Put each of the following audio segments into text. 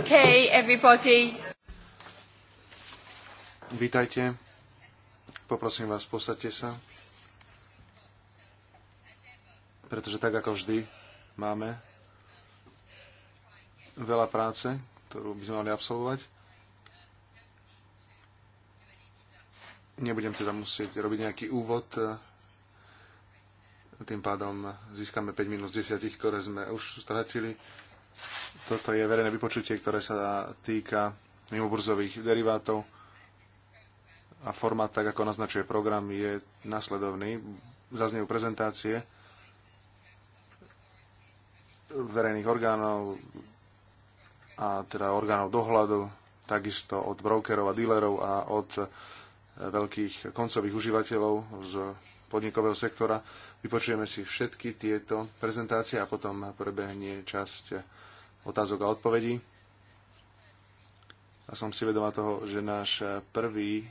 Okay, everybody. Vítajte. Poprosím vás, posadte sa. Pretože tak ako vždy máme veľa práce, ktorú by sme mali absolvovať. Nebudem teda musieť robiť nejaký úvod. Tým pádom získame 5 minút z 10, ktoré sme už stratili. Toto je verejné vypočutie, ktoré sa týka mimoburzových derivátov a formát, tak ako naznačuje program, je nasledovný. Zaznejú prezentácie verejných orgánov a teda orgánov dohľadu, takisto od brokerov a dílerov a od veľkých koncových užívateľov z podnikového sektora. Vypočujeme si všetky tieto prezentácie a potom prebehne časť otázok a odpovedí. A som si vedomá toho, že náš prvý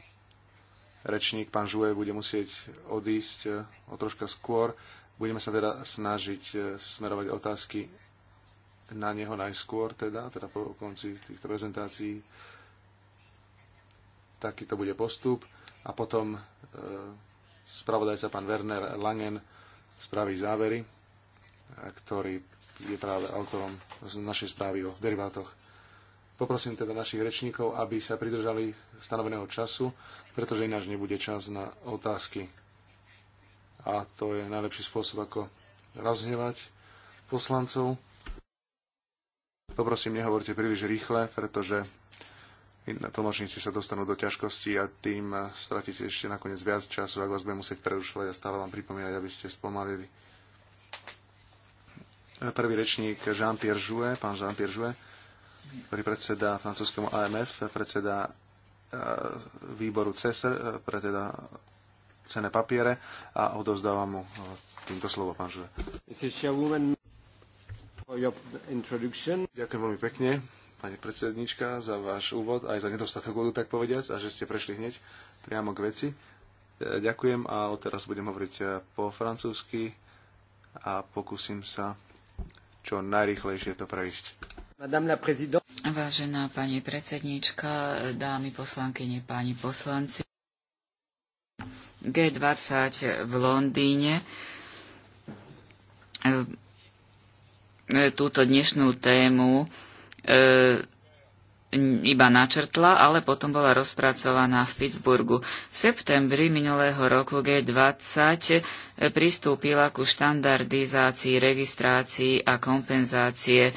rečník, pán Žuje, bude musieť odísť e, o troška skôr. Budeme sa teda snažiť e, smerovať otázky na neho najskôr, teda, teda po konci týchto prezentácií. Taký to bude postup. A potom e, spravodajca pán Werner Langen spraví závery, e, ktorý je práve autorom z našej správy o derivátoch. Poprosím teda našich rečníkov, aby sa pridržali stanoveného času, pretože ináč nebude čas na otázky. A to je najlepší spôsob, ako rozhnevať poslancov. Poprosím, nehovorte príliš rýchle, pretože tlmočníci sa dostanú do ťažkosti a tým stratíte ešte nakoniec viac času, ak vás budem musieť prerušovať a stále vám pripomínať, aby ste spomalili. Prvý rečník Jean-Pierre Jouet, pán Jean-Pierre Jouet, ktorý predseda francúzskému AMF, predseda e, výboru CESR, pre teda cené papiere a odovzdávam mu e, týmto slovo, pán Žuje. Ďakujem veľmi pekne, pani predsednička, za váš úvod, aj za nedostatok vodu, tak povediac, a že ste prešli hneď priamo k veci. E, ďakujem a odteraz budem hovoriť po francúzsky a pokúsim sa čo najrychlejšie to prejsť. Vážená pani predsednička, dámy poslankyne, páni poslanci, G20 v Londýne e, e, túto dnešnú tému e, iba načrtla, ale potom bola rozpracovaná v Pittsburghu. V septembri minulého roku G20 e, pristúpila ku štandardizácii, registrácii a kompenzácie e,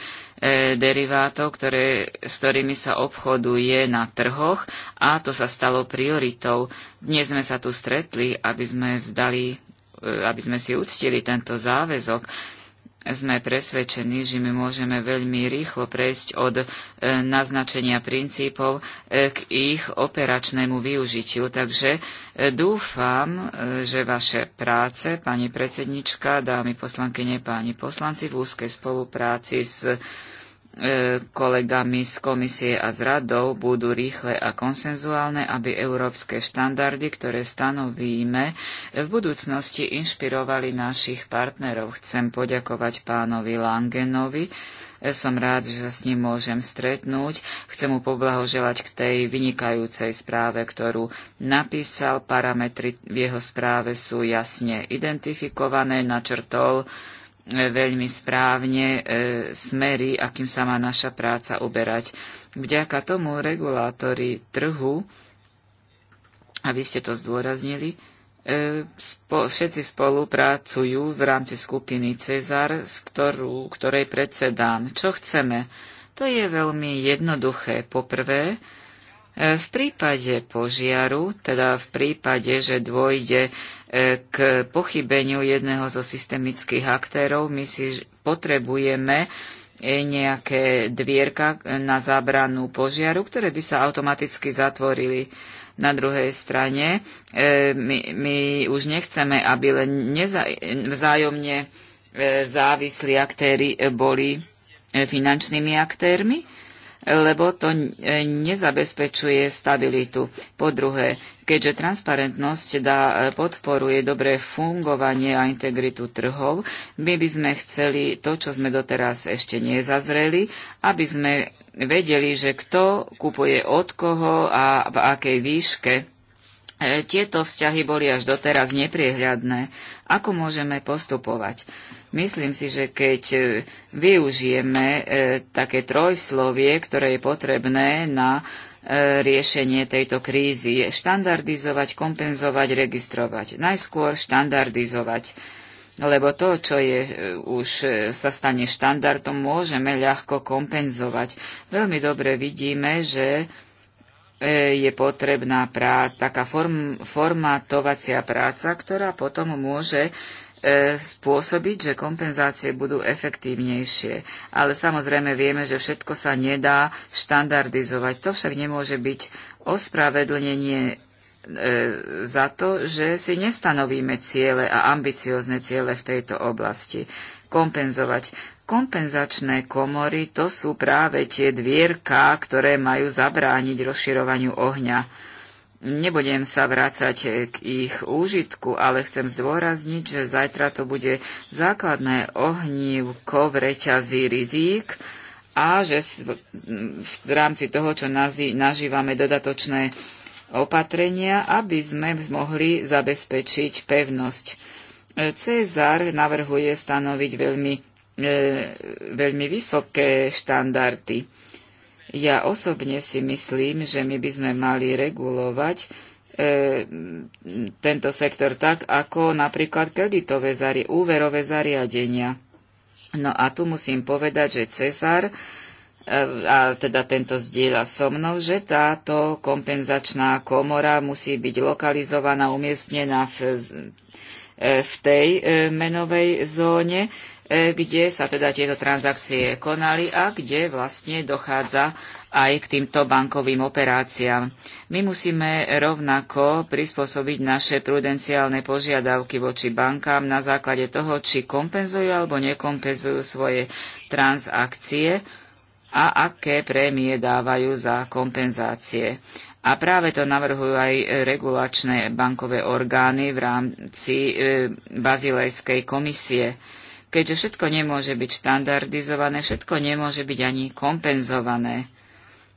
derivátov, ktoré, s ktorými sa obchoduje na trhoch a to sa stalo prioritou. Dnes sme sa tu stretli, aby sme vzdali, e, aby sme si uctili tento záväzok sme presvedčení, že my môžeme veľmi rýchlo prejsť od e, naznačenia princípov e, k ich operačnému využitiu. Takže e, dúfam, že vaše práce, pani predsednička, dámy poslankyne, páni poslanci, v úzkej spolupráci s E, kolegami z komisie a z radou budú rýchle a konsenzuálne, aby európske štandardy, ktoré stanovíme, v budúcnosti inšpirovali našich partnerov. Chcem poďakovať pánovi Langenovi. E, som rád, že sa s ním môžem stretnúť. Chcem mu poblahoželať k tej vynikajúcej správe, ktorú napísal. Parametry v jeho správe sú jasne identifikované, načrtol veľmi správne e, smery, akým sa má naša práca uberať. Vďaka tomu regulátori trhu, aby ste to zdôraznili, e, všetci spolupracujú v rámci skupiny Cezar, z ktorú, ktorej predsedám. Čo chceme? To je veľmi jednoduché. Poprvé, E, v prípade požiaru, teda v prípade, že dôjde e, k pochybeniu jedného zo systemických aktérov, my si potrebujeme e, nejaké dvierka na zábranu požiaru, ktoré by sa automaticky zatvorili. Na druhej strane, my, my už nechceme, aby len vzájomne závislí aktéry boli finančnými aktérmi, lebo to e, nezabezpečuje stabilitu. Po druhé, keďže transparentnosť dá, e, podporuje dobré fungovanie a integritu trhov, my by sme chceli to, čo sme doteraz ešte nezazreli, aby sme vedeli, že kto kupuje od koho a v akej výške. E, tieto vzťahy boli až doteraz nepriehľadné. Ako môžeme postupovať? Myslím si, že keď e, využijeme e, také trojslovie, ktoré je potrebné na e, riešenie tejto krízy, je štandardizovať, kompenzovať, registrovať. Najskôr štandardizovať lebo to, čo je, už sa stane štandardom, môžeme ľahko kompenzovať. Veľmi dobre vidíme, že E, je potrebná prá, taká form, formatovacia práca, ktorá potom môže e, spôsobiť, že kompenzácie budú efektívnejšie. Ale samozrejme vieme, že všetko sa nedá štandardizovať. To však nemôže byť ospravedlnenie e, za to, že si nestanovíme ciele a ambiciozne ciele v tejto oblasti kompenzovať. Kompenzačné komory to sú práve tie dvierka, ktoré majú zabrániť rozširovaniu ohňa. Nebudem sa vrácať k ich úžitku, ale chcem zdôrazniť, že zajtra to bude základné ohnívko v reťazí rizík a že v rámci toho, čo nažívame dodatočné opatrenia, aby sme mohli zabezpečiť pevnosť. Cezar navrhuje stanoviť veľmi E, veľmi vysoké štandardy. Ja osobne si myslím, že my by sme mali regulovať e, tento sektor tak, ako napríklad kreditové zari- úverové zariadenia. No a tu musím povedať, že Cezar, e, a teda tento zdieľa so mnou, že táto kompenzačná komora musí byť lokalizovaná, umiestnená v, e, v tej e, menovej zóne, E, kde sa teda tieto transakcie konali a kde vlastne dochádza aj k týmto bankovým operáciám. My musíme rovnako prispôsobiť naše prudenciálne požiadavky voči bankám na základe toho, či kompenzujú alebo nekompenzujú svoje transakcie a aké prémie dávajú za kompenzácie. A práve to navrhujú aj regulačné bankové orgány v rámci e, Bazilejskej komisie keďže všetko nemôže byť štandardizované, všetko nemôže byť ani kompenzované.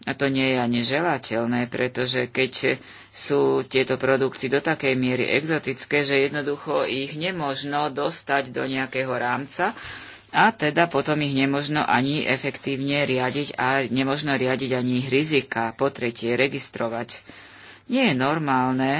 A to nie je ani želateľné, pretože keď sú tieto produkty do takej miery exotické, že jednoducho ich nemožno dostať do nejakého rámca a teda potom ich nemožno ani efektívne riadiť a nemožno riadiť ani ich rizika, po tretie registrovať. Nie je normálne,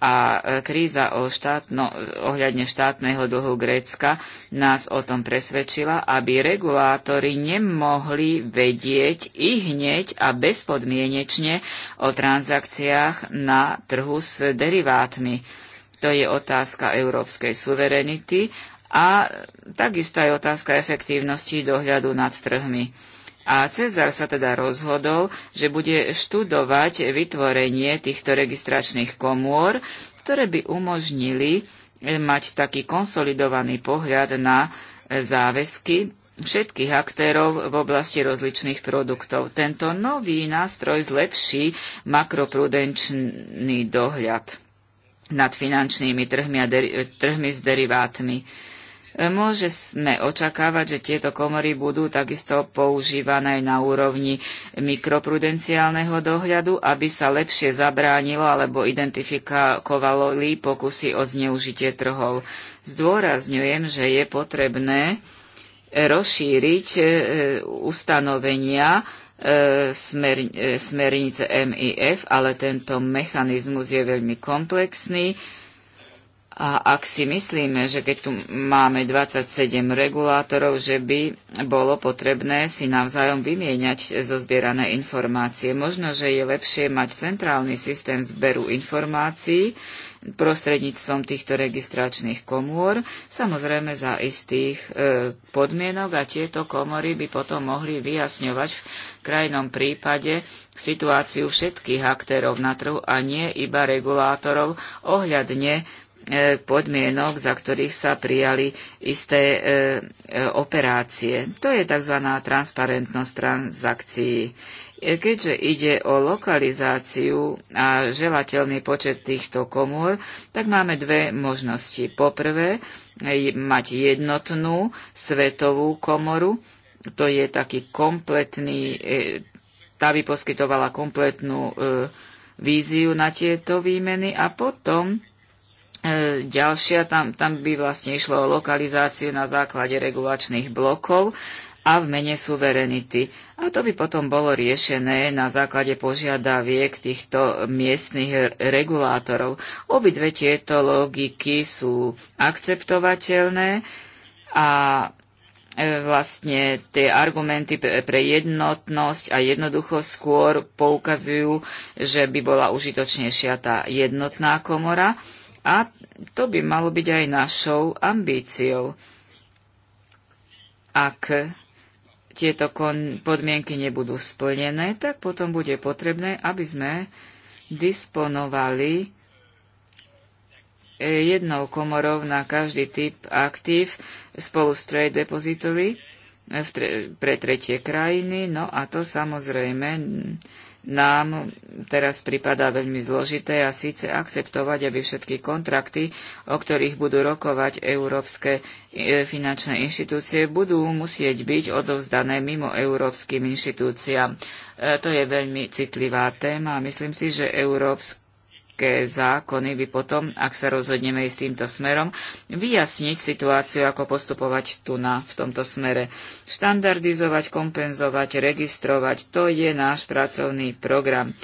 a e, kríza o štátno, ohľadne štátneho dlhu Grécka nás o tom presvedčila, aby regulátori nemohli vedieť i hneď a bezpodmienečne o transakciách na trhu s derivátmi. To je otázka európskej suverenity a takisto aj otázka efektívnosti dohľadu nad trhmi. A Cezar sa teda rozhodol, že bude študovať vytvorenie týchto registračných komôr, ktoré by umožnili eh, mať taký konsolidovaný pohľad na eh, záväzky všetkých aktérov v oblasti rozličných produktov. Tento nový nástroj zlepší makroprudenčný dohľad nad finančnými trhmi, a deri- trhmi s derivátmi. Môže sme očakávať, že tieto komory budú takisto používané na úrovni mikroprudenciálneho dohľadu, aby sa lepšie zabránilo alebo lí pokusy o zneužitie trhov. Zdôrazňujem, že je potrebné rozšíriť e, ustanovenia e, smer, e, smernice MIF, ale tento mechanizmus je veľmi komplexný a ak si myslíme, že keď tu máme 27 regulátorov, že by bolo potrebné si navzájom vymieňať zo zbierané informácie, možno, že je lepšie mať centrálny systém zberu informácií prostredníctvom týchto registračných komôr, samozrejme za istých e, podmienok a tieto komory by potom mohli vyjasňovať v krajnom prípade situáciu všetkých aktérov na trhu a nie iba regulátorov ohľadne E, podmienok, za ktorých sa prijali isté e, e, operácie. To je tzv. transparentnosť transakcií. Keďže ide o lokalizáciu a želateľný počet týchto komôr, tak máme dve možnosti. Poprvé, mať jednotnú svetovú komoru, to je taký kompletný, tá by poskytovala kompletnú víziu na tieto výmeny a potom E, ďalšia, tam, tam by vlastne išlo o lokalizáciu na základe regulačných blokov a v mene suverenity. A to by potom bolo riešené na základe požiadaviek týchto miestnych regulátorov. Obidve tieto logiky sú akceptovateľné a e, vlastne tie argumenty pre jednotnosť a jednoducho skôr poukazujú, že by bola užitočnejšia tá jednotná komora. A to by malo byť aj našou ambíciou. Ak tieto podmienky nebudú splnené, tak potom bude potrebné, aby sme disponovali eh, jednou komorou na každý typ aktív spolu s Trade Depository eh, pre tretie krajiny. No a to samozrejme nám teraz pripadá veľmi zložité a síce akceptovať, aby všetky kontrakty, o ktorých budú rokovať európske e, finančné inštitúcie, budú musieť byť odovzdané mimo európskym inštitúciám. E, to je veľmi citlivá téma a myslím si, že európske európske zákony by potom, ak sa rozhodneme ísť týmto smerom, vyjasniť situáciu, ako postupovať tu na, v tomto smere. Štandardizovať, kompenzovať, registrovať, to je náš pracovný program.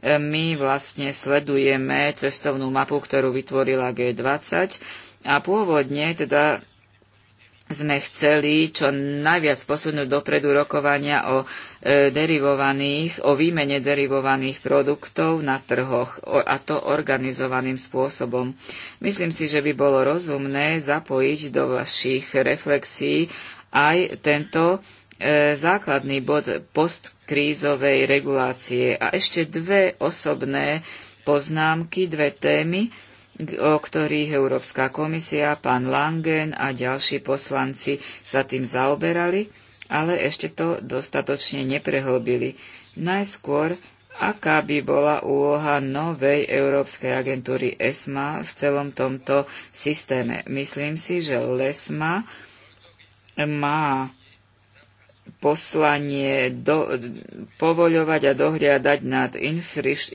E, my vlastne sledujeme cestovnú mapu, ktorú vytvorila G20 a pôvodne teda sme chceli čo najviac posunúť dopredu rokovania o e, derivovaných, o výmene derivovaných produktov na trhoch, o, a to organizovaným spôsobom. Myslím si, že by bolo rozumné zapojiť do vašich reflexí aj tento e, základný bod postkrízovej regulácie. A ešte dve osobné poznámky, dve témy o ktorých Európska komisia, pán Langen a ďalší poslanci sa tým zaoberali, ale ešte to dostatočne neprehlbili. Najskôr, aká by bola úloha novej Európskej agentúry ESMA v celom tomto systéme. Myslím si, že LESMA má poslanie do, povoľovať a dohliadať nad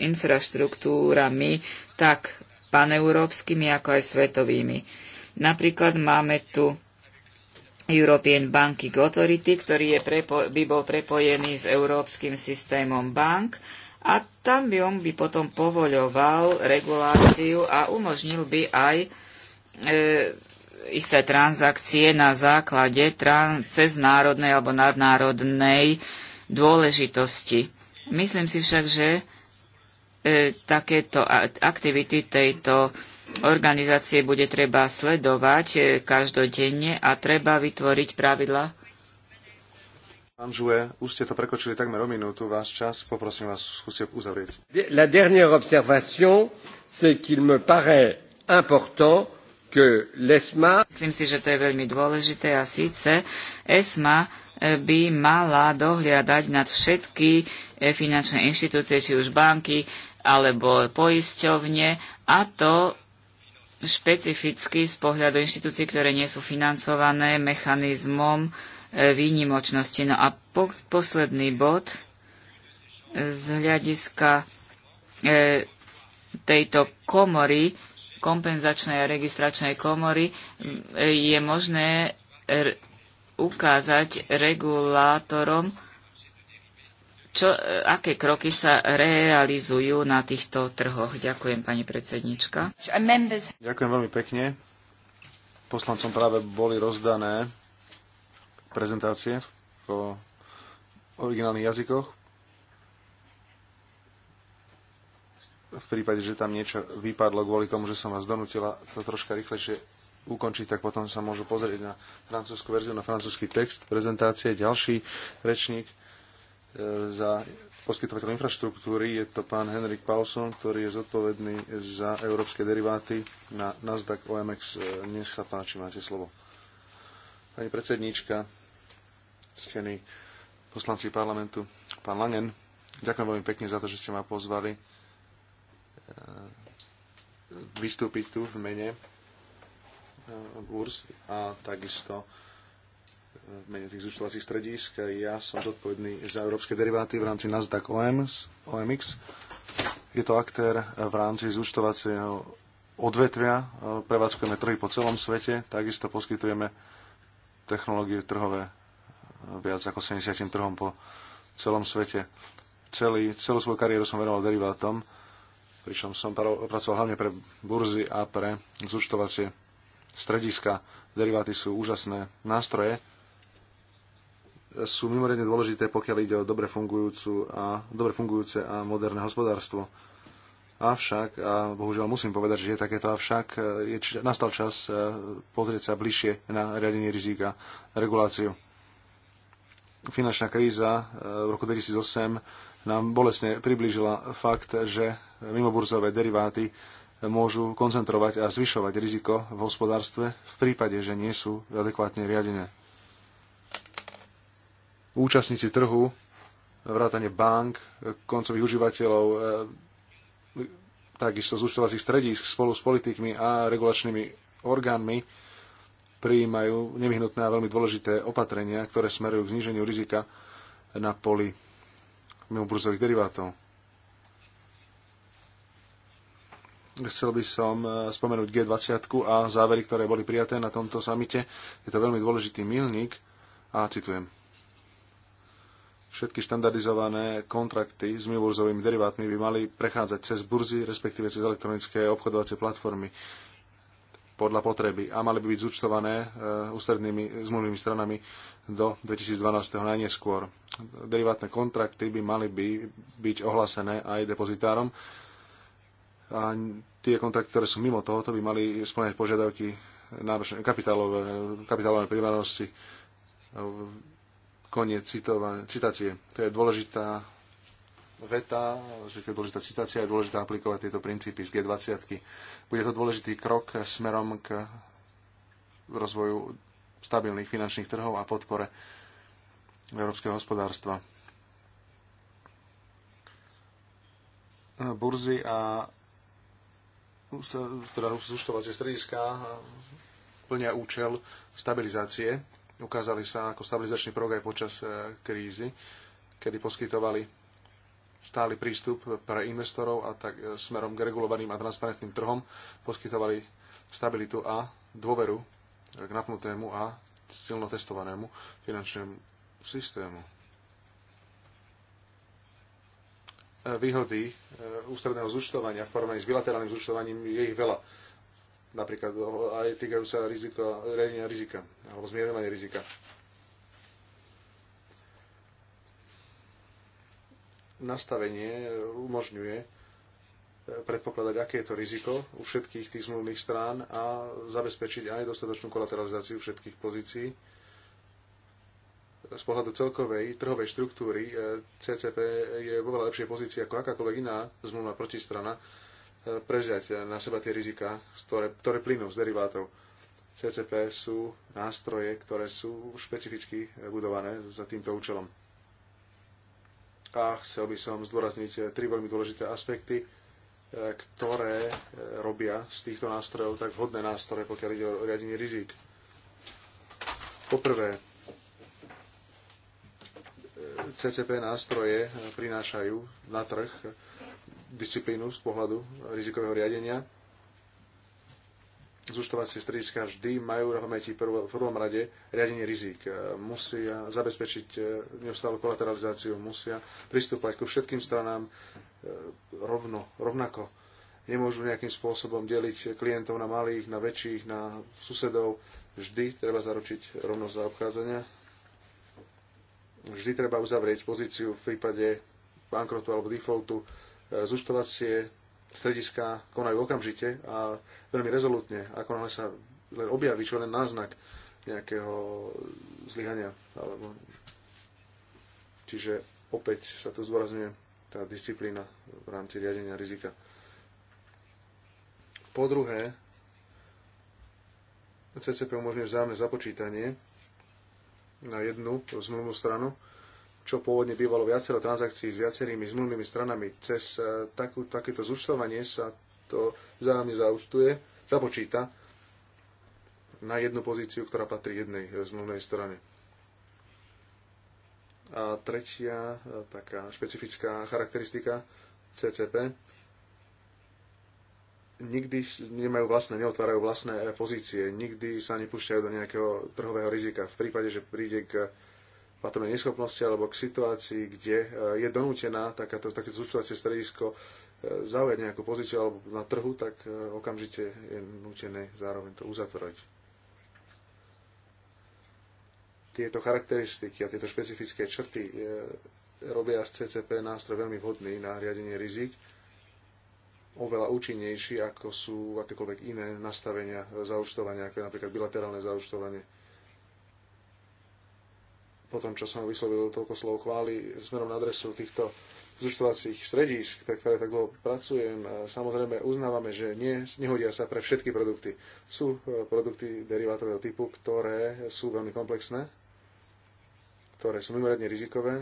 infraštruktúrami tak paneurópskymi ako aj svetovými. Napríklad máme tu European Banking Authority, ktorý je prepo- by bol prepojený s európskym systémom bank a tam by on by potom povoľoval reguláciu a umožnil by aj e, isté transakcie na základe tran- národnej alebo nadnárodnej dôležitosti. Myslím si však, že E, takéto aktivity tejto organizácie bude treba sledovať e, každodenne a treba vytvoriť pravidla. Pán Žue, už ste to prekočili takmer o minútu, váš čas, poprosím vás, skúste uzavrieť. La dernière observation, c'est qu'il me paraît important que l'ESMA... Myslím si, že to je veľmi dôležité a síce ESMA e, by mala dohliadať nad všetky finančné inštitúcie, či už banky, alebo poisťovne a to špecificky z pohľadu inštitúcií, ktoré nie sú financované mechanizmom e, výnimočnosti. No a po, posledný bod z hľadiska e, tejto komory, kompenzačnej a registračnej komory, e, je možné ukázať regulátorom, čo, aké kroky sa realizujú na týchto trhoch. Ďakujem, pani predsednička. Ďakujem veľmi pekne. Poslancom práve boli rozdané prezentácie v originálnych jazykoch. V prípade, že tam niečo vypadlo kvôli tomu, že som vás donútila to troška rýchlejšie ukončiť, tak potom sa môžu pozrieť na francúzsku verziu, na francúzsky text prezentácie. Ďalší rečník E, za poskytovateľ infraštruktúry. Je to pán Henrik Paulson, ktorý je zodpovedný za európske deriváty na Nasdaq OMX. Dnes e, sa páči, máte slovo. Pani predsedníčka, ctení poslanci parlamentu, pán Langen, ďakujem veľmi pekne za to, že ste ma pozvali e, vystúpiť tu v mene URS a takisto v mene tých zúčtovacích stredísk. Ja som zodpovedný za európske deriváty v rámci Nasdaq OMS, OMX. Je to aktér v rámci zúčtovacieho odvetvia. Prevádzkujeme trhy po celom svete. Takisto poskytujeme technológie trhové viac ako 70 trhom po celom svete. Celý, celú svoju kariéru som venoval derivátom, pričom som pracoval hlavne pre burzy a pre zúčtovacie strediska. Deriváty sú úžasné nástroje, sú mimoriadne dôležité, pokiaľ ide o dobre, fungujúcu a, dobre fungujúce a moderné hospodárstvo. Avšak, a bohužiaľ musím povedať, že je takéto avšak, e, je, nastal čas e, pozrieť sa bližšie na riadenie rizika, reguláciu. Finančná kríza e, v roku 2008 nám bolestne priblížila fakt, že mimoburzové deriváty môžu koncentrovať a zvyšovať riziko v hospodárstve v prípade, že nie sú adekvátne riadené účastníci trhu, vrátane bank, koncových užívateľov, e, takisto účtovacích stredísk spolu s politikmi a regulačnými orgánmi prijímajú nevyhnutné a veľmi dôležité opatrenia, ktoré smerujú k zníženiu rizika na poli mimoburzových derivátov. Chcel by som e, spomenúť G20 a závery, ktoré boli prijaté na tomto samite. Je to veľmi dôležitý milník a citujem Všetky štandardizované kontrakty s mimoburzovými derivátmi by mali prechádzať cez burzy, respektíve cez elektronické obchodovacie platformy podľa potreby a mali by byť zúčtované e, ústrednými zmluvnými stranami do 2012. najneskôr. Derivátne kontrakty by mali by byť ohlásené aj depozitárom a tie kontrakty, ktoré sú mimo to by mali splňať požiadavky náročné kapitálové, kapitálové primárnosti Koniec citova- citácie. To je dôležitá veta, že to je dôležitá citácia, je dôležité aplikovať tieto princípy z G20. Bude to dôležitý krok smerom k rozvoju stabilných finančných trhov a podpore európskeho hospodárstva. Burzy a teda zúčtovacie strediska plnia účel stabilizácie ukázali sa ako stabilizačný prvok aj počas e, krízy, kedy poskytovali stály prístup pre investorov a tak e, smerom k regulovaným a transparentným trhom poskytovali stabilitu a dôveru k napnutému a silno testovanému finančnému systému. E, výhody ústredného zúčtovania v porovnaní s bilaterálnym zúčtovaním je ich veľa napríklad aj týkajú sa rizika, riadenia rizika alebo zmierňovania rizika. Nastavenie e, umožňuje e, predpokladať, aké je to riziko u všetkých tých zmluvných strán a zabezpečiť aj dostatočnú kolateralizáciu všetkých pozícií. Z pohľadu celkovej trhovej štruktúry e, CCP je vo veľa lepšej pozícii ako akákoľvek iná zmluvná protistrana, prevziať na seba tie rizika, ktoré, ktoré plynú z derivátov. CCP sú nástroje, ktoré sú špecificky budované za týmto účelom. A chcel by som zdôrazniť tri veľmi dôležité aspekty, e, ktoré e, robia z týchto nástrojov tak vhodné nástroje, pokiaľ ide o riadenie rizik. Poprvé, e, CCP nástroje prinášajú na trh disciplínu z pohľadu rizikového riadenia. Zúčtovacie strediska vždy majú na pamäti v prvom rade riadenie rizik. E, musia zabezpečiť e, neustálu kolateralizáciu, musia pristúpať ku všetkým stranám e, rovno, rovnako. Nemôžu nejakým spôsobom deliť klientov na malých, na väčších, na susedov. Vždy treba zaručiť rovnosť obchádzania. Vždy treba uzavrieť pozíciu v prípade bankrotu alebo defaultu zúčtovacie strediska konajú okamžite a veľmi rezolutne, ako náhle sa len objaví čo len náznak nejakého zlyhania. Alebo... Čiže opäť sa tu zdôrazňuje tá disciplína v rámci riadenia rizika. Po druhé, CCP umožňuje vzájomné započítanie na jednu zmluvnú stranu čo pôvodne bývalo viacero transakcií s viacerými zmluvnými stranami. Cez e, takú, takéto zúčtovanie sa to vzájomne zaúčtuje, započíta na jednu pozíciu, ktorá patrí jednej e, zmluvnej strane. A tretia e, taká špecifická charakteristika CCP. Nikdy nemajú vlastné, neotvárajú vlastné pozície, nikdy sa nepúšťajú do nejakého trhového rizika. V prípade, že príde k patrnej neschopnosti alebo k situácii, kde e, je donútená takáto, také zúčtovacie stredisko e, zaujať nejakú pozíciu alebo na trhu, tak e, okamžite je nutené zároveň to uzatvoriť. Tieto charakteristiky a tieto špecifické črty robia z CCP nástroj veľmi vhodný na riadenie rizik, oveľa účinnejší ako sú akékoľvek iné nastavenia zaúčtovania, ako je napríklad bilaterálne zaúčtovanie po tom, čo som vyslovil toľko slov chvály smerom na adresu týchto zúčtovacích stredísk, pre ktoré tak dlho pracujem, samozrejme uznávame, že nie, nehodia sa pre všetky produkty. Sú e, produkty derivátového typu, ktoré sú veľmi komplexné, ktoré sú mimoriadne rizikové,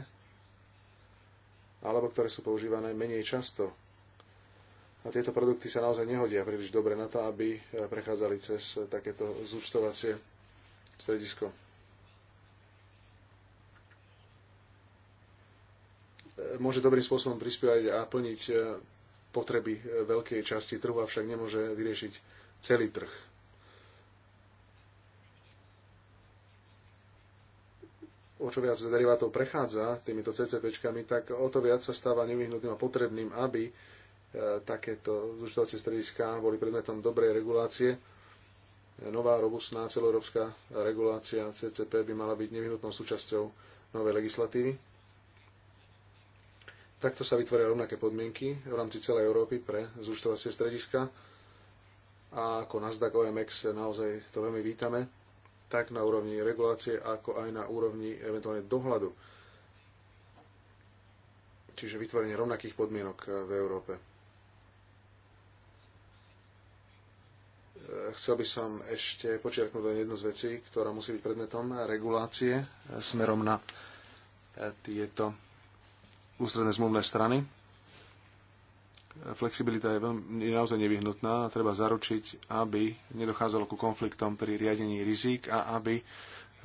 alebo ktoré sú používané menej často. A tieto produkty sa naozaj nehodia príliš dobre na to, aby e, prechádzali cez takéto zúčtovacie stredisko. môže dobrým spôsobom prispievať a plniť e, potreby e, veľkej časti trhu, avšak nemôže vyriešiť celý trh. O čo viac derivátov prechádza týmito CCPčkami, tak o to viac sa stáva nevyhnutným a potrebným, aby e, takéto zúčtovacie strediska boli predmetom dobrej regulácie. Nová robustná celoeurópska regulácia CCP by mala byť nevyhnutnou súčasťou novej legislatívy Takto sa vytvoria rovnaké podmienky v rámci celej Európy pre zúčtovacie strediska a ako Nasdaq OMX naozaj to veľmi vítame, tak na úrovni regulácie, ako aj na úrovni eventuálne dohľadu. Čiže vytvorenie rovnakých podmienok eh, v Európe. Eh, chcel by som ešte počiarknúť len jednu z vecí, ktorá musí byť predmetom regulácie eh, smerom na tieto ústredné zmluvné strany. Flexibilita je, veľmi, je naozaj nevyhnutná a treba zaručiť, aby nedochádzalo ku konfliktom pri riadení rizík a aby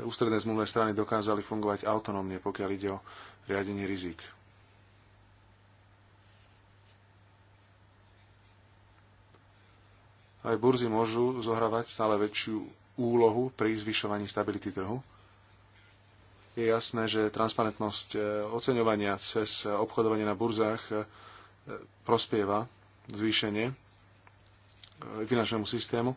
ústredné zmluvné strany dokázali fungovať autonómne, pokiaľ ide o riadenie rizík. Aj burzy môžu zohrávať stále väčšiu úlohu pri zvyšovaní stability trhu je jasné, že transparentnosť e, oceňovania cez obchodovanie na burzách e, prospieva zvýšenie e, finančnému systému.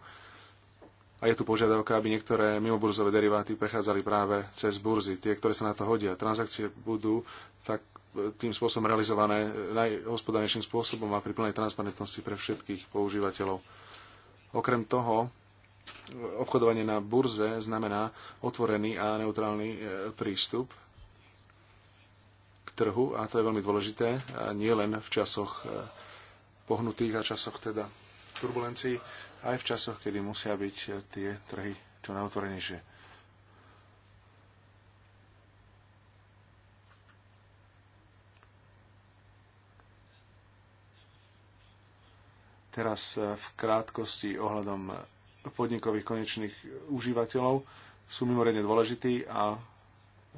A je tu požiadavka, aby niektoré mimoburzové deriváty prechádzali práve cez burzy, tie, ktoré sa na to hodia. Transakcie budú tak tým spôsobom realizované najhospodárnejším spôsobom a pri plnej transparentnosti pre všetkých používateľov. Okrem toho, obchodovanie na burze znamená otvorený a neutrálny e, prístup k trhu a to je veľmi dôležité, nie len v časoch e, pohnutých a časoch teda turbulencií, aj v časoch, kedy musia byť e, tie trhy čo najotvorenejšie. Teraz v krátkosti ohľadom podnikových konečných užívateľov sú mimoriadne dôležití a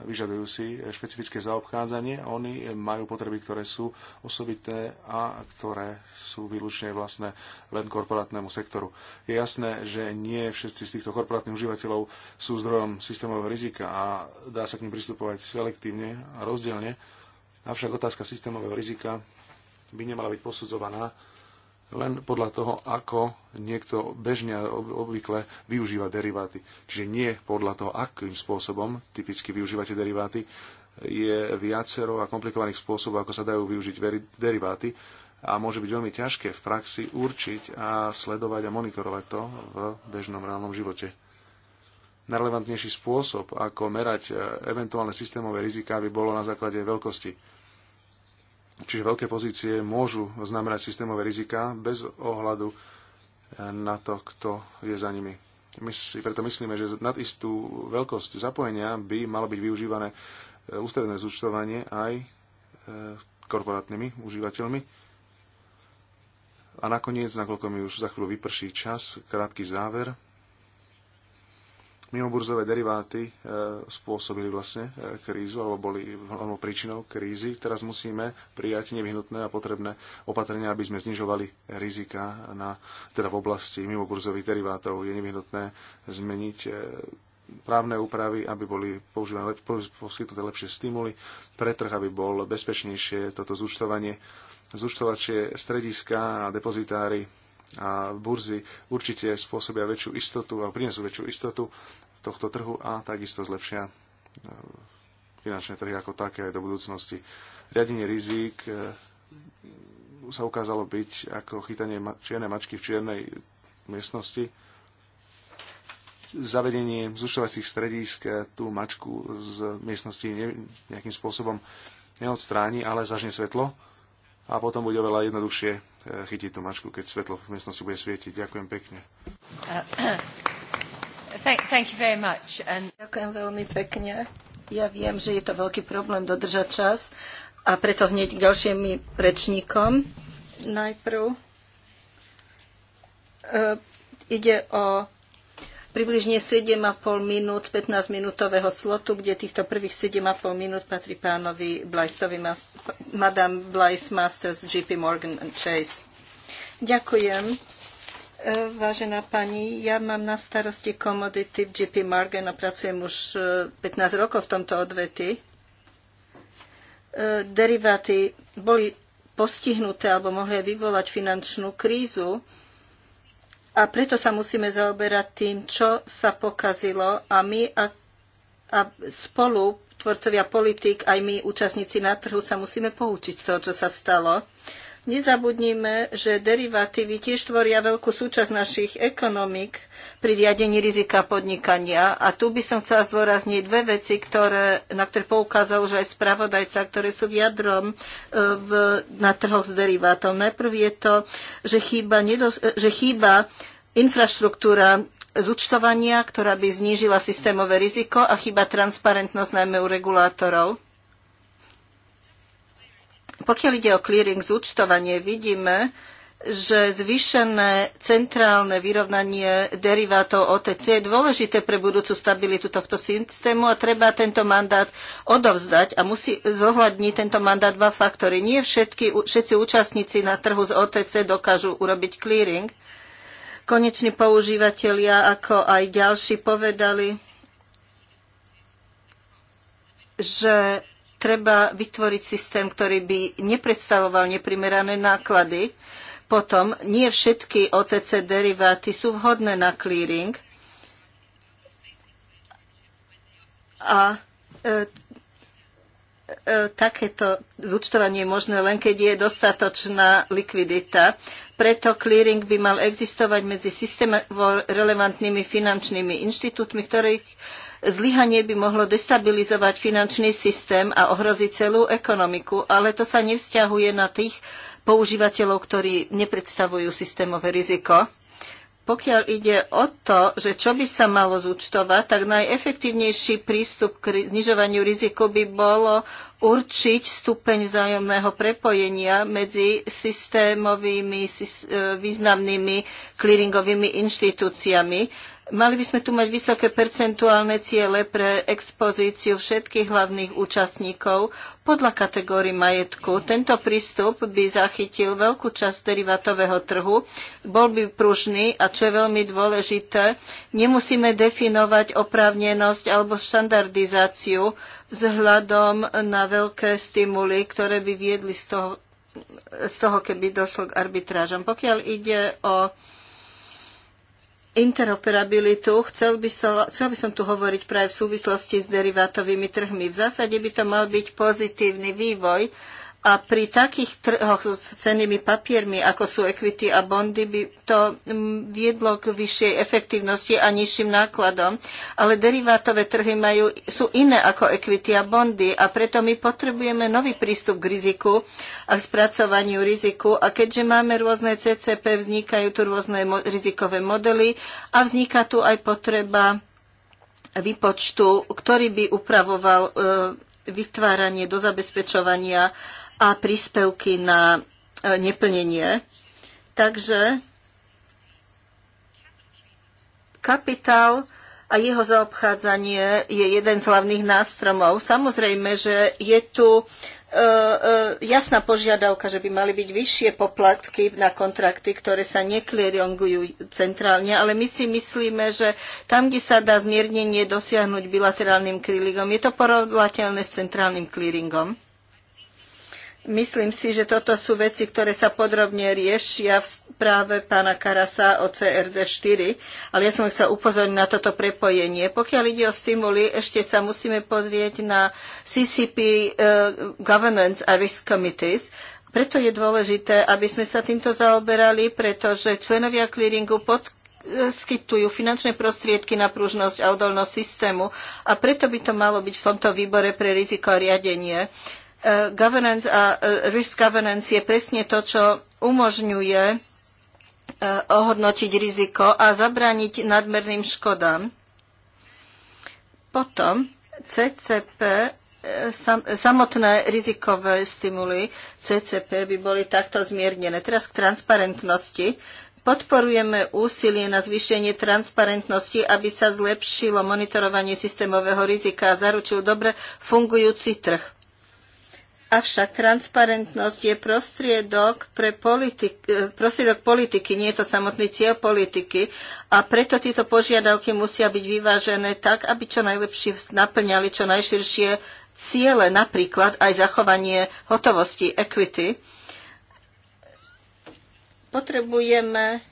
vyžadujú si špecifické zaobchádzanie. Oni majú potreby, ktoré sú osobité a ktoré sú výlučne vlastné len korporátnemu sektoru. Je jasné, že nie všetci z týchto korporátnych užívateľov sú zdrojom systémového rizika a dá sa k nim pristupovať selektívne a rozdielne. Avšak otázka systémového rizika by nemala byť posudzovaná len podľa toho, ako niekto bežne a obvykle využíva deriváty. Čiže nie podľa toho, akým spôsobom typicky využívate deriváty. Je viacero a komplikovaných spôsobov, ako sa dajú využiť deriváty a môže byť veľmi ťažké v praxi určiť a sledovať a monitorovať to v bežnom reálnom živote. Najrelevantnejší spôsob, ako merať e, eventuálne systémové riziká, by bolo na základe veľkosti Čiže veľké pozície môžu znamenať systémové rizika bez ohľadu eh, na to, kto je za nimi. My si preto myslíme, že nad istú veľkosť zapojenia by malo byť využívané eh, ústredné zúčtovanie aj eh, korporátnymi užívateľmi. A nakoniec, nakoľko mi už za chvíľu vyprší čas, krátky záver mimoburzové deriváty e, spôsobili vlastne e, krízu alebo boli hlavnou príčinou krízy. Teraz musíme prijať nevyhnutné a potrebné opatrenia, aby sme znižovali rizika na, teda v oblasti mimoburzových derivátov. Je nevyhnutné zmeniť e, právne úpravy, aby boli používané poskytnuté lepšie stimuly pre trh, aby bol bezpečnejšie toto zúčtovanie. zúčtovačie strediska a depozitári a burzy určite spôsobia väčšiu istotu a prinesú väčšiu istotu tohto trhu a takisto zlepšia e, finančné trhy ako také aj do budúcnosti. Riadenie rizík e, sa ukázalo byť ako chytanie čiernej mačky v čiernej miestnosti. Zavedenie zúšťovacích stredísk e, tú mačku z miestnosti nejakým spôsobom neodstráni, ale zažne svetlo a potom bude oveľa jednoduchšie E, chytí tú mačku, keď svetlo v miestnosti bude svietiť. Ďakujem pekne. Uh, Ďakujem veľmi pekne. Ja viem, že je to veľký problém dodržať čas a preto hneď k ďalšiemi prečníkom. Najprv e, ide o približne 7,5 minút 15-minútového slotu, kde týchto prvých 7,5 minút patrí pánovi Blajsovi, Madame Blajs Masters JP Morgan Chase. Ďakujem. E, vážená pani, ja mám na starosti komodity v JP Morgan a pracujem už 15 e, rokov v tomto odvety. E, deriváty boli postihnuté alebo mohli vyvolať finančnú krízu a preto sa musíme zaoberať tým, čo sa pokazilo a my a, a spolu tvorcovia politik, aj my, účastníci na trhu, sa musíme poučiť z toho, čo sa stalo. Nezabudnime, že derivatívy tiež tvoria veľkú súčasť našich ekonomik pri riadení rizika podnikania. A tu by som chcela zdôrazniť dve veci, ktoré, na ktoré poukázal už aj spravodajca, ktoré sú v jadrom e, v, na trhoch s derivátom. Najprv je to, že chýba, nedos- že chýba infraštruktúra zúčtovania, ktorá by znížila systémové riziko a chyba transparentnosť najmä u regulátorov. Pokiaľ ide o clearing zúčtovanie, vidíme, že zvýšené centrálne vyrovnanie derivátov OTC je dôležité pre budúcu stabilitu tohto systému a treba tento mandát odovzdať a musí zohľadniť tento mandát dva faktory. Nie všetky, všetci účastníci na trhu z OTC dokážu urobiť clearing. Koneční používateľia, ako aj ďalší, povedali, že treba vytvoriť systém, ktorý by nepredstavoval neprimerané náklady. Potom, nie všetky OTC deriváty sú vhodné na clearing. A e, e, takéto zúčtovanie je možné len keď je dostatočná likvidita. Preto clearing by mal existovať medzi systémovo relevantnými finančnými inštitútmi, ktorých Zlyhanie by mohlo destabilizovať finančný systém a ohroziť celú ekonomiku, ale to sa nevzťahuje na tých používateľov, ktorí nepredstavujú systémové riziko. Pokiaľ ide o to, že čo by sa malo zúčtovať, tak najefektívnejší prístup k znižovaniu riziku by bolo určiť stupeň vzájomného prepojenia medzi systémovými e, významnými clearingovými inštitúciami. Mali by sme tu mať vysoké percentuálne ciele pre expozíciu všetkých hlavných účastníkov podľa kategórií majetku. Tento prístup by zachytil veľkú časť derivatového trhu, bol by pružný a čo je veľmi dôležité, nemusíme definovať oprávnenosť alebo štandardizáciu vzhľadom na veľké stimuly, ktoré by viedli z toho, z toho keby došlo k arbitrážam. Pokiaľ ide o interoperabilitu, chcel by, som, chcel by som tu hovoriť práve v súvislosti s derivátovými trhmi. V zásade by to mal byť pozitívny vývoj, a pri takých trhoch s cenými papiermi, ako sú equity a bondy, by to mm, viedlo k vyššej efektívnosti a nižším nákladom. Ale derivátové trhy majú, sú iné ako equity a bondy a preto my potrebujeme nový prístup k riziku a k spracovaniu riziku. A keďže máme rôzne CCP, vznikajú tu rôzne mo- rizikové modely a vzniká tu aj potreba výpočtu, ktorý by upravoval e, vytváranie do zabezpečovania a príspevky na e, neplnenie. Takže kapitál a jeho zaobchádzanie je jeden z hlavných nástromov. Samozrejme, že je tu e, e, jasná požiadavka, že by mali byť vyššie poplatky na kontrakty, ktoré sa neklieriongujú centrálne, ale my si myslíme, že tam, kde sa dá zmiernenie dosiahnuť bilaterálnym klíringom, je to porovnateľné s centrálnym clearingom. Myslím si, že toto sú veci, ktoré sa podrobne riešia v správe pána Karasa o CRD4, ale ja som chcel upozorniť na toto prepojenie. Pokiaľ ide o stimuly, ešte sa musíme pozrieť na CCP uh, eh, Governance a Risk Committees, preto je dôležité, aby sme sa týmto zaoberali, pretože členovia clearingu poskytujú finančné prostriedky na pružnosť a odolnosť systému a preto by to malo byť v tomto výbore pre riziko a riadenie. Eh, governance a eh, risk governance je presne to, čo umožňuje eh, ohodnotiť riziko a zabrániť nadmerným škodám. Potom CCP, samotné rizikové stimuly CCP by boli takto zmiernené. Teraz k transparentnosti. Podporujeme úsilie na zvýšenie transparentnosti, aby sa zlepšilo monitorovanie systémového rizika a zaručil dobre fungujúci trh Avšak transparentnosť je prostriedok, pre politik, e, prostriedok politiky, nie je to samotný cieľ politiky. A preto tieto požiadavky musia byť vyvážené tak, aby čo najlepšie naplňali čo najširšie ciele, napríklad aj zachovanie hotovosti, equity. Potrebujeme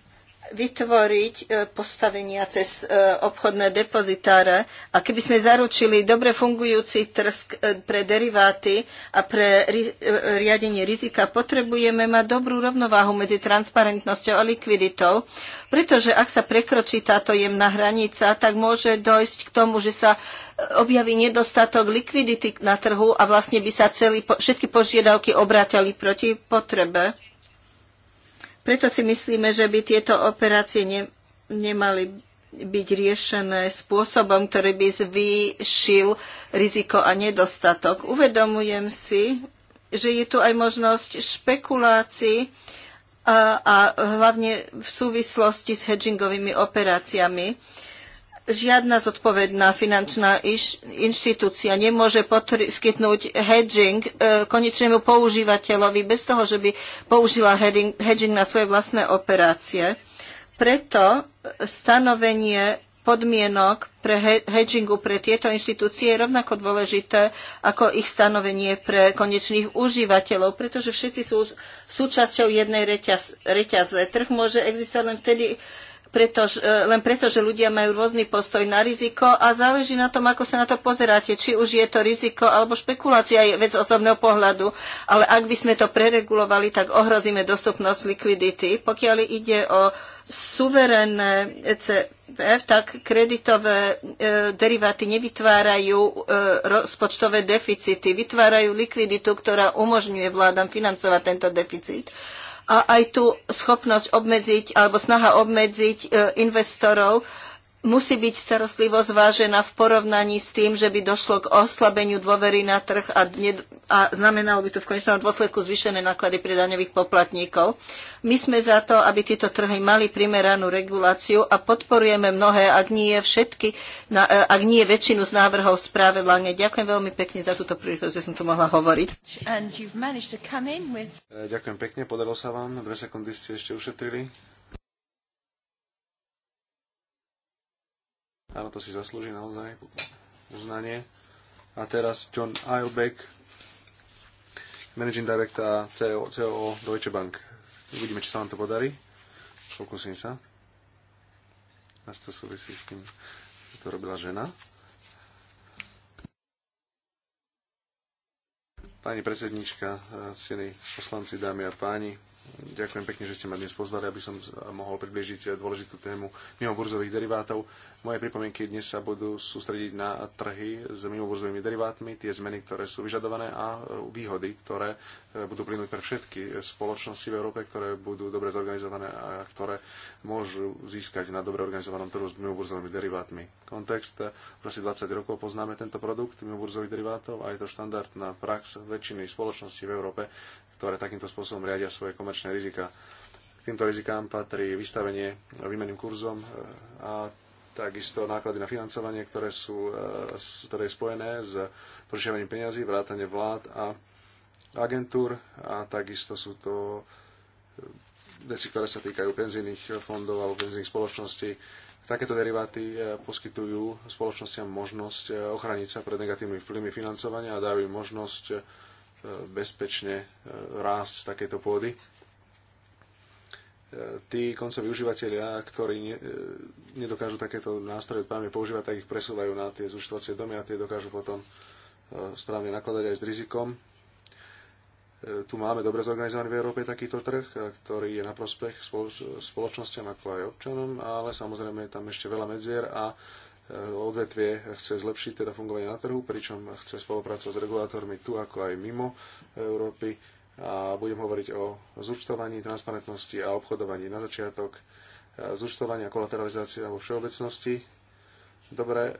vytvoriť e, postavenia cez e, obchodné depozitáre a keby sme zaručili dobre fungujúci trsk e, pre deriváty a pre riadenie rizika, potrebujeme mať dobrú rovnováhu medzi transparentnosťou a likviditou, pretože ak sa prekročí táto jemná hranica, tak môže dojsť k tomu, že sa objaví nedostatok likvidity na trhu a vlastne by sa celý, všetky požiadavky obrátili proti potrebe. Preto si myslíme, že by tieto operácie ne, nemali byť riešené spôsobom, ktorý by zvýšil riziko a nedostatok. Uvedomujem si, že je tu aj možnosť špekulácií a, a hlavne v súvislosti s hedgingovými operáciami žiadna zodpovedná finančná inštitúcia nemôže poskytnúť hedging e, konečnému používateľovi bez toho, že by použila hedging na svoje vlastné operácie. Preto stanovenie podmienok pre hedgingu pre tieto inštitúcie je rovnako dôležité ako ich stanovenie pre konečných užívateľov, pretože všetci sú súčasťou jednej reťaz, reťaze. Trh môže existovať len vtedy, preto, e, len preto, že ľudia majú rôzny postoj na riziko a záleží na tom, ako sa na to pozeráte, či už je to riziko alebo špekulácia je vec osobného pohľadu, ale ak by sme to preregulovali, tak ohrozíme dostupnosť likvidity. Pokiaľ ide o suverénne ECF, tak kreditové e, deriváty nevytvárajú e, rozpočtové deficity, vytvárajú likviditu, ktorá umožňuje vládam financovať tento deficit a aj tú schopnosť obmedziť alebo snaha obmedziť e, investorov, musí byť starostlivo zvážená v porovnaní s tým, že by došlo k oslabeniu dôvery na trh a, ne, a znamenalo by to v konečnom dôsledku zvýšené náklady pre daňových poplatníkov. My sme za to, aby tieto trhy mali primeranú reguláciu a podporujeme mnohé, ak nie všetky, na, e, ak nie väčšinu z návrhov správe Ďakujem veľmi pekne za túto príležitosť, že som tu mohla hovoriť. With... E, ďakujem pekne, podarilo sa vám, dve sekundy ste ešte ušetrili. Áno, to si zaslúži naozaj uznanie. A teraz John Eilbeck, Managing Director CO, COO Deutsche Bank. Uvidíme, či sa vám to podarí. Pokúsim sa. A to súvisí s tým, že to robila žena. Pani predsednička, ceny poslanci, dámy a páni, Ďakujem pekne, že ste ma dnes pozvali, aby som mohol približiť dôležitú tému mimo burzových derivátov. Moje pripomienky dnes sa budú sústrediť na trhy s mimoburzovými derivátmi, tie zmeny, ktoré sú vyžadované a e, výhody, ktoré e, budú plynúť pre všetky spoločnosti v Európe, ktoré budú dobre zorganizované a ktoré môžu získať na dobre organizovanom trhu s mimoburzovými derivátmi. Kontext, e, už asi 20 rokov poznáme tento produkt mimoburzových derivátov a je to štandardná prax väčšiny spoločností v Európe, ktoré takýmto spôsobom riadia svoje komerčné rizika. K týmto rizikám patrí vystavenie výmenným kurzom a takisto náklady na financovanie, ktoré sú e, ktoré je spojené s požičiavaním peniazy, vrátane vlád a agentúr a takisto sú to e, veci, ktoré sa týkajú penzijných fondov alebo penzijných spoločností. Takéto deriváty e, poskytujú spoločnostiam možnosť ochraniť sa pred negatívnymi vplyvmi financovania a dajú im možnosť bezpečne rásť z takéto pôdy tí koncoví užívateľia, ktorí ne, e, nedokážu takéto nástroje správne používať, tak ich presúvajú na tie zúčtovacie domy a tie dokážu potom e, správne nakladať aj s rizikom. E, tu máme dobre zorganizovaný v Európe takýto trh, ktorý je na prospech spoločnosťam ako aj občanom, ale samozrejme je tam ešte veľa medzier a odvetvie chce zlepšiť teda fungovanie na trhu, pričom chce spolupracovať s regulátormi tu ako aj mimo Európy a budem hovoriť o zúčtovaní, transparentnosti a obchodovaní. Na začiatok e, zúčtovanie a kolateralizácia vo všeobecnosti, dobre e,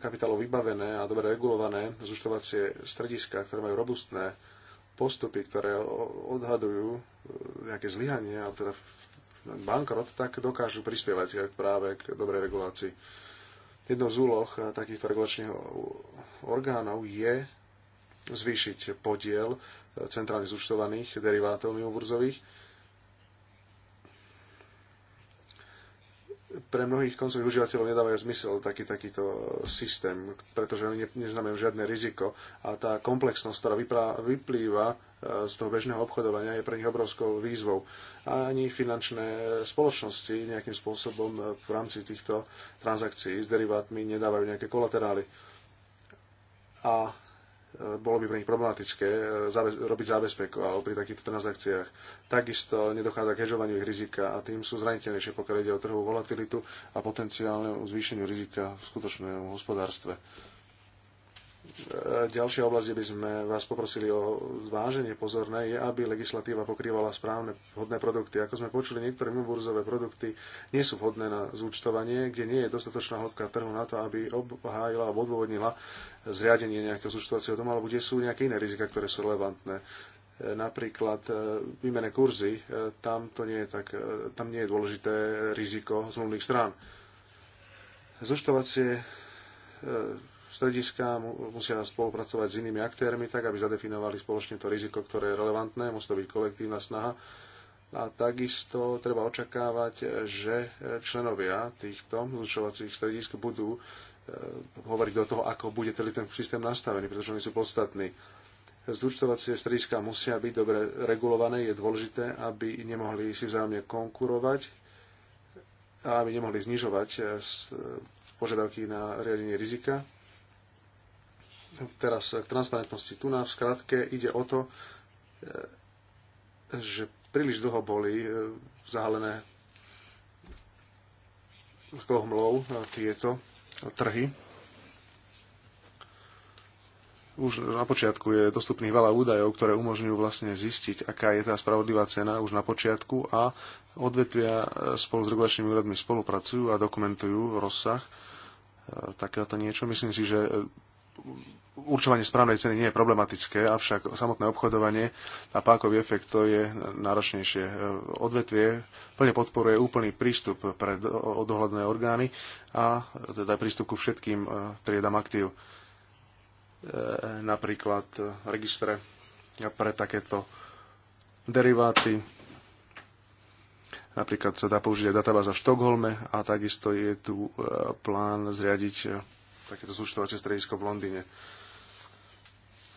kapitálo vybavené a dobre regulované zúčtovacie strediska, ktoré majú robustné postupy, ktoré odhadujú e, nejaké zlyhanie, alebo teda bankrot, tak dokážu prispievať práve k dobrej regulácii. Jednou z úloh takýchto regulačných orgánov je zvýšiť podiel eh, centrálne zúčtovaných derivátov mimoburzových. Pre mnohých koncových užívateľov nedávajú zmysel taký, takýto eh, systém, pretože oni neznamenajú žiadne riziko a tá komplexnosť, ktorá vyplýva eh, z toho bežného obchodovania je pre nich obrovskou výzvou. A ani finančné spoločnosti nejakým spôsobom v rámci týchto transakcií s derivátmi nedávajú nejaké kolaterály. A E, bolo by pre nich problematické e, robiť zábezpeku alebo pri takýchto transakciách. Takisto nedochádza k hežovaniu ich rizika a tým sú zraniteľnejšie, pokiaľ ide o trhovú volatilitu a potenciálne zvýšeniu rizika v skutočnom hospodárstve. Ďalšia oblasť, kde by sme vás poprosili o zváženie pozorné, je, aby legislatíva pokrývala správne vhodné produkty. Ako sme počuli, niektoré mimoburzové produkty nie sú vhodné na zúčtovanie, kde nie je dostatočná hĺbka trhu na to, aby obhájila alebo odôvodnila zriadenie nejakého zúčtovacieho domu, alebo kde sú nejaké iné rizika, ktoré sú relevantné napríklad e, výmene kurzy, e, tam, to nie je tak, e, tam nie je dôležité riziko zmluvných strán. Zúčtovacie strediska, musia spolupracovať s inými aktérmi, tak aby zadefinovali spoločne to riziko, ktoré je relevantné, musí to byť kolektívna snaha. A takisto treba očakávať, že členovia týchto zúčovacích stredisk budú e, hovoriť do toho, ako bude celý ten systém nastavený, pretože oni sú podstatní. Zúčtovacie strediska musia byť dobre regulované, je dôležité, aby nemohli si vzájomne konkurovať a aby nemohli znižovať e, e, požiadavky na riadenie rizika Teraz k transparentnosti. Tu nám v skratke ide o to, e, že príliš dlho boli e, zahalené kohmlov e, tieto trhy. Už na počiatku je dostupných veľa údajov, ktoré umožňujú vlastne zistiť, aká je tá spravodlivá cena už na počiatku a odvetvia spolu s regulačnými úradmi spolupracujú a dokumentujú rozsah takéhoto niečo. Myslím si, že určovanie správnej ceny nie je problematické, avšak samotné obchodovanie a pákový efekt to je náročnejšie. E, odvetvie plne podporuje úplný prístup pre dohľadné orgány a teda prístup ku všetkým e, triedam aktív. E, napríklad registre pre takéto deriváty. Napríklad sa dá použiť aj databáza v Štokholme a takisto je tu plán zriadiť takéto zúčtovacie stredisko v Londýne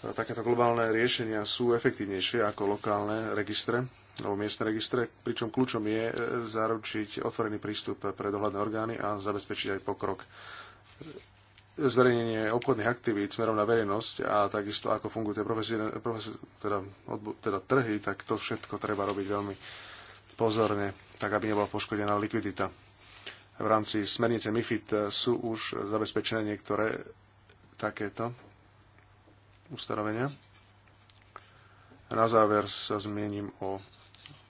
takéto globálne riešenia sú efektívnejšie ako lokálne registre alebo miestne registre, pričom kľúčom je e, zaručiť otvorený prístup pre dohľadné orgány a zabezpečiť aj pokrok. Zverejnenie obchodných aktivít smerom na verejnosť a takisto ako fungujú tie profesie, profesie, teda, teda trhy, tak to všetko treba robiť veľmi pozorne, tak aby nebola poškodená likvidita. V rámci smernice MIFID sú už zabezpečené niektoré takéto ustanovenia. Na záver sa zmiením o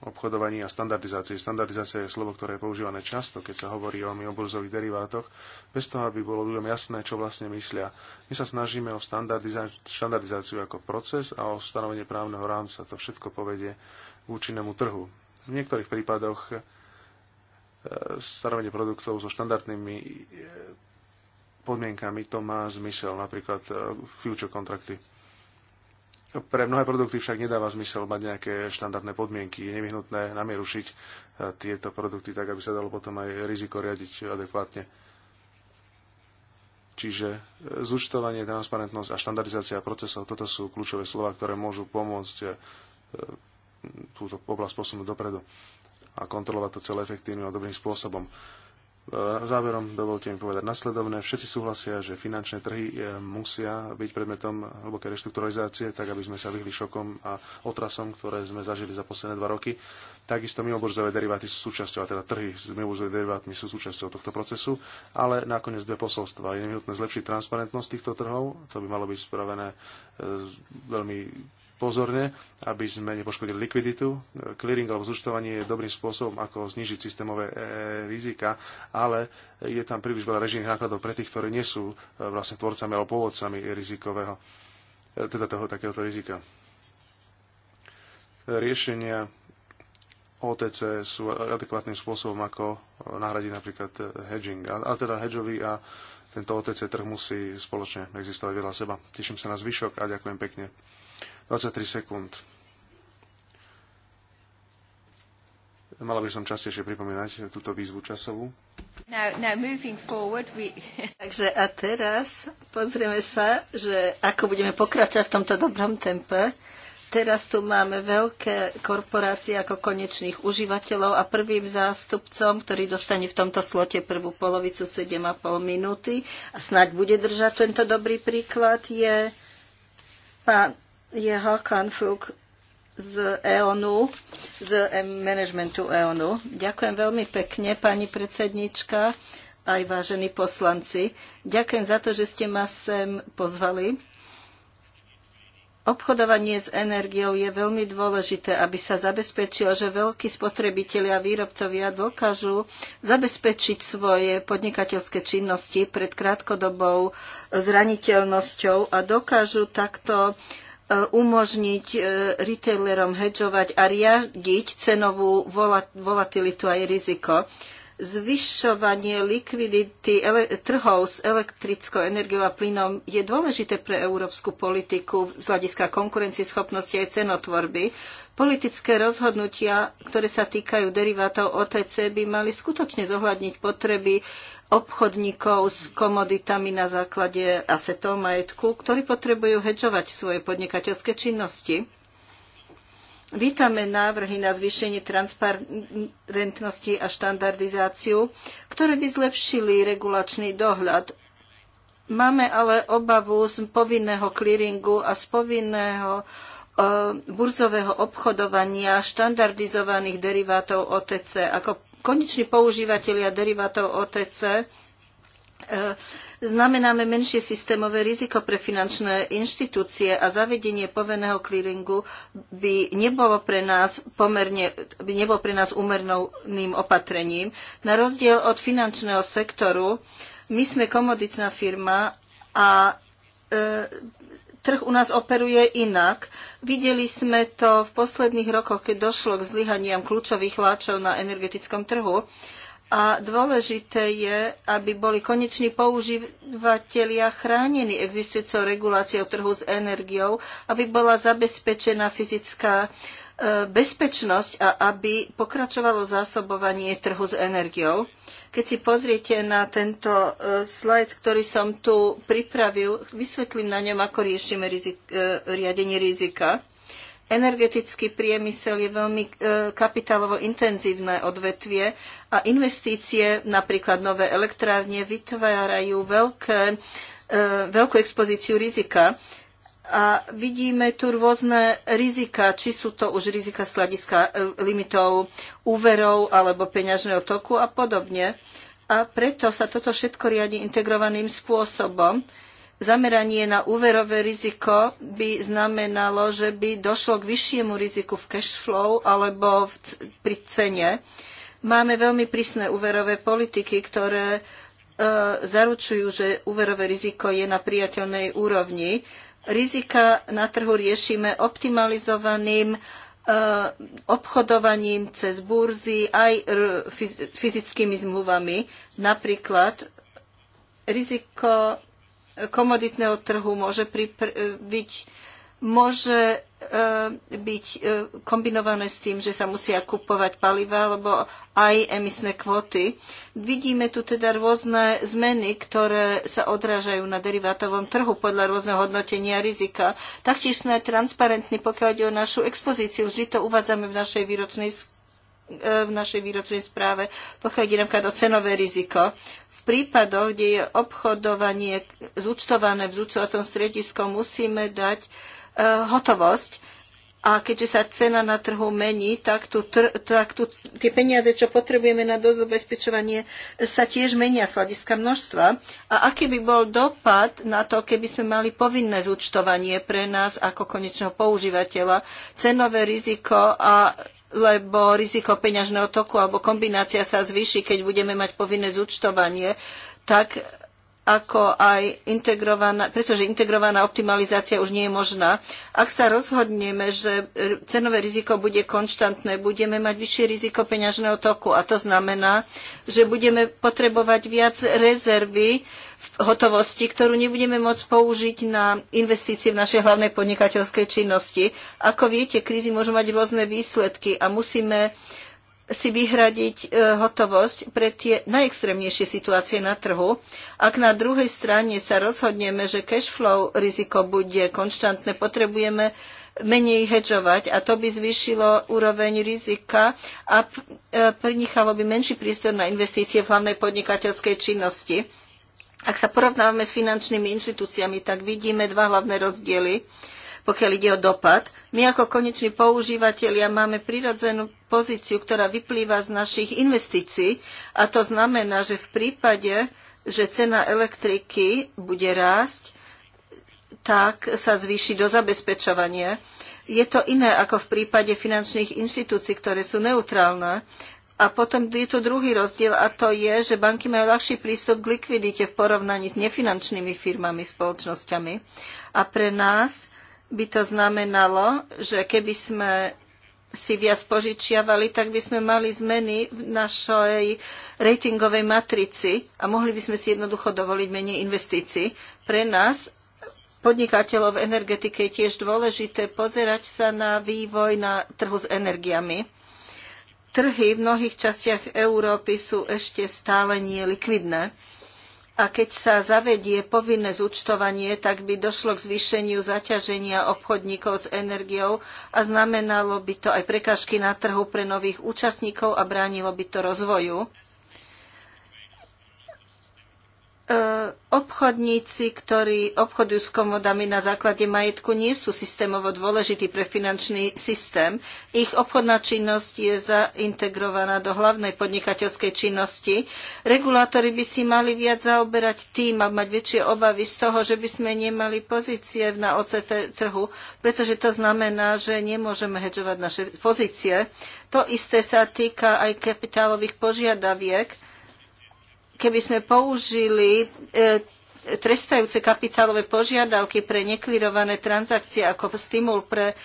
obchodovaní a standardizácii. Standardizácia je slovo, ktoré je používané často, keď sa hovorí o mioburzových derivátoch, bez toho, aby bolo ľuďom jasné, čo vlastne myslia. My sa snažíme o standardizáciu štandardizáciu ako proces a o stanovenie právneho rámca. To všetko povedie k účinnému trhu. V niektorých prípadoch e, stanovenie produktov so štandardnými e, podmienkami to má zmysel, napríklad e, future kontrakty pre mnohé produkty však nedáva zmysel mať nejaké štandardné podmienky. Je nevyhnutné namierušiť e, tieto produkty tak, aby sa dalo potom aj riziko riadiť adekvátne. Čiže e, zúčtovanie, transparentnosť a štandardizácia procesov, toto sú kľúčové slova, ktoré môžu pomôcť e, túto oblasť posunúť dopredu a kontrolovať to celé efektívnym a dobrým spôsobom. Záverom dovolte mi povedať nasledovné. Všetci súhlasia, že finančné trhy eh, musia byť predmetom hlbokej reštrukturalizácie, tak aby sme sa vyhli šokom a otrasom, ktoré sme zažili za posledné dva roky. Takisto mimoburzové deriváty sú súčasťou, a teda trhy s mimoburzovými derivátmi sú súčasťou tohto procesu, ale nakoniec dve posolstva. Je nevyhnutné zlepšiť transparentnosť týchto trhov, to by malo byť spravené eh, veľmi pozorne, aby sme nepoškodili likviditu. Clearing alebo zúčtovanie je dobrým spôsobom, ako znižiť systémové e, e, rizika, ale je tam príliš veľa režijných nákladov pre tých, ktorí nie sú e, vlastne tvorcami alebo pôvodcami rizikového, teda toho takéhoto rizika. Riešenia OTC sú adekvátnym spôsobom, ako nahradiť napríklad hedging. Ale teda hedžový a tento OTC trh musí spoločne existovať vedľa seba. Teším sa na zvyšok a ďakujem pekne. 23 sekúnd. Mala by som častejšie pripomínať túto výzvu časovú. Now, now forward, we... Takže a teraz pozrieme sa, že ako budeme pokračovať v tomto dobrom tempe. Teraz tu máme veľké korporácie ako konečných užívateľov a prvým zástupcom, ktorý dostane v tomto slote prvú polovicu 7,5 minúty a snáď bude držať tento dobrý príklad, je pán je Hakan Fug z EONu, z managementu EONu. Ďakujem veľmi pekne, pani predsednička, aj vážení poslanci. Ďakujem za to, že ste ma sem pozvali. Obchodovanie s energiou je veľmi dôležité, aby sa zabezpečilo, že veľkí spotrebitelia a výrobcovia dokážu zabezpečiť svoje podnikateľské činnosti pred krátkodobou zraniteľnosťou a dokážu takto E, umožniť e, retailerom hedžovať a riadiť cenovú volatilitu aj riziko. Zvyšovanie likvidity trhov s elektrickou energiou a plynom je dôležité pre európsku politiku z hľadiska konkurencieschopnosti aj cenotvorby. Politické rozhodnutia, ktoré sa týkajú derivátov OTC, by mali skutočne zohľadniť potreby obchodníkov s komoditami na základe asetov majetku, ktorí potrebujú hedžovať svoje podnikateľské činnosti. Vítame návrhy na zvýšenie transparentnosti a štandardizáciu, ktoré by zlepšili regulačný dohľad. Máme ale obavu z povinného clearingu a z povinného e, burzového obchodovania štandardizovaných derivátov OTC ako koneční používateľia derivátov OTC e, znamenáme menšie systémové riziko pre finančné inštitúcie a zavedenie povinného clearingu by nebolo pre nás pomerne, by nebolo pre nás úmerným opatrením. Na rozdiel od finančného sektoru, my sme komoditná firma a e, trh u nás operuje inak. Videli sme to v posledných rokoch, keď došlo k zlyhaniam kľúčových láčov na energetickom trhu. A dôležité je, aby boli koneční používateľia chránení existujúcou reguláciou trhu s energiou, aby bola zabezpečená fyzická e, bezpečnosť a aby pokračovalo zásobovanie trhu s energiou. Keď si pozriete na tento e, slajd, ktorý som tu pripravil, vysvetlím na ňom, ako riešime rizik, e, riadenie rizika. Energetický priemysel je veľmi e, kapitálovo intenzívne odvetvie a investície, napríklad nové elektrárne, vytvárajú veľké, veľkú expozíciu rizika. A vidíme tu rôzne rizika, či sú to už rizika z e, limitov úverov alebo peňažného toku a podobne. A preto sa toto všetko riadi integrovaným spôsobom. Zameranie na úverové riziko by znamenalo, že by došlo k vyššiemu riziku v cash flow alebo v, pri cene. Máme veľmi prísne úverové politiky, ktoré e, zaručujú, že úverové riziko je na priateľnej úrovni Rizika na trhu riešime optimalizovaným e, obchodovaním cez burzy aj fyzickými zmluvami. Napríklad riziko komoditného trhu môže e, byť môže E, byť e, kombinované s tým, že sa musia kupovať paliva alebo aj emisné kvóty. Vidíme tu teda rôzne zmeny, ktoré sa odrážajú na derivátovom trhu podľa rôzneho hodnotenia rizika. Taktiež sme transparentní, pokiaľ ide o našu expozíciu. Vždy to uvádzame v našej výročnej e, v našej výročnej správe, pokiaľ ide napríklad o cenové riziko. V prípadoch, kde je obchodovanie zúčtované v zúčtovacom stredisku, musíme dať E, hotovosť. A keďže sa cena na trhu mení, tak, tu, tak tu, tie peniaze, čo potrebujeme na dozobezpečovanie, sa tiež menia z hľadiska množstva. A aký by bol dopad na to, keby sme mali povinné zúčtovanie pre nás ako konečného používateľa, cenové riziko a lebo riziko peňažného toku alebo kombinácia sa zvýši, keď budeme mať povinné zúčtovanie, tak ako aj integrovaná, pretože integrovaná optimalizácia už nie je možná. Ak sa rozhodneme, že e, cenové riziko bude konštantné, budeme mať vyššie riziko peňažného toku a to znamená, že budeme potrebovať viac rezervy v hotovosti, ktorú nebudeme môcť použiť na investície v našej hlavnej podnikateľskej činnosti. Ako viete, krízy môžu mať rôzne výsledky a musíme si vyhradiť e, hotovosť pre tie najextrémnejšie situácie na trhu. Ak na druhej strane sa rozhodneme, že cash flow riziko bude konštantné, potrebujeme menej hedžovať a to by zvýšilo úroveň rizika a e, prinichalo by menší prístor na investície v hlavnej podnikateľskej činnosti. Ak sa porovnávame s finančnými inštitúciami, tak vidíme dva hlavné rozdiely pokiaľ ide o dopad. My ako koneční používateľia máme prirodzenú pozíciu, ktorá vyplýva z našich investícií a to znamená, že v prípade, že cena elektriky bude rásť, tak sa zvýši do zabezpečovania. Je to iné ako v prípade finančných inštitúcií, ktoré sú neutrálne. A potom je tu druhý rozdiel a to je, že banky majú ľahší prístup k likvidite v porovnaní s nefinančnými firmami, spoločnosťami. A pre nás by to znamenalo, že keby sme si viac požičiavali, tak by sme mali zmeny v našej ratingovej matrici a mohli by sme si jednoducho dovoliť menej investícií. Pre nás, podnikateľov v energetike, je tiež dôležité pozerať sa na vývoj na trhu s energiami. Trhy v mnohých častiach Európy sú ešte stále nie likvidné a keď sa zavedie povinné zúčtovanie, tak by došlo k zvýšeniu zaťaženia obchodníkov s energiou a znamenalo by to aj prekažky na trhu pre nových účastníkov a bránilo by to rozvoju. E, obchodníci, ktorí obchodujú s komodami na základe majetku, nie sú systémovo dôležití pre finančný systém. Ich obchodná činnosť je zaintegrovaná do hlavnej podnikateľskej činnosti. Regulátori by si mali viac zaoberať tým a mať väčšie obavy z toho, že by sme nemali pozície na OCT trhu, pretože to znamená, že nemôžeme hedžovať naše pozície. To isté sa týka aj kapitálových požiadaviek keby sme použili e, trestajúce kapitálové požiadavky pre neklirované transakcie ako stimul pre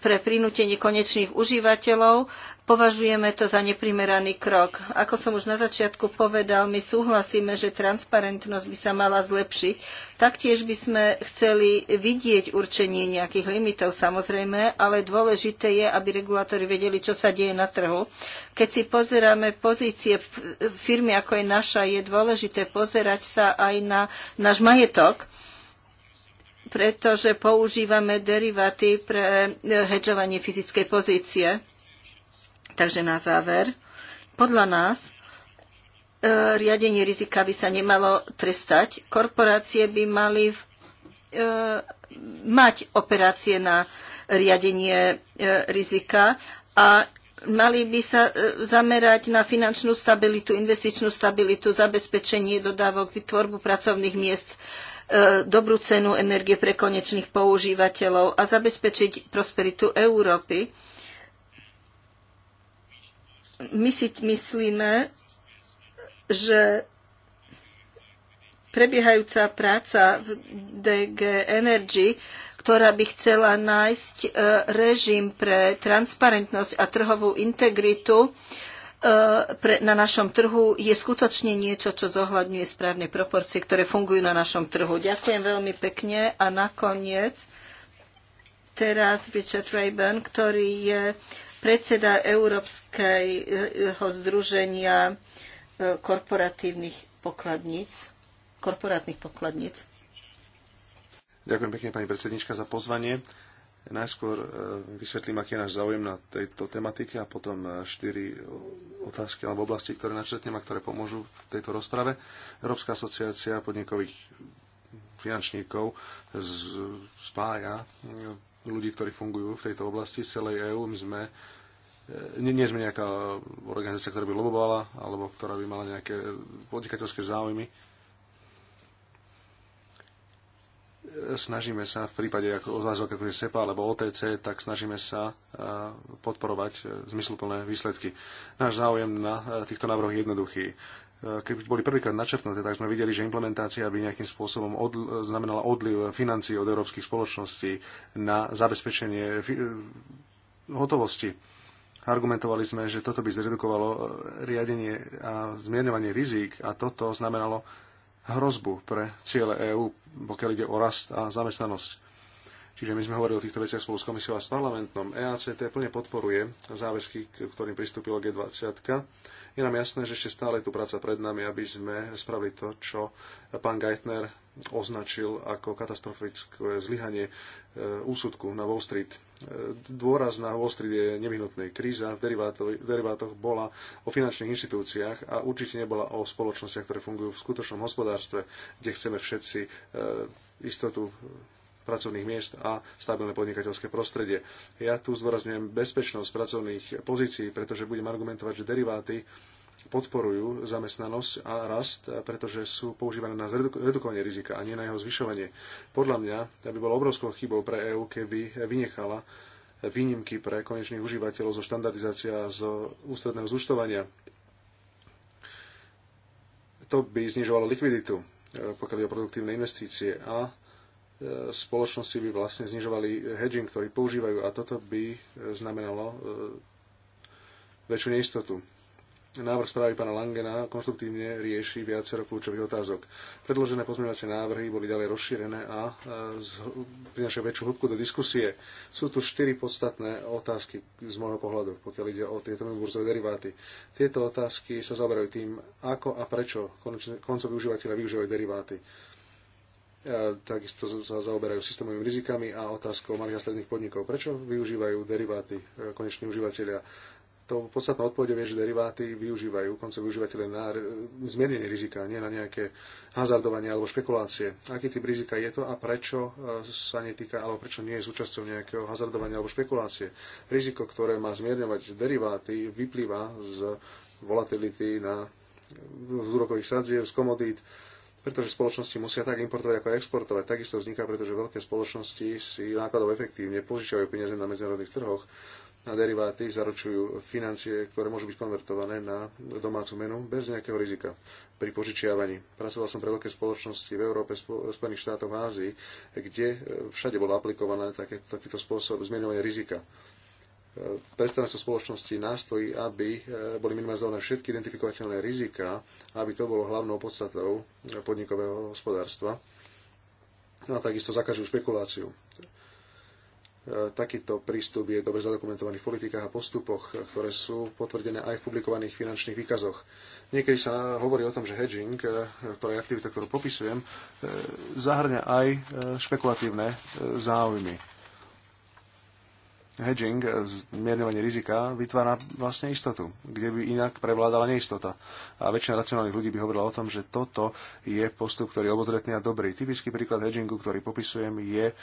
pre prinútenie konečných užívateľov. Považujeme to za neprimeraný krok. Ako som už na začiatku povedal, my súhlasíme, že transparentnosť by sa mala zlepšiť. Taktiež by sme chceli vidieť určenie nejakých limitov samozrejme, ale dôležité je, aby regulátori vedeli, čo sa deje na trhu. Keď si pozeráme pozície firmy, ako je naša, je dôležité pozerať sa aj na náš majetok pretože používame derivaty pre e, hedžovanie fyzickej pozície. Takže na záver, podľa nás e, riadenie rizika by sa nemalo trestať. Korporácie by mali e, mať operácie na riadenie rizika a mali by sa zamerať na finančnú stabilitu, investičnú stabilitu, zabezpečenie dodávok, vytvorbu pracovných miest E, dobrú cenu energie pre konečných používateľov a zabezpečiť prosperitu Európy. My si myslíme, že prebiehajúca práca v DG Energy, ktorá by chcela nájsť e, režim pre transparentnosť a trhovú integritu, E, pre, na našom trhu je skutočne niečo, čo zohľadňuje správne proporcie, ktoré fungujú na našom trhu. Ďakujem veľmi pekne a nakoniec teraz Richard Rayburn, ktorý je predseda Európskeho združenia e, korporatívnych pokladníc, korporátnych pokladníc. Ďakujem pekne, pani predsednička, za pozvanie. Najskôr e, vysvetlím, aký je náš záujem na tejto tematike a potom e, štyri otázky alebo oblasti, ktoré načetnem a ktoré pomôžu v tejto rozprave. Európska asociácia podnikových finančníkov spája e, ľudí, ktorí fungujú v tejto oblasti z celej EÚ. My sme nie, nie sme nejaká organizácia, ktorá by lobovala alebo ktorá by mala nejaké podnikateľské záujmy snažíme sa v prípade ako otázok ako je SEPA alebo OTC, tak snažíme sa podporovať e, zmysluplné výsledky. Náš záujem na e, týchto návrhoch je jednoduchý. E, Keď boli prvýkrát načrtnuté, tak sme videli, že implementácia by nejakým spôsobom od, znamenala odliv financií od európskych spoločností na zabezpečenie hotovosti. Argumentovali sme, že toto by zredukovalo riadenie a zmierňovanie rizík a toto znamenalo hrozbu pre ciele EÚ, pokiaľ ide o rast a zamestnanosť. Čiže my sme hovorili o týchto veciach spolu s komisiou a s parlamentom. EACT plne podporuje záväzky, k ktorým pristúpilo G20. Je nám jasné, že ešte stále je tu práca pred nami, aby sme spravili to, čo pán Geithner označil ako katastrofické zlyhanie e, úsudku na Wall Street. E, dôraz na Wall Street je nevyhnutný. Kríza v derivátoch bola o finančných inštitúciách a určite nebola o spoločnostiach, ktoré fungujú v skutočnom hospodárstve, kde chceme všetci e, istotu pracovných miest a stabilné podnikateľské prostredie. Ja tu zdôrazňujem bezpečnosť pracovných pozícií, pretože budem argumentovať, že deriváty podporujú zamestnanosť a rast, pretože sú používané na zredukovanie rizika a nie na jeho zvyšovanie. Podľa mňa by bolo obrovskou chybou pre EÚ, keby vynechala výnimky pre konečných užívateľov zo štandardizácia z ústredného zúčtovania. To by znižovalo likviditu, e, pokiaľ je o produktívne investície a e, spoločnosti by vlastne znižovali hedging, ktorý používajú a toto by e, znamenalo väčšiu neistotu Návrh správy pána Langena konstruktívne rieši viacero kľúčových otázok. Predložené pozmeňovacie návrhy boli ďalej rozšírené a prinášajú väčšiu hĺbku do diskusie. Sú tu štyri podstatné otázky z môjho pohľadu, pokiaľ ide o tieto burzové deriváty. Tieto otázky sa zaoberajú tým, ako a prečo koncoví užívateľe využívajú deriváty e, takisto sa zaoberajú systémovými rizikami a otázkou malých a stredných podnikov. Prečo využívajú deriváty e, koneční užívateľia? to podstatná odpoveď je, že deriváty využívajú konce využívateľe na zmiernenie rizika, nie na nejaké hazardovanie alebo špekulácie. Aký typ rizika je to a prečo e, sa netýka, alebo prečo nie je súčasťou nejakého hazardovania alebo špekulácie. Riziko, ktoré má zmierňovať deriváty, vyplýva z volatility na z úrokových sadzieb, z komodít, pretože spoločnosti musia tak importovať ako aj exportovať. Takisto vzniká, pretože veľké spoločnosti si nákladov efektívne požičiavajú peniaze na medzinárodných trhoch na deriváty zaručujú financie, ktoré môžu byť konvertované na domácu menu bez nejakého rizika pri požičiavaní. Pracoval som pre veľké spoločnosti v Európe, Spojených štátoch, v Ázii, kde e, všade bolo aplikované také, takýto spôsob zmenovania rizika. E, Predstavenstvo spoločnosti nástojí, aby e, boli minimalizované všetky identifikovateľné rizika, aby to bolo hlavnou podstatou podnikového hospodárstva. No a takisto zakažujú špekuláciu. E, takýto prístup je dobre zadokumentovaný v politikách a postupoch, ktoré sú potvrdené aj v publikovaných finančných výkazoch. Niekedy sa hovorí o tom, že hedging, e, ktorá je aktivita, ktorú popisujem, e, zahrňa aj špekulatívne záujmy. Hedging, zmierňovanie rizika, vytvára vlastne istotu, kde by inak prevládala neistota. A väčšina racionálnych ľudí by hovorila o tom, že toto je postup, ktorý je obozretný a dobrý. Typický príklad hedgingu, ktorý popisujem, je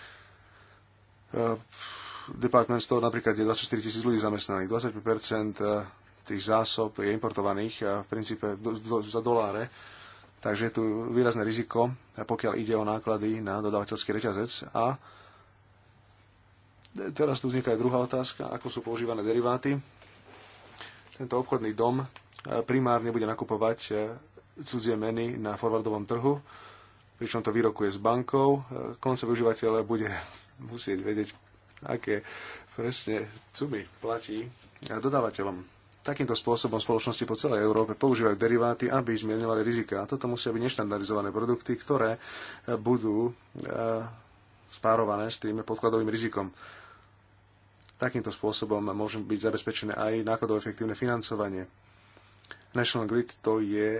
Eh, department Store napríklad je 24 tisíc ľudí zamestnaných, 25% eh, tých zásob je importovaných eh, v princípe za doláre, takže je tu výrazné riziko, pokiaľ ide o náklady na dodávateľský reťazec. A teraz tu vzniká aj druhá otázka, ako sú používané deriváty. Tento obchodný dom primárne bude nakupovať cudzie meny na forwardovom trhu, pričom to vyrokuje s bankou. E, Konce užívateľ bude musieť vedieť, aké presne cumy platí dodávateľom. Takýmto spôsobom spoločnosti po celej Európe používajú deriváty, aby zmierňovali rizika. A toto musia byť neštandardizované produkty, ktoré e, budú e, spárované s tým podkladovým rizikom. Takýmto spôsobom môže byť zabezpečené aj nákladovo efektívne financovanie. National Grid to je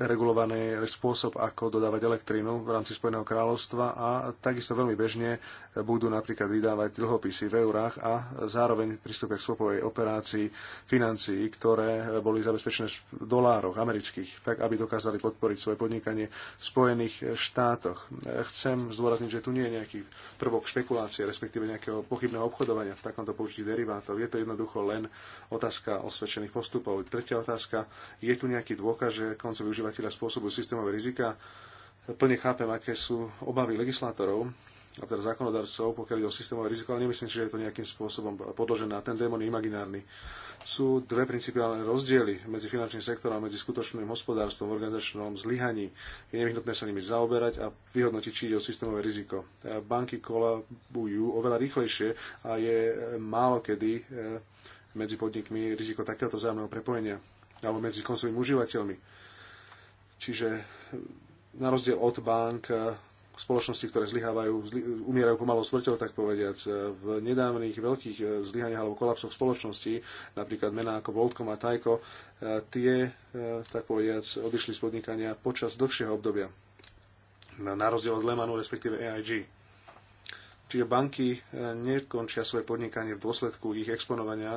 regulovaný spôsob, ako dodávať elektrínu v rámci Spojeného kráľovstva a takisto veľmi bežne budú napríklad vydávať dlhopisy v eurách a zároveň pristúpia k swapovej operácii financií, ktoré boli zabezpečené v dolároch amerických, tak aby dokázali podporiť svoje podnikanie v Spojených štátoch. Chcem zdôrazniť, že tu nie je nejaký prvok špekulácie, respektíve nejakého pochybného obchodovania v takomto použití derivátov. Je to jednoducho len otázka osvedčených postupov. Tretia otázka, je tu nejaký dôkaz, že koncový užívateľ podnikateľa spôsobu systémové rizika. Plne chápem, aké sú obavy legislátorov a teda zákonodarcov, pokiaľ ide o systémové riziko, ale nemyslím si, že je to nejakým spôsobom podložené. A ten démon je imaginárny. Sú dve principiálne rozdiely medzi finančným sektorom a medzi skutočným hospodárstvom v organizačnom zlyhaní. Je nevyhnutné sa nimi zaoberať a vyhodnotiť, či ide o systémové riziko. E, banky kolabujú oveľa rýchlejšie a je e, málo kedy e, medzi podnikmi riziko takéhoto zájomného prepojenia alebo medzi koncovými užívateľmi Čiže na rozdiel od bank, eh, spoločnosti, ktoré zlyhávajú, umierajú pomalou smrťou, tak povediac. Eh, v nedávnych veľkých eh, zlyhaniach alebo kolapsoch spoločností, napríklad mená ako Voltcom a Tajko, tie, tak povediac, odišli z podnikania počas dlhšieho obdobia. Na, na rozdiel od Lehmanu, respektíve AIG. Čiže banky nekončia svoje podnikanie v dôsledku ich exponovania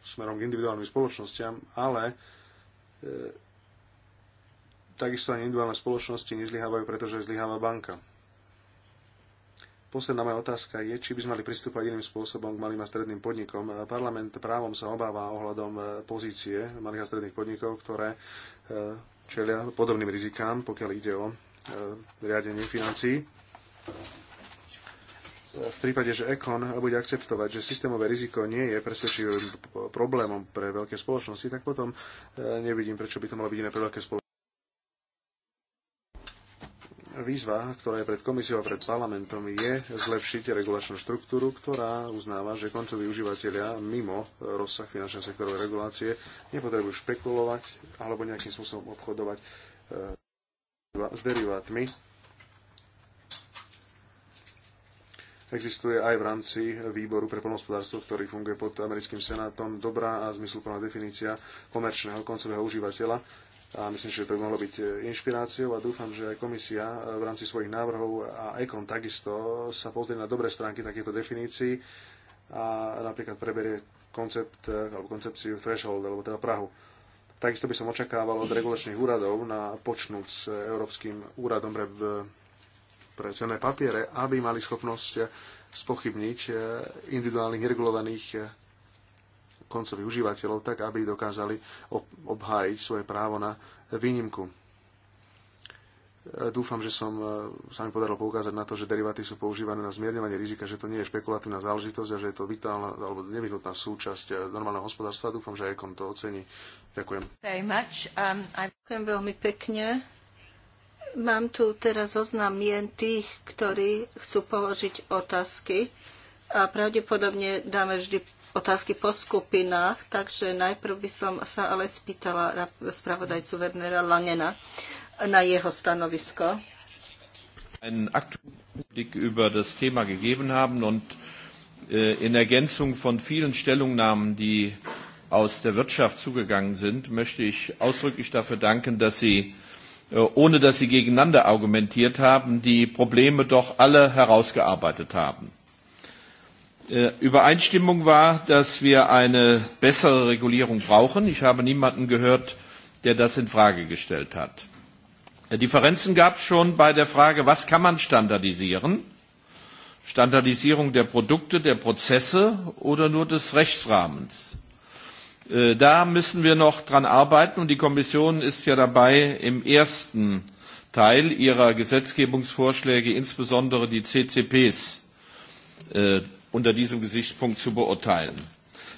smerom k individuálnym spoločnosťam, ale Takisto ani individuálne spoločnosti nezlyhávajú, pretože zlyháva banka. Posledná moja otázka je, či by sme mali pristúpať iným spôsobom k malým a stredným podnikom. Parlament právom sa obáva ohľadom e, pozície malých a stredných podnikov, ktoré e, čelia podobným rizikám, pokiaľ ide o e, riadenie financií. V prípade, že Econ bude akceptovať, že systémové riziko nie je presvedčivým problémom pre veľké spoločnosti, tak potom nevidím, prečo by to malo byť iné pre veľké spoločnosti výzva, ktorá je pred komisiou a pred parlamentom, je zlepšiť regulačnú štruktúru, ktorá uznáva, že koncoví užívateľia mimo rozsah finančnej sektorovej regulácie nepotrebujú špekulovať alebo nejakým spôsobom obchodovať eh, s derivátmi. Existuje aj v rámci výboru pre plnohospodárstvo, ktorý funguje pod americkým senátom, dobrá a zmysluplná definícia komerčného koncového užívateľa, a myslím, že to by mohlo byť e, inšpiráciou a dúfam, že aj komisia e, v rámci svojich návrhov a EKON takisto sa pozrie na dobré stránky takýchto definícií a napríklad preberie koncept e, alebo koncepciu threshold alebo teda Prahu. Takisto by som očakával od regulačných úradov na počnúť s Európskym úradom pre, pre cenné papiere, aby mali schopnosť spochybniť individuálnych neregulovaných koncových užívateľov, tak aby dokázali obhájiť svoje právo na výnimku. E, dúfam, že som e, sa mi podarilo poukázať na to, že deriváty sú používané na zmierňovanie rizika, že to nie je špekulatívna záležitosť a že je to vitálna alebo nevyhnutná súčasť e, normálneho hospodárstva. Dúfam, že Ekon to ocení. Ďakujem. Um, Ďakujem veľmi pekne. Mám tu teraz oznam mien tých, ktorí chcú položiť otázky a pravdepodobne dáme vždy otázky po skupinách, takže najprv by som sa ale spýtala spravodajcu Wernera Langena na jeho stanovisko. Einen über das Thema gegeben haben und äh, in Ergänzung von vielen Stellungnahmen, die aus der Wirtschaft zugegangen sind, möchte ich ausdrücklich dafür danken, dass Sie, äh, ohne dass Sie gegeneinander argumentiert haben, die Probleme doch alle herausgearbeitet haben. Äh, Übereinstimmung war, dass wir eine bessere Regulierung brauchen. Ich habe niemanden gehört, der das in Frage gestellt hat. Äh, Differenzen gab es schon bei der Frage, was kann man standardisieren? Standardisierung der Produkte, der Prozesse oder nur des Rechtsrahmens? Äh, da müssen wir noch dran arbeiten und die Kommission ist ja dabei, im ersten Teil ihrer Gesetzgebungsvorschläge insbesondere die CCPs unter diesem Gesichtspunkt zu beurteilen.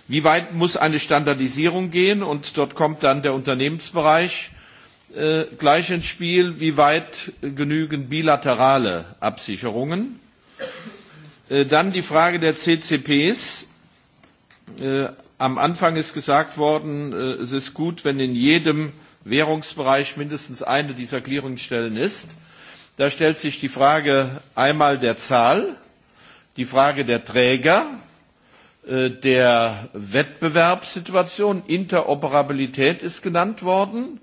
Wie weit muss eine Standardisierung gehen? Und dort kommt dann der Unternehmensbereich äh, gleich ins Spiel. Wie weit genügen bilaterale Absicherungen? Äh, dann die Frage der CCPs. Äh, am Anfang ist gesagt worden, äh, es ist gut, wenn in jedem Währungsbereich mindestens eine dieser Clearingstellen ist. Da stellt sich die Frage einmal der Zahl die Frage der Träger, äh, der Wettbewerbssituation, Interoperabilität ist genannt worden.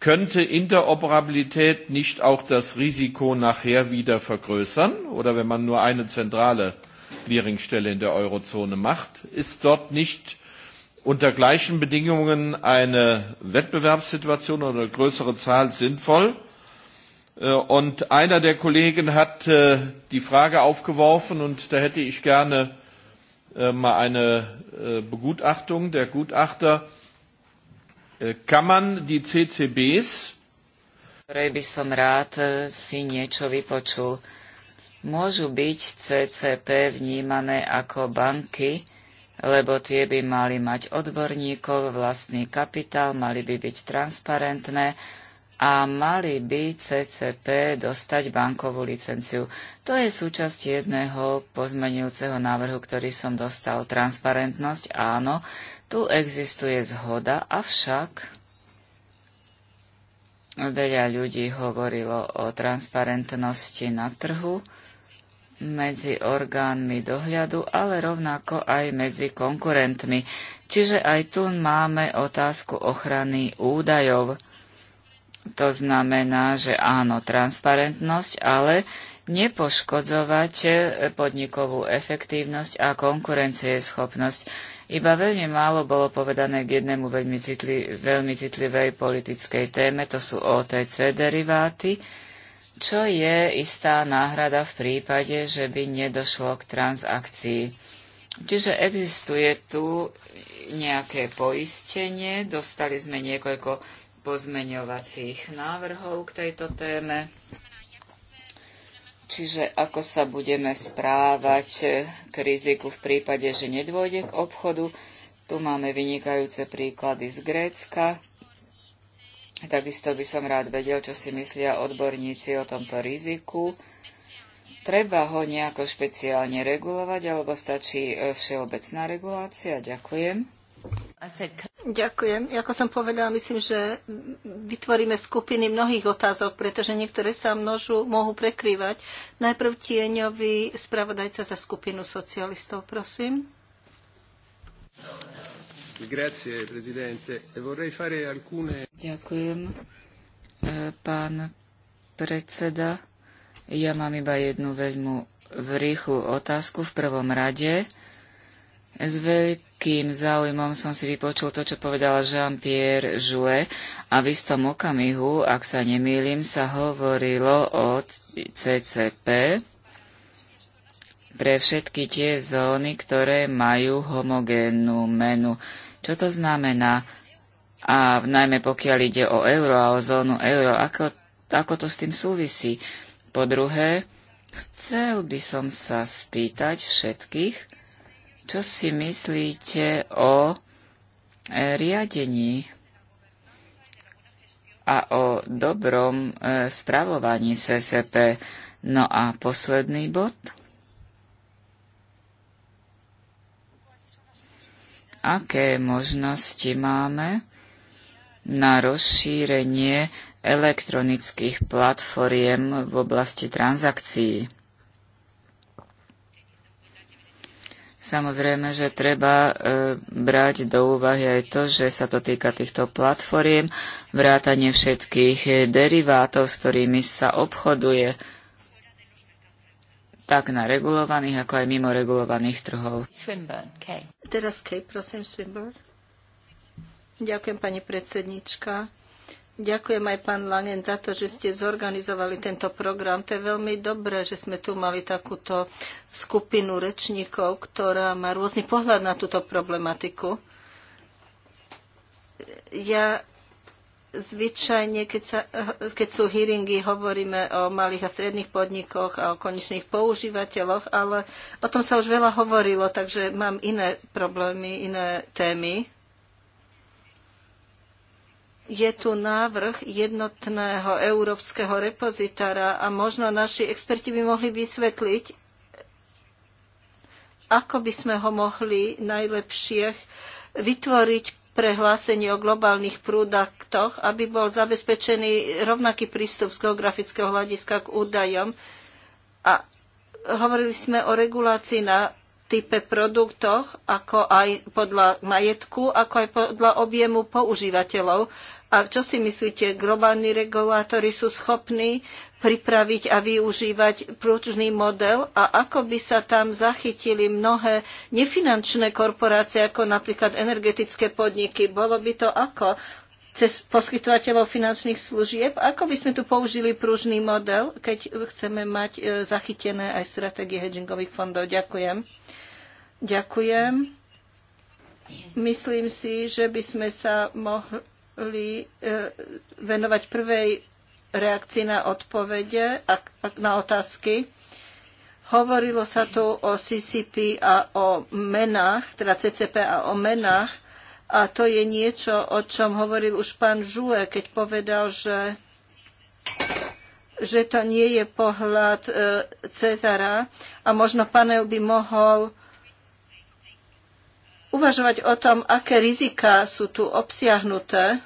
Könnte Interoperabilität nicht auch das Risiko nachher wieder vergrößern? Oder wenn man nur eine zentrale Clearingstelle in der Eurozone macht, ist dort nicht unter gleichen Bedingungen eine Wettbewerbssituation oder eine größere Zahl sinnvoll? Äh, und einer der Kollegen hat äh, die Frage aufgeworfen und da hätte ich gerne äh, mal eine Begutachtung der Gutachter. Kann man die CCBs? Ktorej by som rád si niečo vypočul. Môžu byť CCP vnímané ako banky, lebo tie by mali mať odborníkov, vlastný kapitál, mali by byť transparentné a mali by CCP dostať bankovú licenciu. To je súčasť jedného pozmenujúceho návrhu, ktorý som dostal. Transparentnosť, áno, tu existuje zhoda, avšak Veľa ľudí hovorilo o transparentnosti na trhu medzi orgánmi dohľadu, ale rovnako aj medzi konkurentmi. Čiže aj tu máme otázku ochrany údajov. To znamená, že áno, transparentnosť, ale nepoškodzovať eh, podnikovú efektívnosť a konkurencieschopnosť. Iba veľmi málo bolo povedané k jednému veľmi, citli, veľmi citlivej politickej téme, to sú OTC deriváty, čo je istá náhrada v prípade, že by nedošlo k transakcii. Čiže existuje tu nejaké poistenie, dostali sme niekoľko pozmeňovacích návrhov k tejto téme. Čiže ako sa budeme správať k riziku v prípade, že nedôjde k obchodu. Tu máme vynikajúce príklady z Grécka. Takisto by som rád vedel, čo si myslia odborníci o tomto riziku. Treba ho nejako špeciálne regulovať, alebo stačí e, všeobecná regulácia? Ďakujem. Ďakujem. Ako som povedala, myslím, že vytvoríme skupiny mnohých otázok, pretože niektoré sa množu, mohú prekrývať. Najprv tieňový spravodajca za skupinu socialistov, prosím. Grazie, presidente. E vorrei fare alcune... Ďakujem, e, pán predseda. Ja mám iba jednu veľmi v rýchlu otázku v prvom rade s veľkým záujmom som si vypočul to, čo povedal Jean-Pierre Jouet a v istom okamihu, ak sa nemýlim, sa hovorilo o CCP pre všetky tie zóny, ktoré majú homogénnu menu. Čo to znamená? A najmä pokiaľ ide o euro a o zónu euro, ako, ako to s tým súvisí? Po druhé, chcel by som sa spýtať všetkých, čo si myslíte o e, riadení a o dobrom e, spravovaní SSP? No a posledný bod. Aké možnosti máme na rozšírenie elektronických platformiem v oblasti transakcií? Samozrejme, že treba e, brať do úvahy aj to, že sa to týka týchto platformiem, vrátanie všetkých e, derivátov, s ktorými sa obchoduje tak na regulovaných, ako aj mimo regulovaných trhov. Swinburne, Teraz Kay, prosím, Swinburne. Ďakujem, pani predsednička. Ďakujem aj pán Langen za to, že ste zorganizovali tento program. To je veľmi dobré, že sme tu mali takúto skupinu rečníkov, ktorá má rôzny pohľad na túto problematiku. Ja zvyčajne, keď, sa, keď sú hearingy, hovoríme o malých a stredných podnikoch a o konečných používateľoch, ale o tom sa už veľa hovorilo, takže mám iné problémy, iné témy je tu návrh jednotného európskeho repozitára a možno naši experti by mohli vysvetliť, ako by sme ho mohli najlepšie vytvoriť pre hlásenie o globálnych prúdaktoch, aby bol zabezpečený rovnaký prístup z geografického hľadiska k údajom. A hovorili sme o regulácii na type produktoch, ako aj podľa majetku, ako aj podľa objemu používateľov. A čo si myslíte, globálni regulátori sú schopní pripraviť a využívať prúžný model a ako by sa tam zachytili mnohé nefinančné korporácie, ako napríklad energetické podniky. Bolo by to ako? Cez poskytovateľov finančných služieb? Ako by sme tu použili pružný model, keď chceme mať e, zachytené aj stratégie hedgingových fondov? Ďakujem. Ďakujem. Myslím si, že by sme sa mohli mohli e, venovať prvej reakcii na odpovede, na otázky. Hovorilo sa tu o CCP a o menách, teda CCP a o menách. A to je niečo, o čom hovoril už pán Žue, keď povedal, že, že to nie je pohľad e, Cezara. A možno panel by mohol uvažovať o tom, aké rizika sú tu obsiahnuté.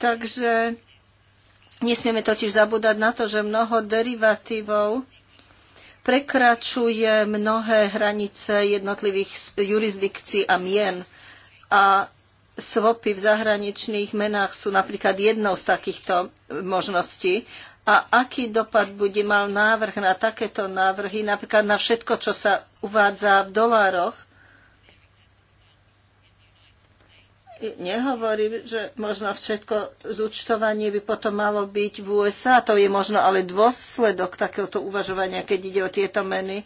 Takže nesmieme totiž zabúdať na to, že mnoho derivatívov prekračuje mnohé hranice jednotlivých jurisdikcií a mien. A svopy v zahraničných menách sú napríklad jednou z takýchto možností a aký dopad bude mal návrh na takéto návrhy, napríklad na všetko, čo sa uvádza v dolároch. Nehovorím, že možno všetko zúčtovanie by potom malo byť v USA, to je možno ale dôsledok takéhoto uvažovania, keď ide o tieto meny.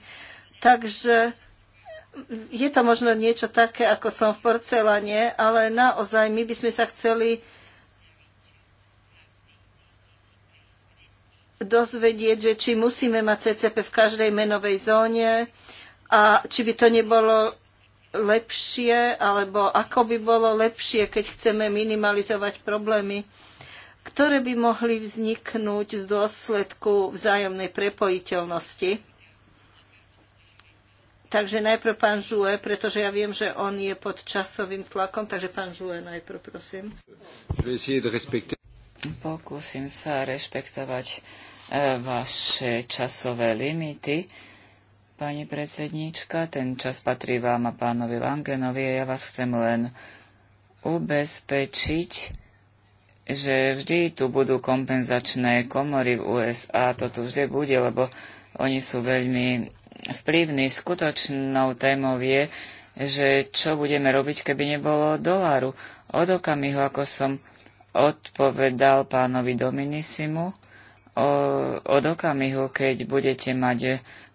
Takže je to možno niečo také, ako som v porcelane, ale naozaj my by sme sa chceli dozvedieť, že či musíme mať CCP v každej menovej zóne a či by to nebolo lepšie, alebo ako by bolo lepšie, keď chceme minimalizovať problémy, ktoré by mohli vzniknúť z dôsledku vzájomnej prepojiteľnosti. Takže najprv pán Žue, pretože ja viem, že on je pod časovým tlakom, takže pán Žue najprv, prosím. Pokúsim sa rešpektovať E, vaše časové limity. Pani predsedníčka, ten čas patrí vám a pánovi Langenovi a ja vás chcem len ubezpečiť, že vždy tu budú kompenzačné komory v USA, to tu vždy bude, lebo oni sú veľmi vplyvní. Skutočnou témou je, že čo budeme robiť, keby nebolo doláru. Od okamihu, ako som odpovedal pánovi Dominisimu, od okamihu, keď budete mať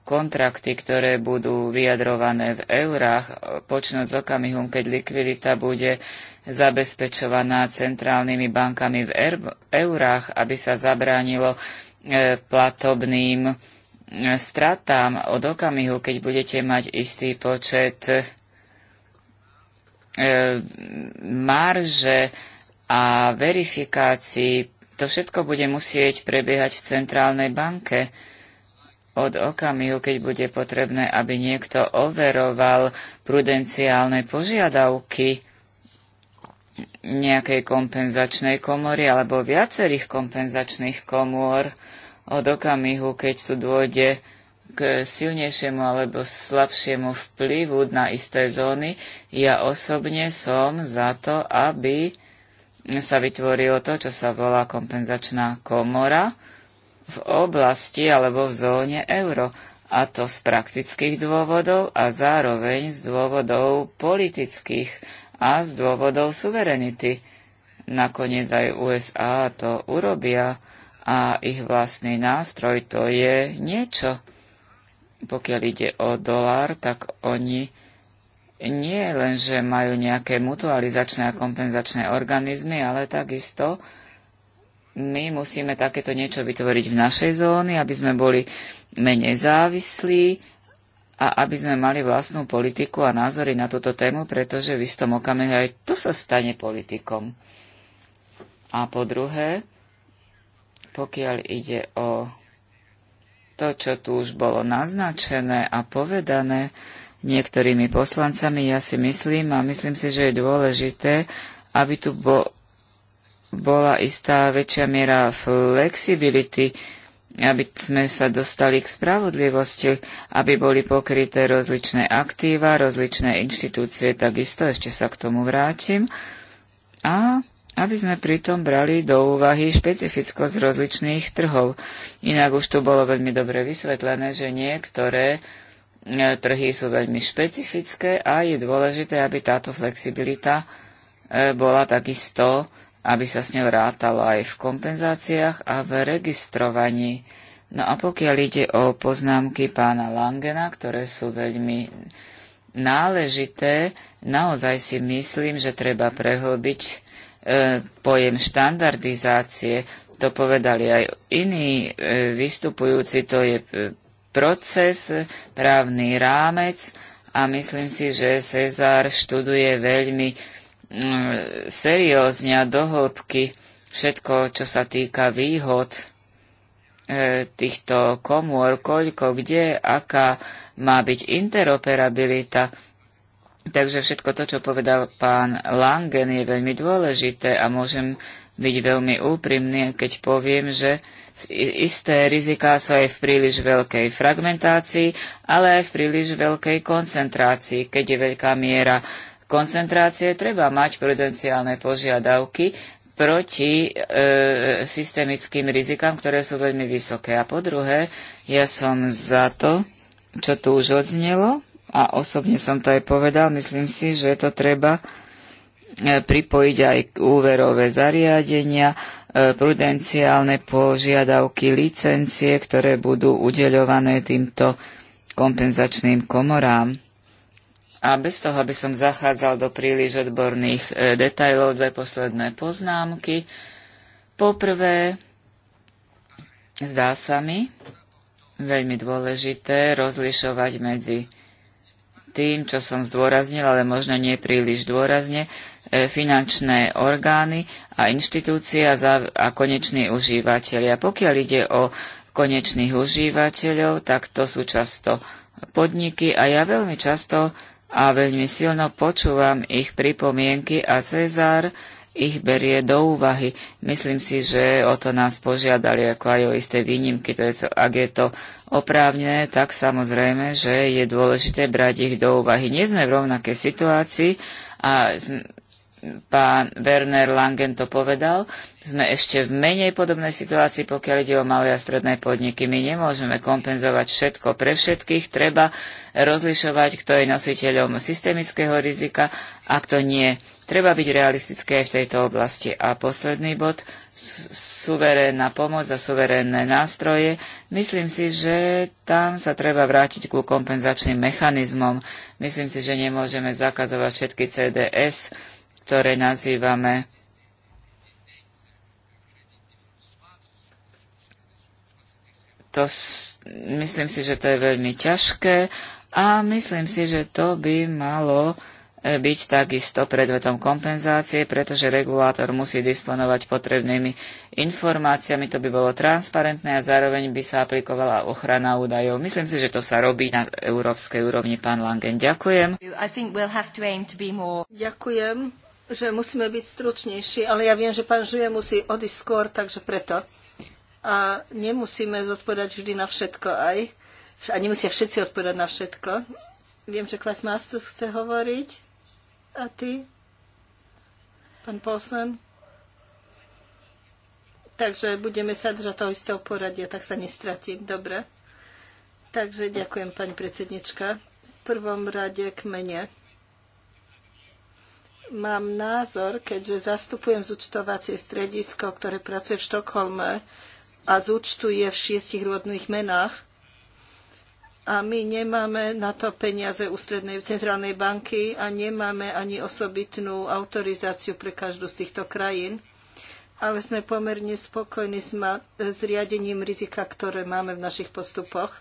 kontrakty, ktoré budú vyjadrované v eurách, počnúť s okamihom, keď likvidita bude zabezpečovaná centrálnymi bankami v er-, eurách, aby sa zabránilo e, platobným e, stratám od okamihu, keď budete mať istý počet e, marže a verifikácií to všetko bude musieť prebiehať v centrálnej banke. Od okamihu, keď bude potrebné, aby niekto overoval prudenciálne požiadavky nejakej kompenzačnej komory alebo viacerých kompenzačných komôr, od okamihu, keď tu dôjde k silnejšiemu alebo slabšiemu vplyvu na isté zóny, ja osobne som za to, aby sa vytvorilo to, čo sa volá kompenzačná komora v oblasti alebo v zóne euro, a to z praktických dôvodov a zároveň z dôvodov politických a z dôvodov suverenity. Nakoniec aj USA to urobia a ich vlastný nástroj to je niečo. Pokiaľ ide o dolár, tak oni nie len, že majú nejaké mutualizačné a kompenzačné organizmy, ale takisto my musíme takéto niečo vytvoriť v našej zóne, aby sme boli menej závislí a aby sme mali vlastnú politiku a názory na túto tému, pretože v istom okamihu aj to sa stane politikom. A po druhé, pokiaľ ide o to, čo tu už bolo naznačené a povedané, niektorými poslancami. Ja si myslím a myslím si, že je dôležité, aby tu bo, bola istá väčšia miera flexibility, aby sme sa dostali k spravodlivosti, aby boli pokryté rozličné aktíva, rozličné inštitúcie, takisto ešte sa k tomu vrátim. A aby sme pritom brali do úvahy špecifickosť rozličných trhov. Inak už tu bolo veľmi dobre vysvetlené, že niektoré trhy sú veľmi špecifické a je dôležité, aby táto flexibilita e, bola takisto, aby sa s ňou rátalo aj v kompenzáciách a v registrovaní. No a pokiaľ ide o poznámky pána Langena, ktoré sú veľmi náležité, naozaj si myslím, že treba prehlbiť e, pojem štandardizácie. To povedali aj iní e, vystupujúci, to je e, proces, právny rámec a myslím si, že Cezár študuje veľmi mm, seriózne a dohlbky všetko, čo sa týka výhod e, týchto komôr, koľko, kde, aká má byť interoperabilita. Takže všetko to, čo povedal pán Langen, je veľmi dôležité a môžem byť veľmi úprimný, keď poviem, že Isté riziká sú aj v príliš veľkej fragmentácii, ale aj v príliš veľkej koncentrácii. Keď je veľká miera koncentrácie, treba mať prudenciálne požiadavky proti e, systemickým rizikám, ktoré sú veľmi vysoké. A po druhé, ja som za to, čo tu už odznelo, a osobne som to aj povedal, myslím si, že to treba e, pripojiť aj úverové zariadenia, prudenciálne požiadavky licencie, ktoré budú udeľované týmto kompenzačným komorám. A bez toho, aby som zachádzal do príliš odborných e, detajlov, dve posledné poznámky. Poprvé, zdá sa mi veľmi dôležité rozlišovať medzi tým, čo som zdôraznil, ale možno nie príliš dôrazne, E, finančné orgány a inštitúcie a koneční užívateľia. Pokiaľ ide o konečných užívateľov, tak to sú často podniky a ja veľmi často a veľmi silno počúvam ich pripomienky a Cezár ich berie do úvahy. Myslím si, že o to nás požiadali ako aj o isté výnimky. To je, ak je to oprávne, tak samozrejme, že je dôležité brať ich do úvahy. Nie sme v rovnakej situácii a pán Werner Langen to povedal, sme ešte v menej podobnej situácii, pokiaľ ide o malé a stredné podniky. My nemôžeme kompenzovať všetko pre všetkých, treba rozlišovať, kto je nositeľom systemického rizika a kto nie. Treba byť realistické aj v tejto oblasti. A posledný bod, suverénna pomoc a suverénne nástroje. Myslím si, že tam sa treba vrátiť ku kompenzačným mechanizmom. Myslím si, že nemôžeme zakazovať všetky CDS, ktoré nazývame to, myslím si, že to je veľmi ťažké a myslím si, že to by malo e, byť takisto predvetom kompenzácie, pretože regulátor musí disponovať potrebnými informáciami, to by bolo transparentné a zároveň by sa aplikovala ochrana údajov. Myslím si, že to sa robí na európskej úrovni. Pán Langen, ďakujem. We'll to to more... Ďakujem že musíme byť stručnejší, ale ja viem, že pán Žuje musí odísť skôr, takže preto. A nemusíme zodpovedať vždy na všetko aj. A nemusia všetci odpovedať na všetko. Viem, že Clive Masters chce hovoriť. A ty? Pán Polsen? Takže budeme sa držať toho istého poradia, tak sa nestratím. Dobre. Takže ďakujem, pani predsednička. V prvom rade k mene mám názor, keďže zastupujem zúčtovacie stredisko, ktoré pracuje v Štokholme a zúčtuje v šiestich rôznych menách, a my nemáme na to peniaze strednej, centrálnej banky a nemáme ani osobitnú autorizáciu pre každú z týchto krajín, ale sme pomerne spokojní s, ma- s riadením rizika, ktoré máme v našich postupoch.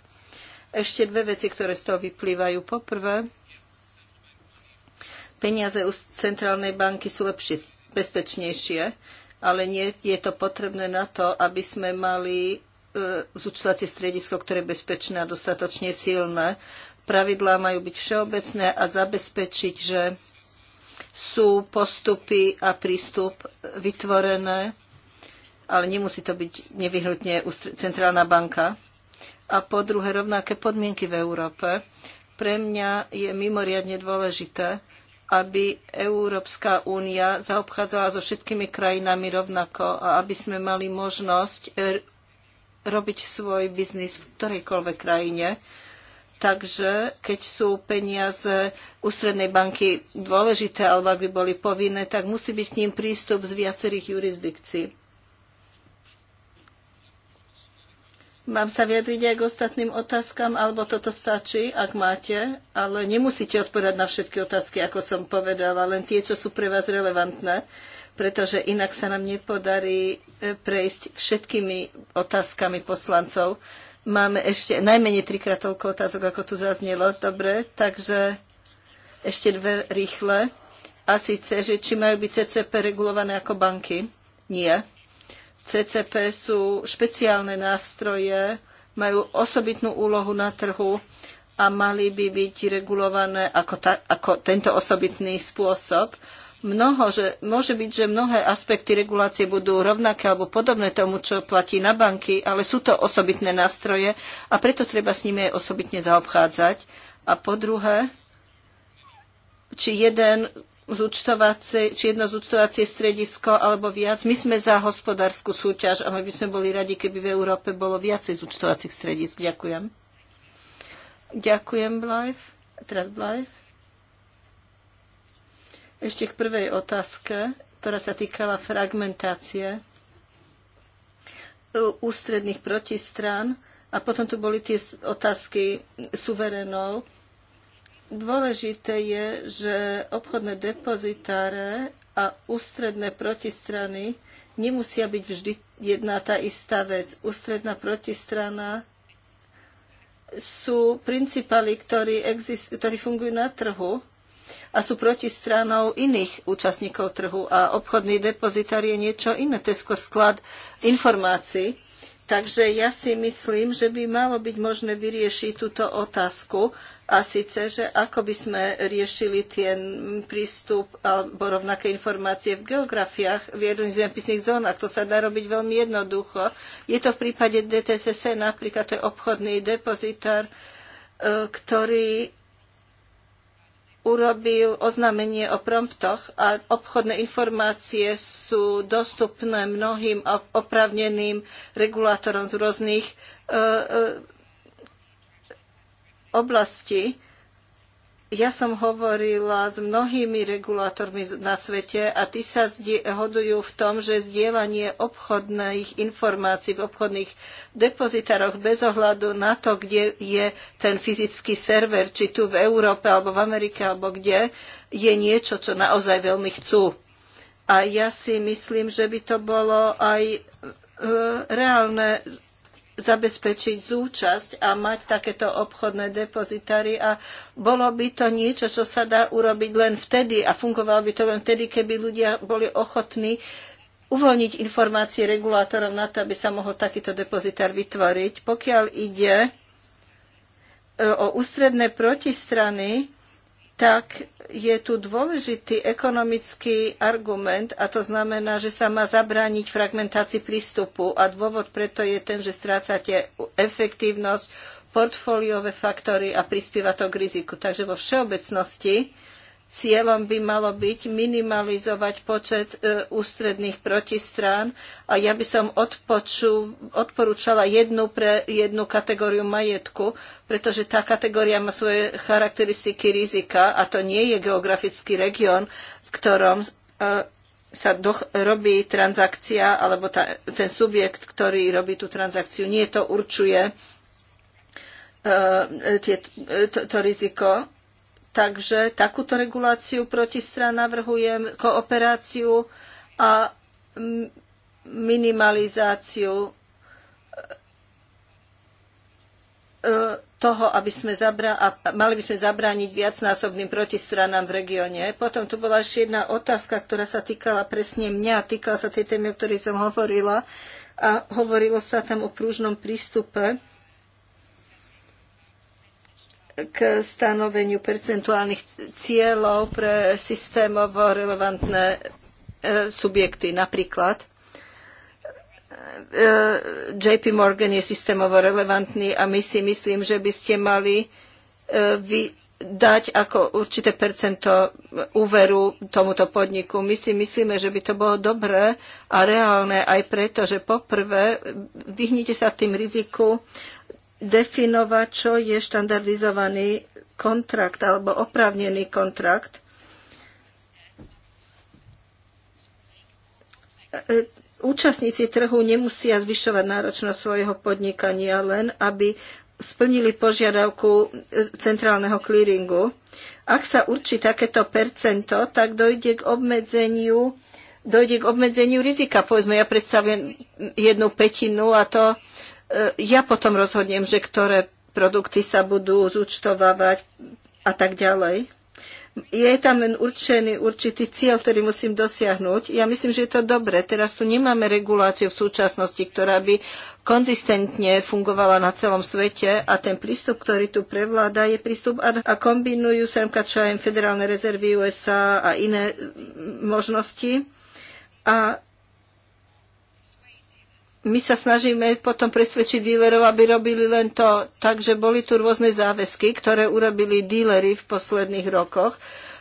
Ešte dve veci, ktoré z toho vyplývajú. Poprvé, Peniaze u centrálnej banky sú lepšie, bezpečnejšie, ale nie je to potrebné na to, aby sme mali e, zúčtovacie stredisko, ktoré je bezpečné a dostatočne silné. Pravidlá majú byť všeobecné a zabezpečiť, že sú postupy a prístup vytvorené, ale nemusí to byť nevyhnutne centrálna banka. A po druhé, rovnaké podmienky v Európe. Pre mňa je mimoriadne dôležité, aby Európska únia zaobchádzala so všetkými krajinami rovnako a aby sme mali možnosť e, robiť svoj biznis v ktorejkoľvek krajine. Takže keď sú peniaze ústrednej banky dôležité alebo ak by boli povinné, tak musí byť k ním prístup z viacerých jurisdikcií. Mám sa vyjadriť aj k ostatným otázkam, alebo toto stačí, ak máte, ale nemusíte odpovedať na všetky otázky, ako som povedala, len tie, čo sú pre vás relevantné, pretože inak sa nám nepodarí e, prejsť všetkými otázkami poslancov. Máme ešte najmenej trikrát toľko otázok, ako tu zaznelo. Dobre, takže ešte dve rýchle. A síce, že či majú byť CCP regulované ako banky? Nie CCP sú špeciálne nástroje, majú osobitnú úlohu na trhu a mali by byť regulované ako, ta, ako tento osobitný spôsob. Mnoho, že, môže byť, že mnohé aspekty regulácie budú rovnaké alebo podobné tomu, čo platí na banky, ale sú to osobitné nástroje a preto treba s nimi aj osobitne zaobchádzať. A po druhé, či jeden či jedno zúčtovacie stredisko alebo viac. My sme za hospodárskú súťaž a my by sme boli radi, keby v Európe bolo viacej zúčtovacích stredisk. Ďakujem. Ďakujem, Blajf. Teraz Blajf. Ešte k prvej otázke, ktorá sa týkala fragmentácie ústredných protistrán. A potom tu boli tie otázky suverénov Dôležité je, že obchodné depozitáre a ústredné protistrany nemusia byť vždy jedna tá istá vec. Ústredná protistrana sú principály, ktorí, exist- ktorí fungujú na trhu a sú protistranou iných účastníkov trhu a obchodný depozitár je niečo iné, to je skôr sklad informácií. Takže ja si myslím, že by malo byť možné vyriešiť túto otázku a síce, že ako by sme riešili ten prístup alebo rovnaké informácie v geografiách v jednotlivých zemepisných zónach. To sa dá robiť veľmi jednoducho. Je to v prípade DTSS, napríklad to je obchodný depozitár, e, ktorý urobil oznámenie o promptoch a obchodné informácie sú dostupné mnohým oprávneným regulátorom z rôznych e, e, oblasti. Ja som hovorila s mnohými regulátormi na svete a tí sa hodujú v tom, že zdieľanie obchodných informácií v obchodných depozitároch bez ohľadu na to, kde je ten fyzický server, či tu v Európe alebo v Amerike alebo kde, je niečo, čo naozaj veľmi chcú. A ja si myslím, že by to bolo aj e, reálne zabezpečiť zúčasť a mať takéto obchodné depozitári a bolo by to niečo, čo sa dá urobiť len vtedy a fungovalo by to len vtedy, keby ľudia boli ochotní uvoľniť informácie regulátorom na to, aby sa mohol takýto depozitár vytvoriť. Pokiaľ ide e, o ústredné protistrany, tak je tu dôležitý ekonomický argument a to znamená, že sa má zabrániť fragmentácii prístupu a dôvod preto je ten, že strácate efektívnosť, portfóliové faktory a prispieva to k riziku. Takže vo všeobecnosti Cieľom by malo byť minimalizovať počet e, ústredných protistrán a ja by som odpoču, odporúčala jednu pre jednu kategóriu majetku, pretože tá kategória má svoje charakteristiky rizika a to nie je geografický región, v ktorom e, sa doch, robí transakcia alebo ten subjekt, ktorý robí tú transakciu, nie to určuje e, tie, e, to, to riziko Takže takúto reguláciu protistran navrhujem, kooperáciu a minimalizáciu e, toho, aby sme zabra- a mali by sme zabrániť viacnásobným protistranám v regióne. Potom tu bola ešte jedna otázka, ktorá sa týkala presne mňa, týkala sa tej témy, o ktorej som hovorila a hovorilo sa tam o prúžnom prístupe k stanoveniu percentuálnych cieľov pre systémovo relevantné e, subjekty. Napríklad e, JP Morgan je systémovo relevantný a my si myslím, že by ste mali e, dať ako určité percento úveru tomuto podniku. My si myslíme, že by to bolo dobré a reálne aj preto, že poprvé vyhnite sa tým riziku definovať, čo je štandardizovaný kontrakt alebo oprávnený kontrakt. Účastníci trhu nemusia zvyšovať náročnosť svojho podnikania len, aby splnili požiadavku centrálneho clearingu. Ak sa určí takéto percento, tak dojde k obmedzeniu, dojde k obmedzeniu rizika. Povedzme, ja predstavujem jednu petinu a to E, ja potom rozhodnem, že ktoré produkty sa budú zúčtovávať a tak ďalej. Je tam len určený určitý cieľ, ktorý musím dosiahnuť. Ja myslím, že je to dobre. Teraz tu nemáme reguláciu v súčasnosti, ktorá by konzistentne fungovala na celom svete a ten prístup, ktorý tu prevláda, je prístup ad a kombinujú sa čo aj federálne rezervy USA a iné možnosti. A my sa snažíme potom presvedčiť dílerov, aby robili len to. tak, že boli tu rôzne záväzky, ktoré urobili dílery v posledných rokoch,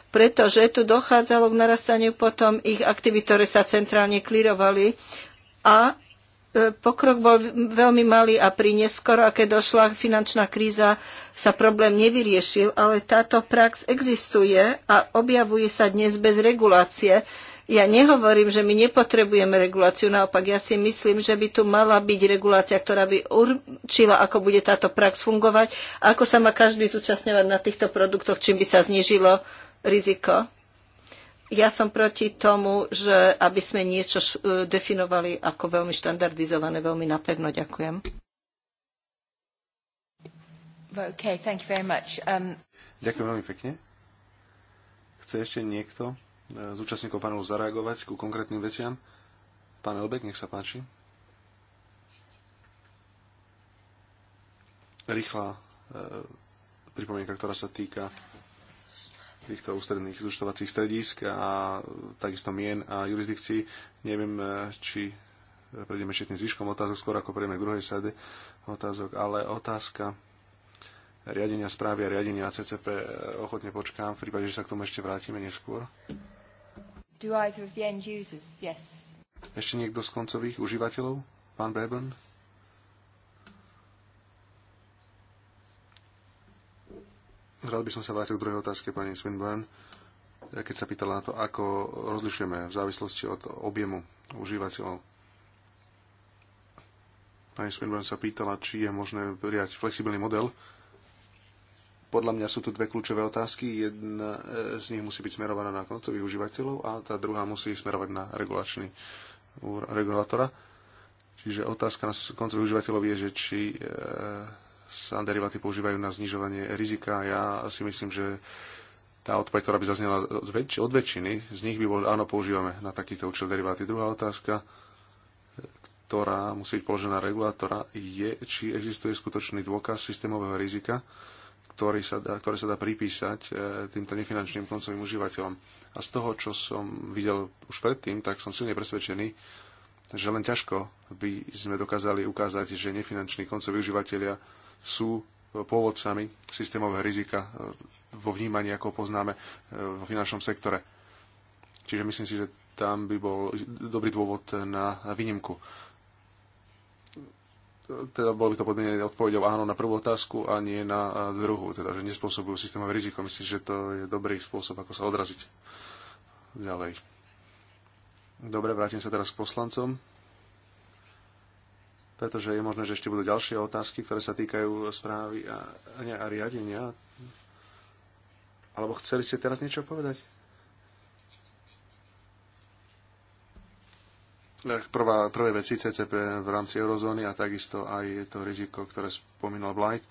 pretože tu dochádzalo k narastaniu potom ich aktivít, ktoré sa centrálne klirovali a e, pokrok bol veľmi malý a pri neskoro, a keď došla finančná kríza, sa problém nevyriešil, ale táto prax existuje a objavuje sa dnes bez regulácie ja nehovorím, že my nepotrebujeme reguláciu, naopak ja si myslím, že by tu mala byť regulácia, ktorá by určila, ako bude táto prax fungovať, ako sa má každý zúčastňovať na týchto produktoch, čím by sa znižilo riziko. Ja som proti tomu, že aby sme niečo e, definovali ako veľmi štandardizované, veľmi napevno. Ďakujem. Okay, um... Ďakujem veľmi pekne. Chce ešte niekto E, z účastníkov panelu zareagovať ku konkrétnym veciam. Pán Elbek, nech sa páči. Rýchla e, pripomienka, ktorá sa týka týchto ústredných zúčtovacích stredísk a takisto mien a jurisdikcií. Neviem, e, či prejdeme všetkým zvyškom otázok, skôr ako prejdeme k druhej sade otázok, ale otázka riadenia správy a riadenia CCP ochotne počkám, v prípade, že sa k tomu ešte vrátime neskôr. Do either of the end users? Yes. Ešte niekto z koncových užívateľov? Pán Brabant? Rád by som sa vrátil k druhej otázke pani Swinburne, keď sa pýtala na to, ako rozlišujeme v závislosti od objemu užívateľov. Pani Swinburne sa pýtala, či je možné prijať flexibilný model, podľa mňa sú tu dve kľúčové otázky. Jedna e, z nich musí byť smerovaná na koncových užívateľov a tá druhá musí smerovať na regulačný regulátora. Čiže otázka na koncových užívateľov je, že či e, sa derivaty používajú na znižovanie rizika. Ja si myslím, že tá odpoveď, ktorá by zaznela od väčšiny, z nich by bol, áno, používame na takýto účel deriváty. Druhá otázka, ktorá musí byť položená regulátora, je, či existuje skutočný dôkaz systémového rizika ktorý sa dá, ktoré sa dá pripísať e, týmto nefinančným koncovým užívateľom. A z toho, čo som videl už predtým, tak som silne presvedčený, že len ťažko by sme dokázali ukázať, že nefinanční koncoví užívateľia sú e, pôvodcami systémového rizika e, vo vnímaní, ako ho poznáme vo finančnom sektore. Čiže myslím si, že tam by bol dobrý dôvod na výnimku teda bolo by to podmienené odpovedou áno na prvú otázku a nie na druhú, teda že nespôsobujú systémové riziko. Myslím, že to je dobrý spôsob, ako sa odraziť ďalej. Dobre, vrátim sa teraz k poslancom, pretože je možné, že ešte budú ďalšie otázky, ktoré sa týkajú správy a, a, a riadenia. Alebo chceli ste teraz niečo povedať? prvá, prvé veci CCP v rámci eurozóny a takisto aj to riziko, ktoré spomínal Blight. E,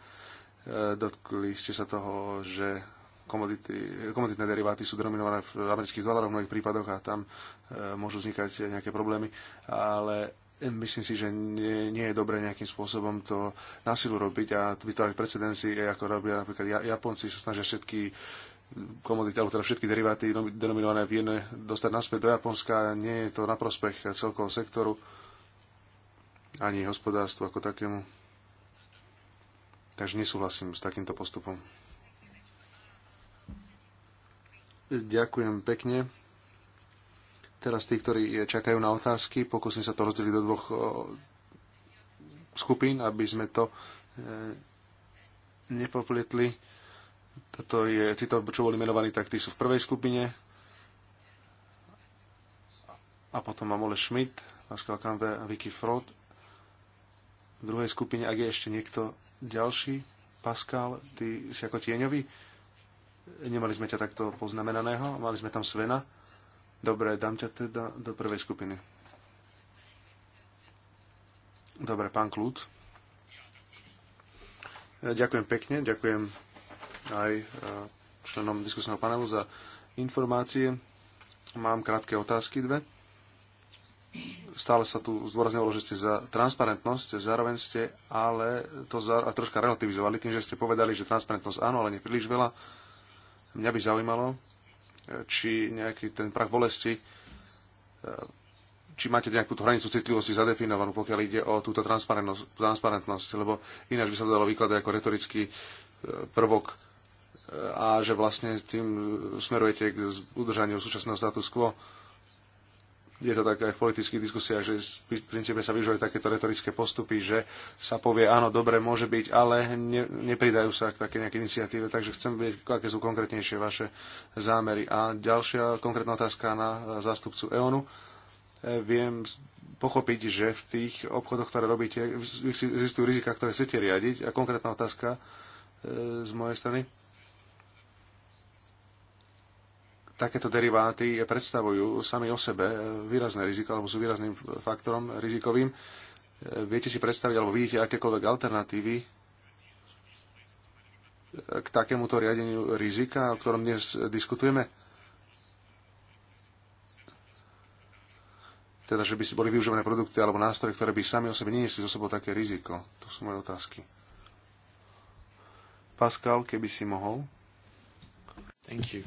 dotkli ste sa toho, že komodity, komoditné deriváty sú denominované v amerických dolároch v mnohých prípadoch a tam e, môžu vznikať nejaké problémy, ale myslím si, že nie, nie je dobré nejakým spôsobom to násilu robiť a vytvárať precedenci, ako robia napríklad Japonci, sa snažia všetky komodity, alebo teda všetky deriváty denominované v jene dostať naspäť do Japonska. Nie je to na prospech celkového sektoru ani hospodárstvu ako takému. Takže nesúhlasím s takýmto postupom. Ďakujem pekne. Teraz tí, ktorí čakajú na otázky, pokúsim sa to rozdeliť do dvoch skupín, aby sme to e, nepopletli. Toto je, títo, čo boli menovaní, tak tí sú v prvej skupine. A potom mám Ole Schmidt, Pascal Kambe a Vicky Frod. V druhej skupine, ak je ešte niekto ďalší, Pascal, ty si ako tieňový. Nemali sme ťa takto poznamenaného, mali sme tam Svena. Dobre, dám ťa teda do prvej skupiny. Dobre, pán Kľud. Ďakujem pekne, ďakujem aj e, členom diskusného panelu za informácie. Mám krátke otázky dve. Stále sa tu zdôrazňovalo, že ste za transparentnosť, zároveň ste ale to za, troška relativizovali tým, že ste povedali, že transparentnosť áno, ale nepríliš veľa. Mňa by zaujímalo, e, či nejaký ten prach bolesti, e, či máte nejakú tú hranicu citlivosti zadefinovanú, pokiaľ ide o túto transparentnosť, transparentnosť lebo ináč by sa to dalo vykladať ako retorický prvok a že vlastne tým smerujete k udržaniu súčasného status quo. Je to tak aj v politických diskusiách, že v princípe sa vyžujú takéto retorické postupy, že sa povie, áno, dobre, môže byť, ale ne, nepridajú sa k také nejaké iniciatíve. Takže chcem vedieť, aké sú konkrétnejšie vaše zámery. A ďalšia konkrétna otázka na zástupcu EONu. E, viem pochopiť, že v tých obchodoch, ktoré robíte, existujú rizika, ktoré chcete riadiť. A konkrétna otázka e, z mojej strany takéto deriváty predstavujú sami o sebe výrazné riziko, alebo sú výrazným faktorom rizikovým. Viete si predstaviť, alebo vidíte akékoľvek alternatívy k takémuto riadeniu rizika, o ktorom dnes diskutujeme? Teda, že by si boli využívané produkty alebo nástroje, ktoré by sami o sebe neniesli zo sebou také riziko. To sú moje otázky. Pascal, keby si mohol. Thank you.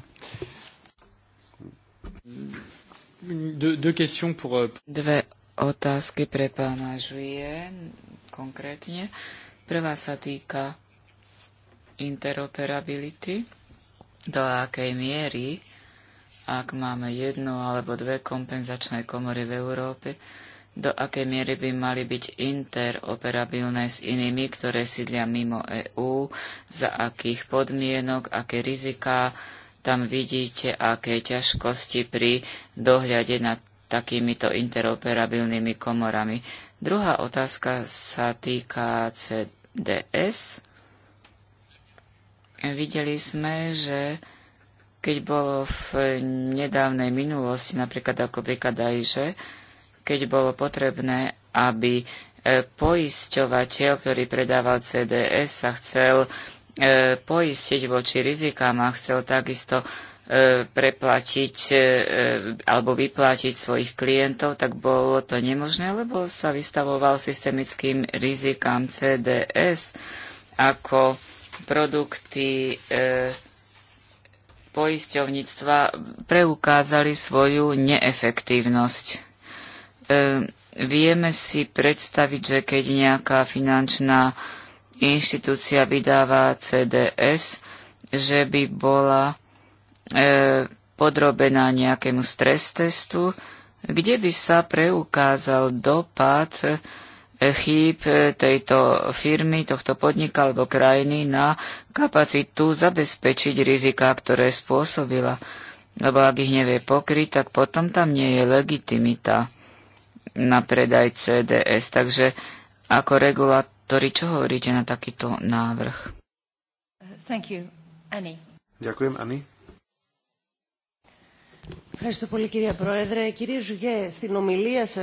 Euh, dve otázky pre pána Žuje konkrétne. Prvá sa týka interoperability. Do akej miery, ak máme jednu alebo dve kompenzačné komory v Európe, do akej miery by mali byť interoperabilné s inými, ktoré sídlia mimo EÚ, za akých podmienok, aké riziká tam vidíte, aké ťažkosti pri dohľade nad takýmito interoperabilnými komorami. Druhá otázka sa týka CDS. Videli sme, že keď bolo v nedávnej minulosti, napríklad ako príklad aj, že keď bolo potrebné, aby poisťovateľ, ktorý predával CDS, sa chcel E, poistiť voči rizikám a chcel takisto e, preplatiť e, alebo vyplatiť svojich klientov, tak bolo to nemožné, lebo sa vystavoval systemickým rizikám CDS ako produkty poisťovníctva preukázali svoju neefektívnosť. Vieme si predstaviť, že keď nejaká finančná inštitúcia vydáva CDS, že by bola e, podrobená nejakému stres testu, kde by sa preukázal dopad e, chýb e, tejto firmy, tohto podnika alebo krajiny na kapacitu zabezpečiť rizika, ktoré spôsobila. Lebo ak ich nevie pokryť, tak potom tam nie je legitimita na predaj CDS. Takže ako regulátor Tori, čo hovoríte na takýto návrh? Thank you. Annie. Ďakujem, Ani.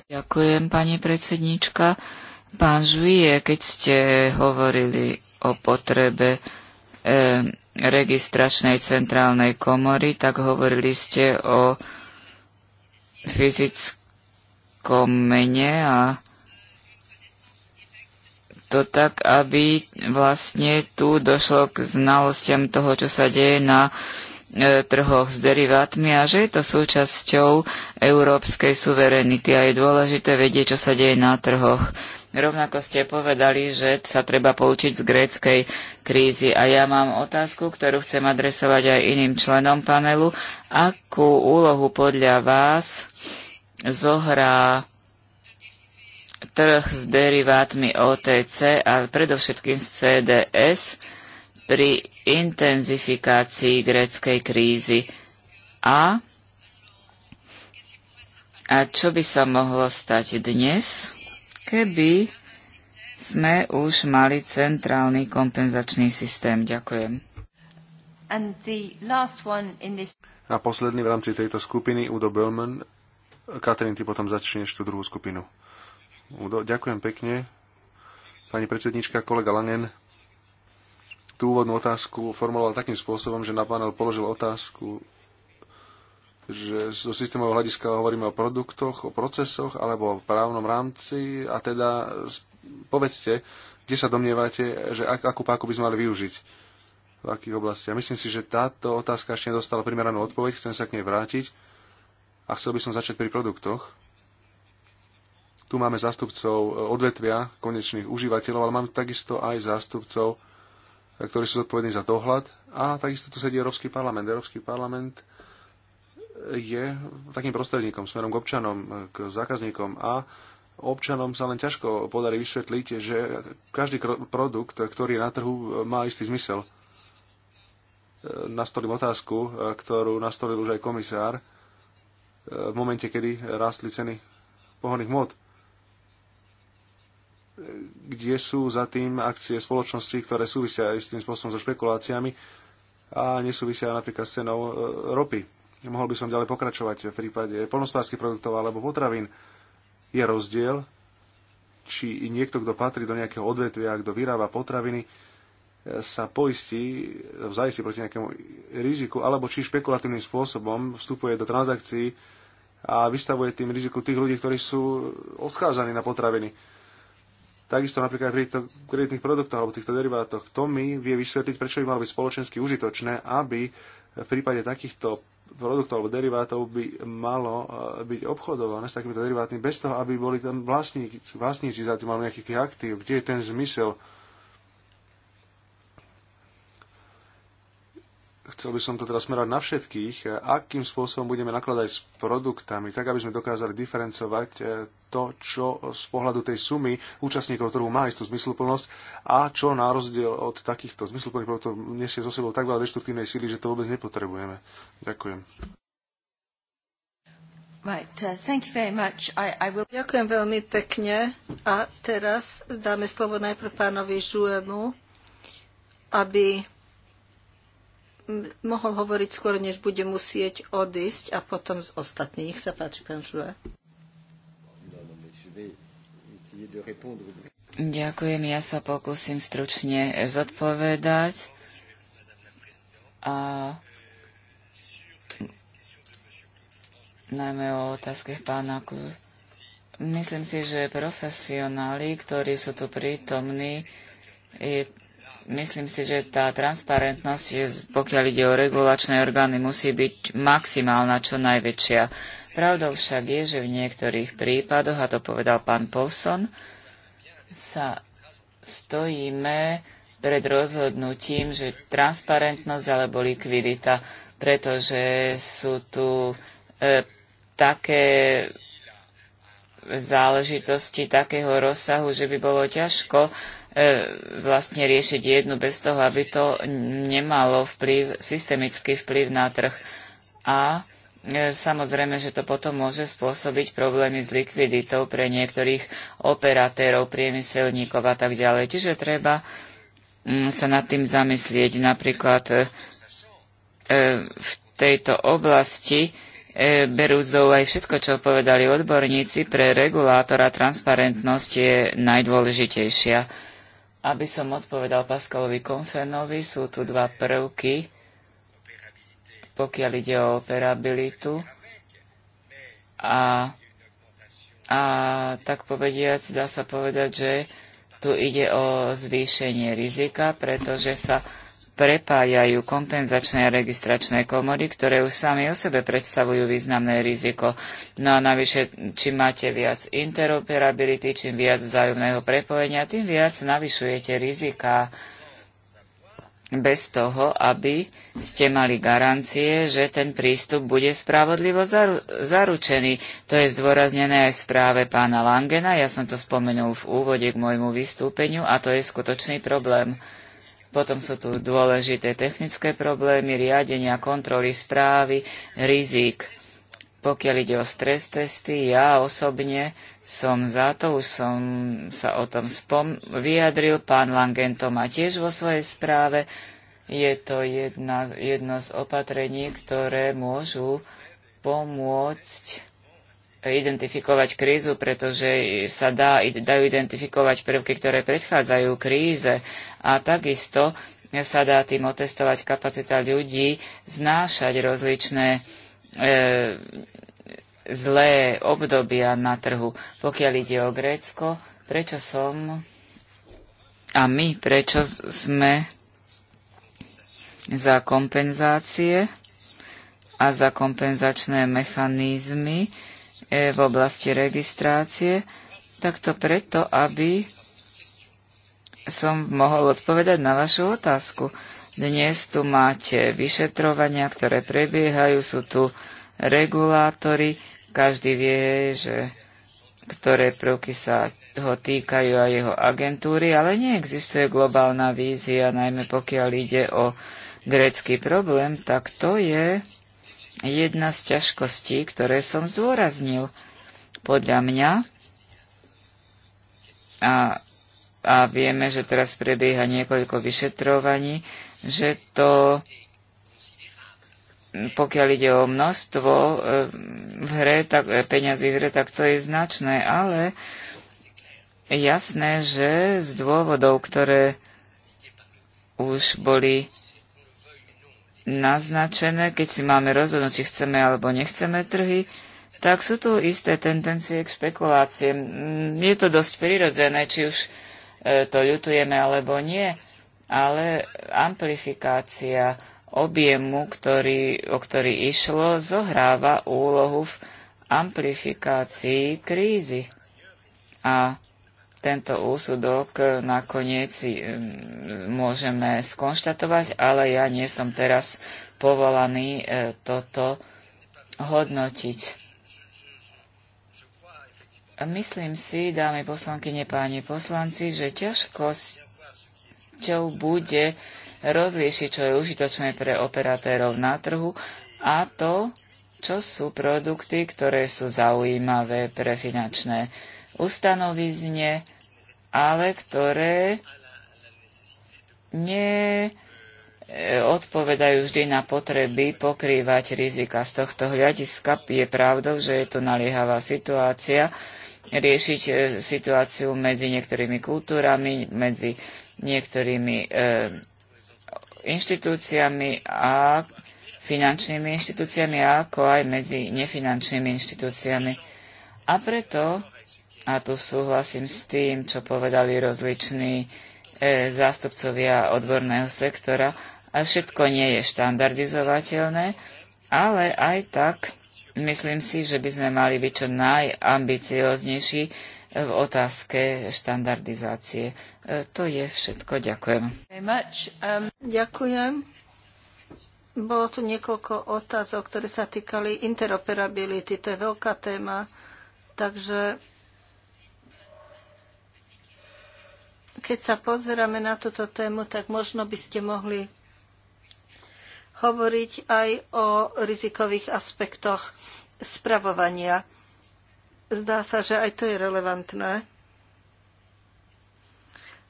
Ďakujem, pani predsednička. Pán Žuje, keď ste hovorili o potrebe e, registračnej centrálnej komory, tak hovorili ste o fyzickom mene a to tak, aby vlastne tu došlo k znalostiam toho, čo sa deje na e, trhoch s derivátmi a že je to súčasťou európskej suverenity a je dôležité vedieť, čo sa deje na trhoch. Rovnako ste povedali, že sa treba poučiť z gréckej krízy a ja mám otázku, ktorú chcem adresovať aj iným členom panelu. Akú úlohu podľa vás zohrá trh s derivátmi OTC a predovšetkým z CDS pri intenzifikácii gréckej krízy. A, a čo by sa mohlo stať dnes, keby sme už mali centrálny kompenzačný systém? Ďakujem. This... A posledný v rámci tejto skupiny, Udo Bellman. Katrin, ty potom začneš tú druhú skupinu ďakujem pekne. Pani predsednička, kolega Langen tú úvodnú otázku formuloval takým spôsobom, že na panel položil otázku, že zo systémového hľadiska hovoríme o produktoch, o procesoch alebo o právnom rámci a teda povedzte, kde sa domnievate, že ak, akú páku by sme mali využiť v akých oblastiach. Myslím si, že táto otázka ešte nedostala primeranú odpoveď, chcem sa k nej vrátiť a chcel by som začať pri produktoch tu máme zástupcov e, odvetvia konečných užívateľov, ale máme takisto aj zástupcov, e, ktorí sú zodpovední za dohľad. A takisto tu sedí Európsky parlament. Európsky parlament e, je takým prostredníkom smerom k občanom, k zákazníkom a občanom sa len ťažko podarí vysvetliť, že každý produkt, ktorý je na trhu, má istý zmysel. Nastolím otázku, ktorú nastolil už aj komisár v momente, kedy rástli ceny pohonných mód kde sú za tým akcie spoločnosti, ktoré súvisia istým spôsobom so špekuláciami a nesúvisia napríklad s cenou e, ropy. Mohol by som ďalej pokračovať v prípade polnospárských produktov alebo potravín. Je rozdiel, či niekto, kto patrí do nejakého odvetvia, kto vyrába potraviny, e, sa poistí, zaistí proti nejakému riziku, alebo či špekulatívnym spôsobom vstupuje do transakcií a vystavuje tým riziku tých ľudí, ktorí sú odkázaní na potraviny. Takisto napríklad aj pri týchto kreditných produktoch alebo týchto derivátoch. To mi vie vysvetliť, prečo by malo byť spoločensky užitočné, aby v prípade takýchto produktov alebo derivátov by malo e, byť obchodované s takýmito derivátmi bez toho, aby boli tam vlastníci, vlastníci za tým mali nejakých tých aktív. Kde je ten zmysel? chcel by som to teraz smerovať na všetkých, e, akým spôsobom budeme nakladať s produktami, tak aby sme dokázali diferencovať e, to, čo z pohľadu tej sumy účastníkov trhu má istú zmysluplnosť a čo na rozdiel od takýchto zmysluplných produktov nesie so sebou tak veľa deštruktívnej síly, že to vôbec nepotrebujeme. Ďakujem. Right, uh, thank you very much. I, I will... Ďakujem veľmi pekne a teraz dáme slovo najprv pánovi Žuemu, aby mohol hovoriť skôr, než bude musieť odísť a potom z ostatných. Nech sa páči, pán Žule. Ďakujem, ja sa pokúsim stručne zodpovedať. A najmä o otázke pána Kľu. Myslím si, že profesionáli, ktorí sú tu prítomní, Myslím si, že tá transparentnosť, je, pokiaľ ide o regulačné orgány, musí byť maximálna, čo najväčšia. Pravdou však je, že v niektorých prípadoch, a to povedal pán Polson, sa stojíme pred rozhodnutím, že transparentnosť alebo likvidita, pretože sú tu e, také záležitosti takého rozsahu, že by bolo ťažko E, vlastne riešiť jednu bez toho, aby to nemalo vplyv, systemický vplyv na trh. A e, Samozrejme, že to potom môže spôsobiť problémy s likviditou pre niektorých operatérov, priemyselníkov a tak ďalej. Čiže treba mm, sa nad tým zamyslieť. Napríklad e, v tejto oblasti berúc do aj všetko, čo povedali odborníci, pre regulátora transparentnosť je najdôležitejšia. Aby som odpovedal Paskalovi Konfernovi, sú tu dva prvky, pokiaľ ide o operabilitu a, a tak povediac, dá sa povedať, že tu ide o zvýšenie rizika, pretože sa prepájajú kompenzačné a registračné komory, ktoré už sami o sebe predstavujú významné riziko. No a navyše, čím máte viac interoperability, čím viac vzájomného prepojenia, tým viac navyšujete rizika bez toho, aby ste mali garancie, že ten prístup bude spravodlivo zaru- zaručený. To je zdôraznené aj v správe pána Langena, ja som to spomenul v úvode k môjmu vystúpeniu a to je skutočný problém. Potom sú tu dôležité technické problémy, riadenia, kontroly, správy, rizik. Pokiaľ ide o stres testy, ja osobne som za to, už som sa o tom spom- vyjadril, pán Langen to má tiež vo svojej správe. Je to jedna, jedno z opatrení, ktoré môžu pomôcť identifikovať krízu, pretože sa dá, dajú identifikovať prvky, ktoré predchádzajú kríze a takisto sa dá tým otestovať kapacita ľudí znášať rozličné e, zlé obdobia na trhu. Pokiaľ ide o Grécko, prečo som a my prečo sme za kompenzácie a za kompenzačné mechanizmy, E, v oblasti registrácie, tak to preto, aby som mohol odpovedať na vašu otázku. Dnes tu máte vyšetrovania, ktoré prebiehajú, sú tu regulátory, každý vie, že ktoré prvky sa ho týkajú a jeho agentúry, ale neexistuje globálna vízia, najmä pokiaľ ide o grécky problém, tak to je jedna z ťažkostí, ktoré som zdôraznil. Podľa mňa, a, a vieme, že teraz prebieha niekoľko vyšetrovaní, že to, pokiaľ ide o množstvo e, v hre, tak, e, peňazí v hre, tak to je značné, ale jasné, že z dôvodov, ktoré už boli naznačené, keď si máme rozhodnúť, či chceme alebo nechceme trhy, tak sú tu isté tendencie k špekulácie. Mm, je to dosť prirodzené, či už e, to ľutujeme alebo nie, ale amplifikácia objemu, ktorý, o ktorý išlo, zohráva úlohu v amplifikácii krízy. A tento úsudok nakoniec mm, môžeme skonštatovať, ale ja nie som teraz povolaný e, toto hodnotiť. Myslím si, dámy poslankyne, páni poslanci, že ťažkosťou bude rozliešiť, čo je užitočné pre operatérov na trhu a to, čo sú produkty, ktoré sú zaujímavé pre finančné ustanovizne, ale ktoré neodpovedajú e, vždy na potreby pokrývať rizika. Z tohto hľadiska je pravdou, že je to naliehavá situácia riešiť e, situáciu medzi niektorými kultúrami, medzi niektorými e, inštitúciami a finančnými inštitúciami, ako aj medzi nefinančnými inštitúciami. A preto a tu súhlasím s tým, čo povedali rozliční e, zástupcovia odborného sektora, a všetko nie je štandardizovateľné, ale aj tak myslím si, že by sme mali byť čo najambicioznejší e, v otázke štandardizácie. E, to je všetko. Ďakujem. Um, Ďakujem. Bolo tu niekoľko otázok, ktoré sa týkali interoperability. To je veľká téma, takže keď sa pozeráme na túto tému, tak možno by ste mohli hovoriť aj o rizikových aspektoch spravovania. Zdá sa, že aj to je relevantné.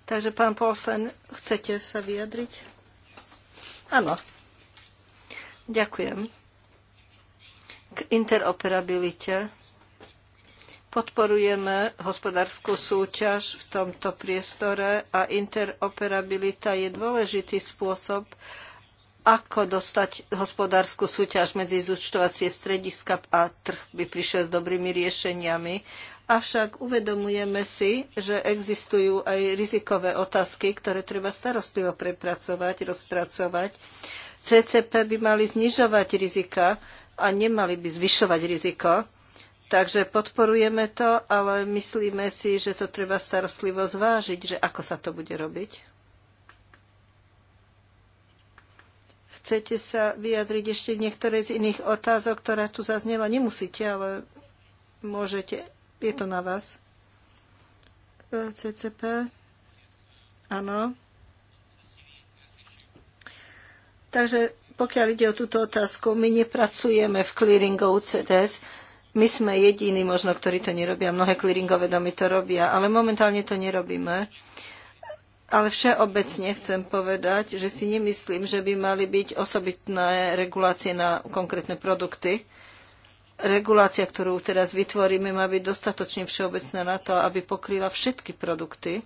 Takže, pán Polsen, chcete sa vyjadriť? Áno. Ďakujem. K interoperabilite Podporujeme hospodárskú súťaž v tomto priestore a interoperabilita je dôležitý spôsob, ako dostať hospodárskú súťaž medzi zúčtovacie strediska a trh by prišiel s dobrými riešeniami. Avšak uvedomujeme si, že existujú aj rizikové otázky, ktoré treba starostlivo prepracovať, rozpracovať. CCP by mali znižovať rizika a nemali by zvyšovať riziko. Takže podporujeme to, ale myslíme si, že to treba starostlivo zvážiť, že ako sa to bude robiť. Chcete sa vyjadriť ešte niektoré z iných otázok, ktorá tu zaznela? Nemusíte, ale môžete. Je to na vás. E, CCP. Áno. Takže pokiaľ ide o túto otázku, my nepracujeme v clearingu CDS my sme jediní možno, ktorí to nerobia. Mnohé clearingové domy to robia, ale momentálne to nerobíme. Ale všeobecne chcem povedať, že si nemyslím, že by mali byť osobitné regulácie na konkrétne produkty. Regulácia, ktorú teraz vytvoríme, má byť dostatočne všeobecná na to, aby pokryla všetky produkty.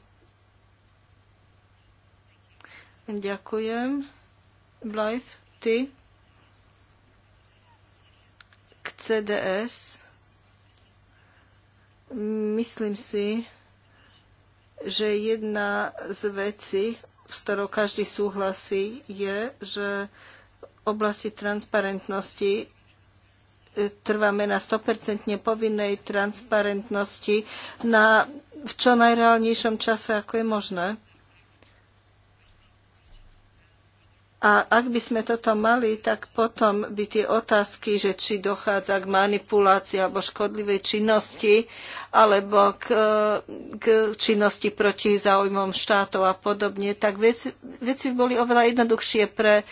Ďakujem. Blythe, ty? K CDS myslím si, že jedna z vecí, s ktorou každý súhlasí, je, že v oblasti transparentnosti e, trváme na 100% povinnej transparentnosti na v čo najreálnejšom čase, ako je možné. A ak by sme toto mali, tak potom by tie otázky, že či dochádza k manipulácii alebo škodlivej činnosti, alebo k, k činnosti proti záujmom štátov a podobne, tak veci, veci by boli oveľa jednoduchšie pre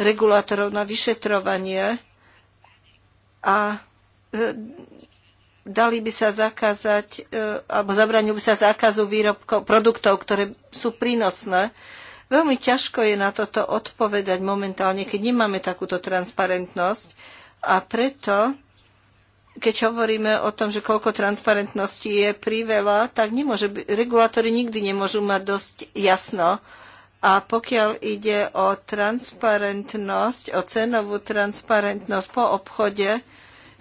regulátorov na vyšetrovanie a e, dali by sa zakázať, e, alebo zabranil by sa zákazu výrobkov, produktov, ktoré sú prínosné Veľmi ťažko je na toto odpovedať momentálne, keď nemáme takúto transparentnosť a preto keď hovoríme o tom, že koľko transparentnosti je priveľa, tak nemôže, regulátory nikdy nemôžu mať dosť jasno. A pokiaľ ide o transparentnosť, o cenovú transparentnosť po obchode,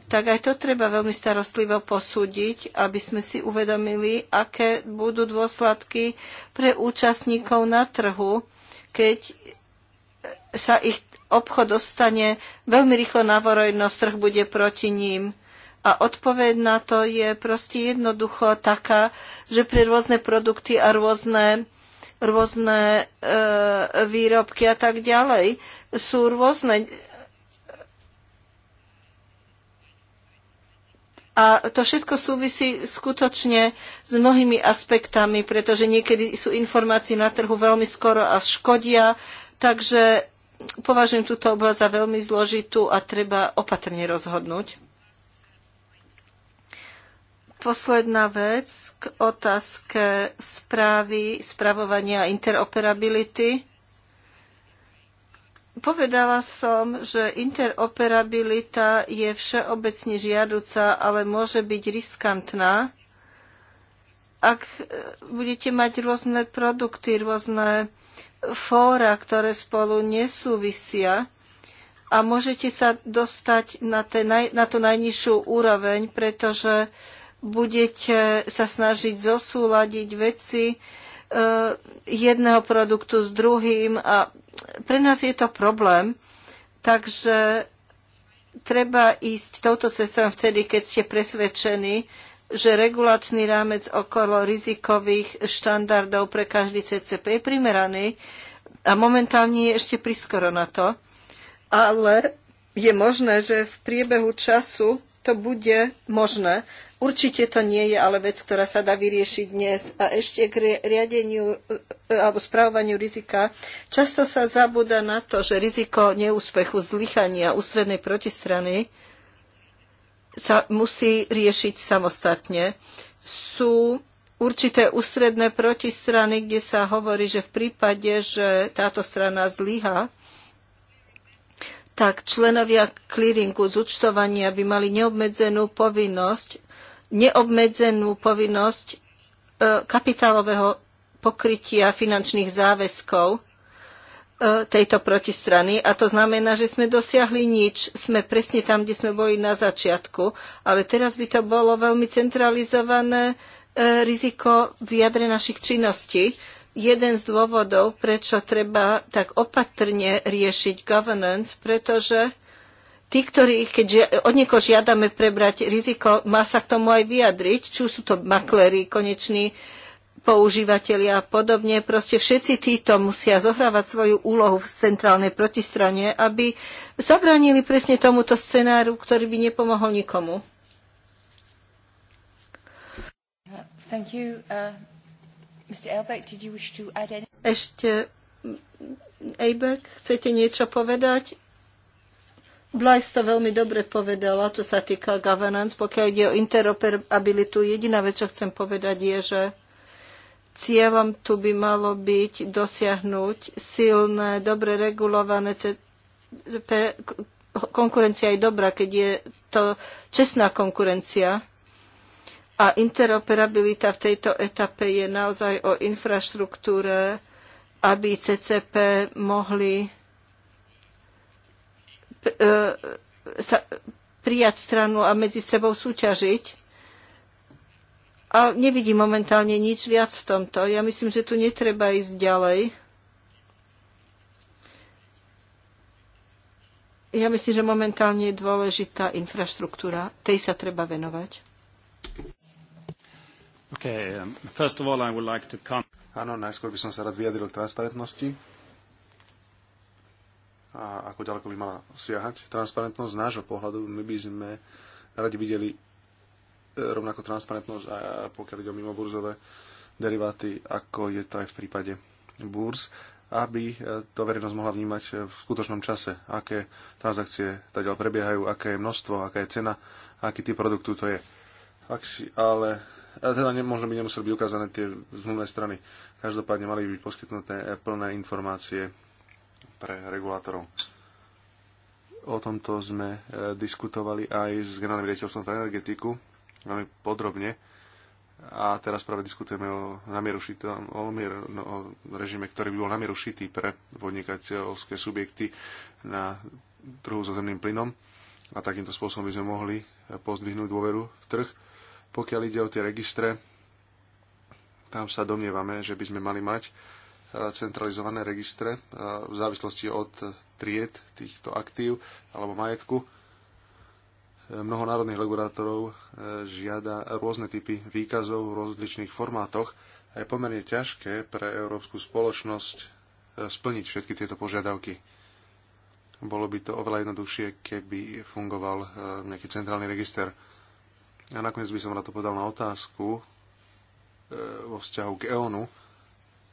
tak aj to treba veľmi starostlivo posúdiť, aby sme si uvedomili, aké budú dôsledky pre účastníkov na trhu, keď sa ich obchod dostane veľmi rýchlo na vorojnosť, trh bude proti ním. A odpoveď na to je proste jednoducho taká, že pre rôzne produkty a rôzne, rôzne e, výrobky a tak ďalej sú rôzne A to všetko súvisí skutočne s mnohými aspektami, pretože niekedy sú informácie na trhu veľmi skoro a škodia, takže považujem túto oblasť za veľmi zložitú a treba opatrne rozhodnúť. Posledná vec k otázke správy, spravovania a interoperability. Povedala som, že interoperabilita je všeobecne žiaduca, ale môže byť riskantná, ak e, budete mať rôzne produkty, rôzne fóra, ktoré spolu nesúvisia a môžete sa dostať na, te, na tú najnižšiu úroveň, pretože budete sa snažiť zosúľadiť veci, Eh, jedného produktu s druhým a pre nás je to problém, takže treba ísť touto cestou vtedy, keď ste presvedčení, že regulačný rámec okolo rizikových štandardov pre každý CCP je primeraný a momentálne je ešte priskoro na to. Ale je možné, že v priebehu času to bude možné. Určite to nie je ale vec, ktorá sa dá vyriešiť dnes. A ešte k riadeniu e, alebo správaniu rizika. Často sa zabúda na to, že riziko neúspechu, zlyhania ústrednej protistrany sa musí riešiť samostatne. Sú určité ústredné protistrany, kde sa hovorí, že v prípade, že táto strana zlyha, tak členovia clearingu zúčtovania by mali neobmedzenú povinnosť neobmedzenú povinnosť e, kapitálového pokrytia finančných záväzkov e, tejto protistrany a to znamená, že sme dosiahli nič. Sme presne tam, kde sme boli na začiatku, ale teraz by to bolo veľmi centralizované e, riziko v jadre našich činností. Jeden z dôvodov, prečo treba tak opatrne riešiť governance, pretože tí, ktorí, keď od niekoho žiadame prebrať riziko, má sa k tomu aj vyjadriť, či sú to makléri, koneční používateľia a podobne. Proste všetci títo musia zohrávať svoju úlohu v centrálnej protistrane, aby zabránili presne tomuto scenáru, ktorý by nepomohol nikomu. Thank you. Uh, Mr. Elbeck, did you wish to add any... Ešte, Elbeck, chcete niečo povedať? Blaise to veľmi dobre povedala, čo sa týka governance. Pokiaľ ide o interoperabilitu, jediná vec, čo chcem povedať, je, že cieľom tu by malo byť dosiahnuť silné, dobre regulované Konkurencia je dobrá, keď je to čestná konkurencia. A interoperabilita v tejto etape je naozaj o infraštruktúre, aby CCP mohli E, sa, prijať stranu a medzi sebou súťažiť. A nevidím momentálne nič viac v tomto. Ja myslím, že tu netreba ísť ďalej. Ja myslím, že momentálne je dôležitá infraštruktúra. Tej sa treba venovať. Okay, um, all, like to... Áno, najskôr by som sa rád vyjadril k transparentnosti a ako ďaleko by mala siahať. Transparentnosť z nášho pohľadu, my by sme radi videli e, rovnako transparentnosť, a pokiaľ ide o mimoburzové deriváty, ako je to aj v prípade burz, aby e, to verejnosť mohla vnímať v skutočnom čase, aké transakcie ďalej teda prebiehajú, aké je množstvo, aká je cena, aký typ produktu to je. Ak si, ale teda ne, možno by nemuseli byť ukázané tie zmluvné strany. Každopádne mali by byť poskytnuté plné informácie pre regulátorov. O tomto sme e, diskutovali aj s generálnym riaditeľstvom pre energetiku veľmi podrobne a teraz práve diskutujeme o, namieru šitom, o, mier, no, o režime, ktorý by bol namierušitý pre podnikateľské subjekty na trhu so zemným plynom a takýmto spôsobom by sme mohli e, pozdvihnúť dôveru v trh. Pokiaľ ide o tie registre, tam sa domnievame, že by sme mali mať centralizované registre v závislosti od tried týchto aktív alebo majetku. Mnoho národných regulátorov e, žiada rôzne typy výkazov v rozličných formátoch a je pomerne ťažké pre európsku spoločnosť e, splniť všetky tieto požiadavky. Bolo by to oveľa jednoduchšie, keby fungoval e, nejaký centrálny register. A nakoniec by som na to podal na otázku vo vzťahu k EONu,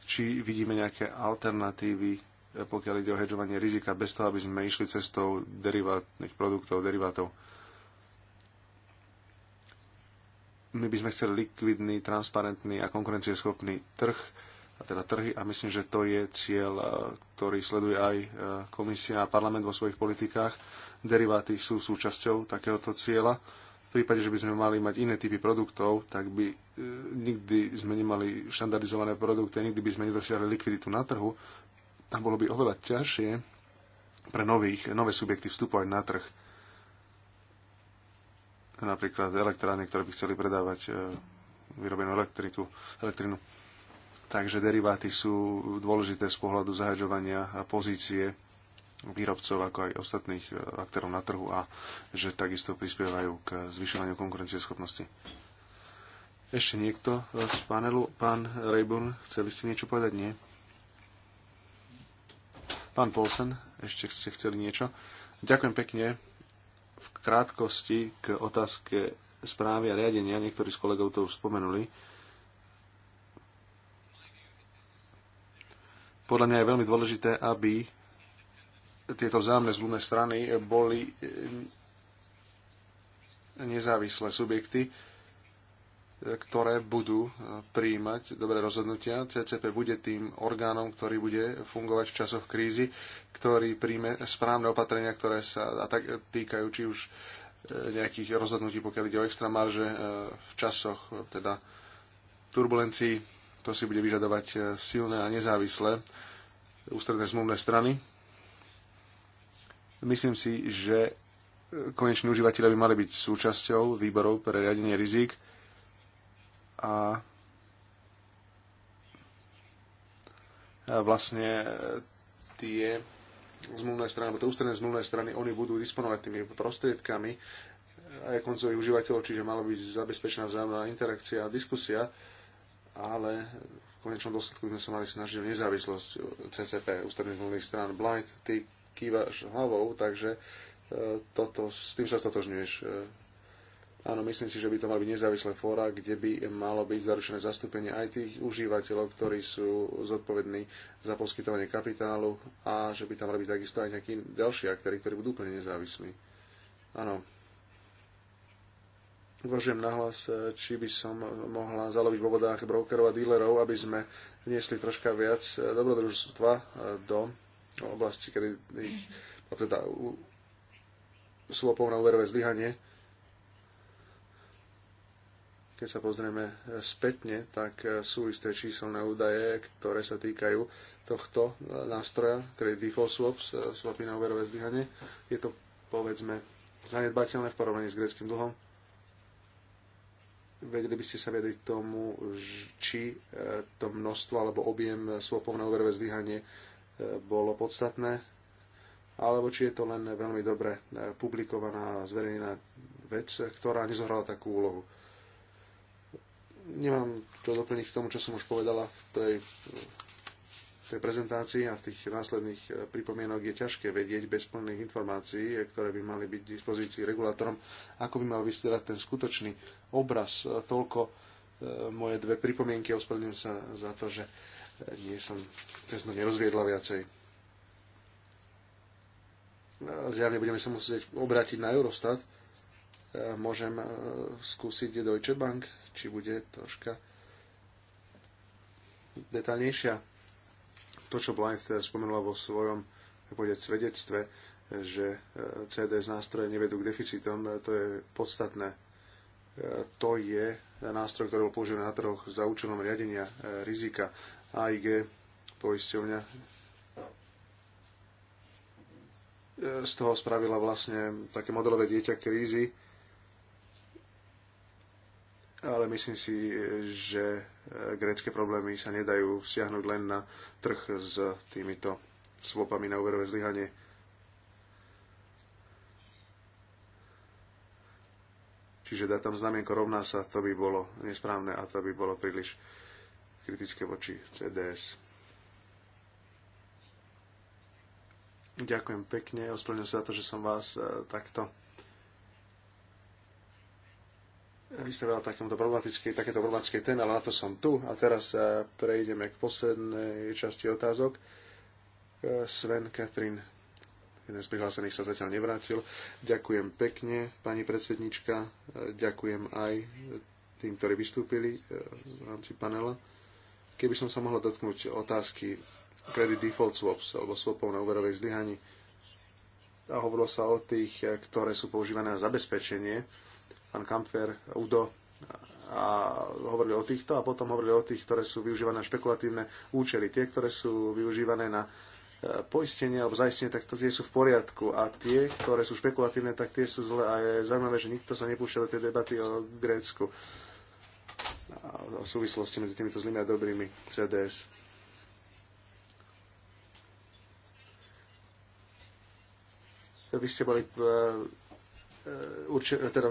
či vidíme nejaké alternatívy, e, pokiaľ ide o hedžovanie rizika, bez toho, aby sme išli cestou derivátnych produktov, derivátov. My by sme chceli likvidný, transparentný a konkurencieschopný trh, a teda trhy, a myslím, že to je cieľ, e, ktorý sleduje aj e, komisia a parlament vo svojich politikách. Deriváty sú súčasťou takéhoto cieľa prípade, že by sme mali mať iné typy produktov, tak by e, nikdy sme nemali štandardizované produkty, nikdy by sme nedosiahli likviditu na trhu a bolo by oveľa ťažšie pre nových, nové subjekty vstupovať na trh. Napríklad elektrárne, ktoré by chceli predávať e, vyrobenú elektriku, elektrinu. Takže deriváty sú dôležité z pohľadu zahaďovania a pozície výrobcov, ako aj ostatných e, aktérov na trhu a že takisto prispievajú k zvyšovaniu konkurencieschopnosti. Ešte niekto e, z panelu? Pán Rayburn, chceli ste niečo povedať? Nie? Pán Polsen, ešte ste chceli niečo? Ďakujem pekne. V krátkosti k otázke správy a riadenia, niektorí z kolegov to už spomenuli, podľa mňa je veľmi dôležité, aby tieto vzájomné zľudné strany boli eh, nezávislé subjekty, eh, ktoré budú eh, prijímať dobré rozhodnutia. CCP bude tým orgánom, ktorý bude fungovať v časoch krízy, ktorý príjme správne opatrenia, ktoré sa a tak týkajú či už nejakých rozhodnutí, pokiaľ ide o extra marže v časoch teda turbulencií. To si bude vyžadovať silné a nezávislé ústredné zmluvné strany Myslím si, že e, koneční užívateľe by mali byť súčasťou výborov pre riadenie rizik a vlastne e, tie zmluvné strany, alebo to ústredné zmluvné strany, oni budú disponovať tými prostriedkami aj koncových užívateľov, čiže mala byť zabezpečená vzájomná interakcia a diskusia, ale v konečnom dôsledku by sme sa mali snažiť o nezávislosť CCP, ústredných zmluvných strán. Blind, ty kývaš hlavou, takže e, toto, s tým sa stotožňuješ. E, áno, myslím si, že by to mali byť nezávislé fóra, kde by malo byť zaručené zastúpenie aj tých užívateľov, ktorí sú zodpovední za poskytovanie kapitálu a že by tam mali byť takisto aj nejakí ďalší aktéry, ktorí budú úplne nezávislí. Áno. Uvažujem nahlas, e, či by som mohla zaloviť vo vodách brokerov a dílerov, aby sme vniesli troška viac dobrodružstva do oblasti, kedy no teda slopov na úverové zlyhanie. Keď sa pozrieme spätne, tak sú isté číselné údaje, ktoré sa týkajú tohto nástroja, je Default Swaps, swapy na úverové zlyhanie. Je to, povedzme, zanedbateľné v porovnaní s greckým dlhom. Vedeli by ste sa vedieť tomu, či e, to množstvo alebo objem swapov na úverové zlyhanie bolo podstatné, alebo či je to len veľmi dobre e, publikovaná a zverejnená vec, ktorá nezohrala takú úlohu. Nemám čo doplniť k tomu, čo som už povedala v tej, v tej prezentácii a v tých následných e, pripomienok je ťažké vedieť bez plných informácií, e, ktoré by mali byť v dispozícii regulátorom, ako by mal vystierať ten skutočný obraz. Toľko moje dve pripomienky, ospravedlňujem sa za to, že nie som, cez nerozviedla viacej. Zjavne budeme sa musieť obrátiť na Eurostat. Môžem e, skúsiť Deutsche Bank, či bude troška detaľnejšia. To, čo Blind spomenula vo svojom povedať, svedectve, že e, CDS nástroje nevedú k deficitom, e, to je podstatné. To je nástroj, ktorý bol používaný na trhoch za účelom riadenia rizika. AIG poisťovňa e, z toho spravila vlastne také modelové dieťa krízy, ale myslím si, že e, grécké problémy sa nedajú siahnuť len na trh s týmito svopami na úverové zlyhanie. Čiže dá tam znamienko rovná sa, to by bolo nesprávne a to by bolo príliš kritické voči CDS. Ďakujem pekne, ospravedlňujem sa za to, že som vás e, takto e, vystavila takémuto problematickej, takéto problematickej téme, ale na to som tu. A teraz e, prejdeme k poslednej časti otázok. Sven Katrin, jeden z prihlásených sa zatiaľ nevrátil. Ďakujem pekne, pani predsednička. Ďakujem aj tým, ktorí vystúpili v rámci panela. Keby som sa mohla dotknúť otázky credit default swaps alebo swapov na úverovej zlyhaní, a hovorilo sa o tých, ktoré sú používané na zabezpečenie. Pán Kampfer, Udo a hovorili o týchto a potom hovorili o tých, ktoré sú využívané na špekulatívne účely. Tie, ktoré sú využívané na e, poistenie alebo zaistenie, tak to tie sú v poriadku. A tie, ktoré sú špekulatívne, tak tie sú zle. A je zaujímavé, že nikto sa nepúšťa do tej debaty o Grécku v súvislosti medzi týmito zlými a dobrými CDS. Vy ste boli e, e, urči, teda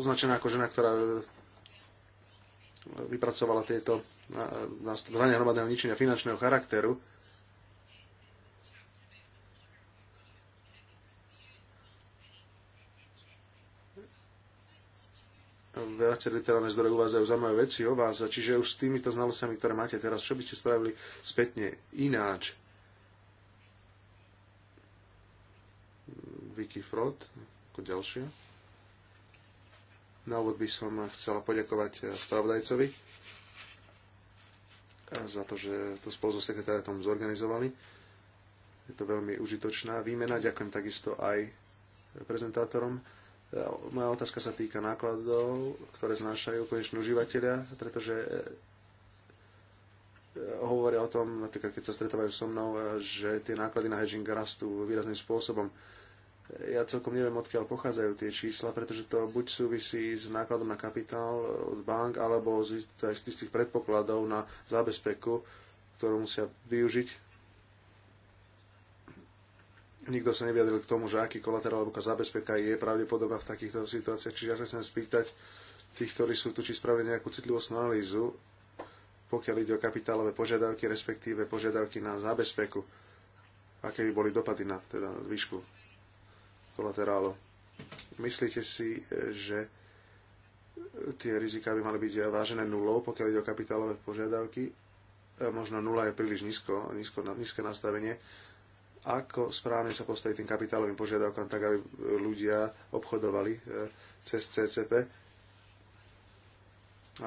označená ako žena, ktorá vypracovala tieto e, na hromadného ničenia finančného charakteru. viacerí teda zdroje uvádzajú zaujímavé veci o vás, čiže už s týmito znalosťami, ktoré máte teraz, čo by ste spravili spätne ináč? Vicky Frod, ako ďalšia. Na úvod by som chcela poďakovať spravodajcovi za to, že to spolu so sekretáriatom zorganizovali. Je to veľmi užitočná výmena. Ďakujem takisto aj prezentátorom. Moja otázka sa týka nákladov, ktoré znášajú konečné užívateľia, pretože e, hovoria o tom, napríklad keď sa stretávajú so mnou, e, že tie náklady na hedging rastú výrazným spôsobom. E, ja celkom neviem, odkiaľ pochádzajú tie čísla, pretože to buď súvisí s nákladom na kapitál od bank, alebo z tých predpokladov na zábezpeku, ktorú musia využiť nikto sa nevyjadril k tomu, že aký kolaterál alebo zabezpeka je pravdepodobná v takýchto situáciách. Čiže ja sa chcem spýtať tých, ktorí sú tu, či spravili nejakú citlivostnú analýzu, pokiaľ ide o kapitálové požiadavky, respektíve požiadavky na zabezpeku, aké by boli dopady na teda výšku kolaterálu. Myslíte si, že tie rizika by mali byť vážené nulou, pokiaľ ide o kapitálové požiadavky? E, možno nula je príliš nízko, nízko nízke nastavenie ako správne sa postaviť tým kapitálovým požiadavkám, tak aby ľudia obchodovali e, cez CCP.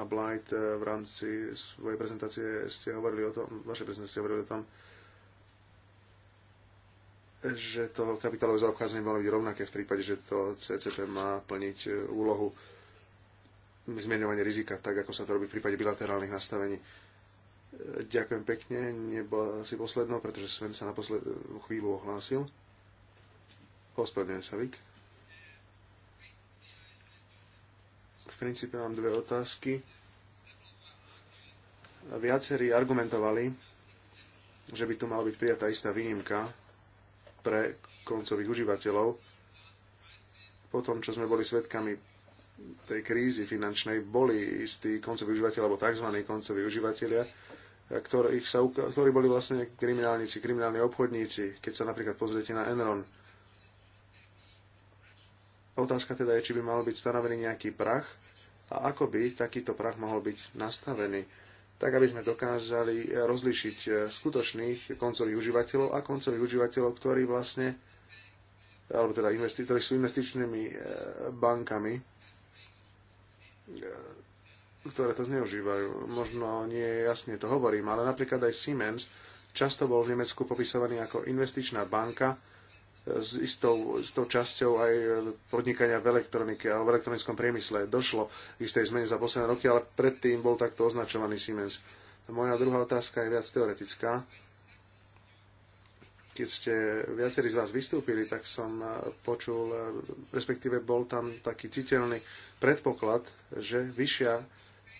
A Blight e, v rámci svojej prezentácie ste hovorili o tom, vaše prezentácie hovorili o tom, že to kapitálové zaobchádzanie malo byť rovnaké v prípade, že to CCP má plniť e, úlohu zmierňovania rizika, tak ako sa to robí v prípade bilaterálnych nastavení. Ďakujem pekne, nebola si posledná, pretože Sven sa na poslednú chvíľu ohlásil. Ospravedlňujem sa, Vik. V princípe mám dve otázky. Viacerí argumentovali, že by tu mala byť prijatá istá výnimka pre koncových užívateľov. Po tom, čo sme boli svedkami tej krízy finančnej boli istí koncoví užívateľi alebo tzv. koncoví užívateľia, ktorých sa, ktorí boli vlastne kriminálnici, kriminálni obchodníci, keď sa napríklad pozriete na Enron. Otázka teda je, či by mal byť stanovený nejaký prach a ako by takýto prach mohol byť nastavený, tak aby sme dokázali rozlišiť e, skutočných koncových užívateľov a koncových užívateľov, ktorí vlastne alebo teda investi- ktorí sú investičnými e, bankami, e, ktoré to zneužívajú. Možno nie jasne to hovorím, ale napríklad aj Siemens často bol v Nemecku popisovaný ako investičná banka s istou, istou časťou aj podnikania v elektronike a v elektronickom priemysle. Došlo k istej zmene za posledné roky, ale predtým bol takto označovaný Siemens. Moja druhá otázka je viac teoretická keď ste viacerí z vás vystúpili, tak som počul, respektíve bol tam taký citeľný predpoklad, že vyššia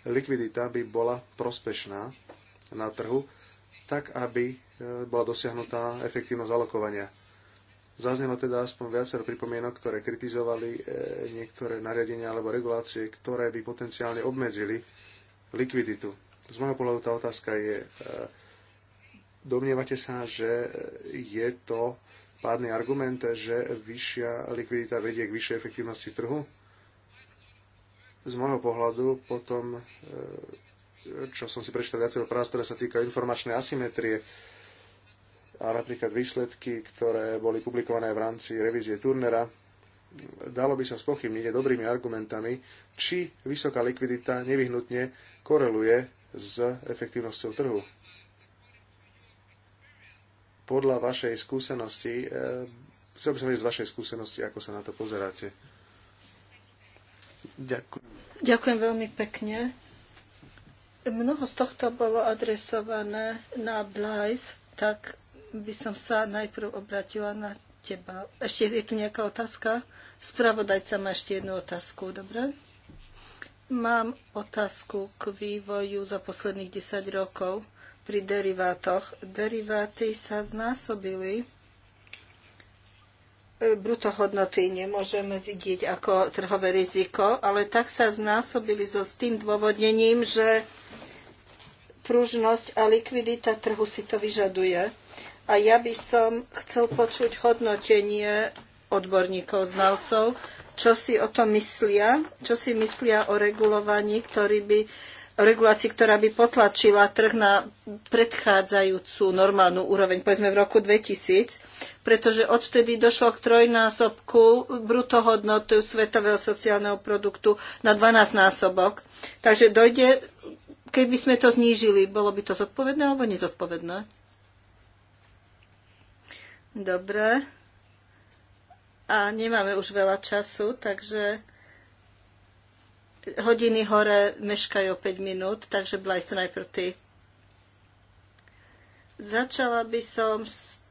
likvidita by bola prospešná na trhu, tak aby e, bola dosiahnutá efektívnosť alokovania. Zaznelo teda aspoň viacero pripomienok, ktoré kritizovali e, niektoré nariadenia alebo regulácie, ktoré by potenciálne obmedzili likviditu. Z môjho pohľadu tá otázka je, e, domnievate sa, že je to pádny argument, že vyššia likvidita vedie k vyššej efektívnosti trhu? z môjho pohľadu potom, e, čo som si prečítal viacero prác, ktoré sa týka informačnej asymetrie a napríklad výsledky, ktoré boli publikované v rámci revízie Turnera, dalo by sa spochybniť dobrými argumentami, či vysoká likvidita nevyhnutne koreluje s efektívnosťou trhu. Podľa vašej skúsenosti, e, chcel by som vedieť z vašej skúsenosti, ako sa na to pozeráte. Ďakujem. Ďakujem veľmi pekne. Mnoho z tohto bolo adresované na Blajs, tak by som sa najprv obratila na teba. Ešte je tu nejaká otázka? Spravodajca má ešte jednu otázku, dobre? Mám otázku k vývoju za posledných 10 rokov pri derivátoch. Deriváty sa znásobili E, brutohodnoty nemôžeme vidieť ako trhové riziko, ale tak sa znásobili so s tým dôvodnením, že pružnosť a likvidita trhu si to vyžaduje. A ja by som chcel počuť hodnotenie odborníkov, znalcov, čo si o tom myslia, čo si myslia o regulovaní, ktorý by regulácii, ktorá by potlačila trh na predchádzajúcu normálnu úroveň, povedzme v roku 2000, pretože odtedy došlo k trojnásobku brutohodnoty svetového sociálneho produktu na 12 násobok. Takže dojde, keby sme to znížili, bolo by to zodpovedné alebo nezodpovedné? Dobre. A nemáme už veľa času, takže hodiny hore meškajú 5 minút, takže Blajs najprv ty. Začala by som s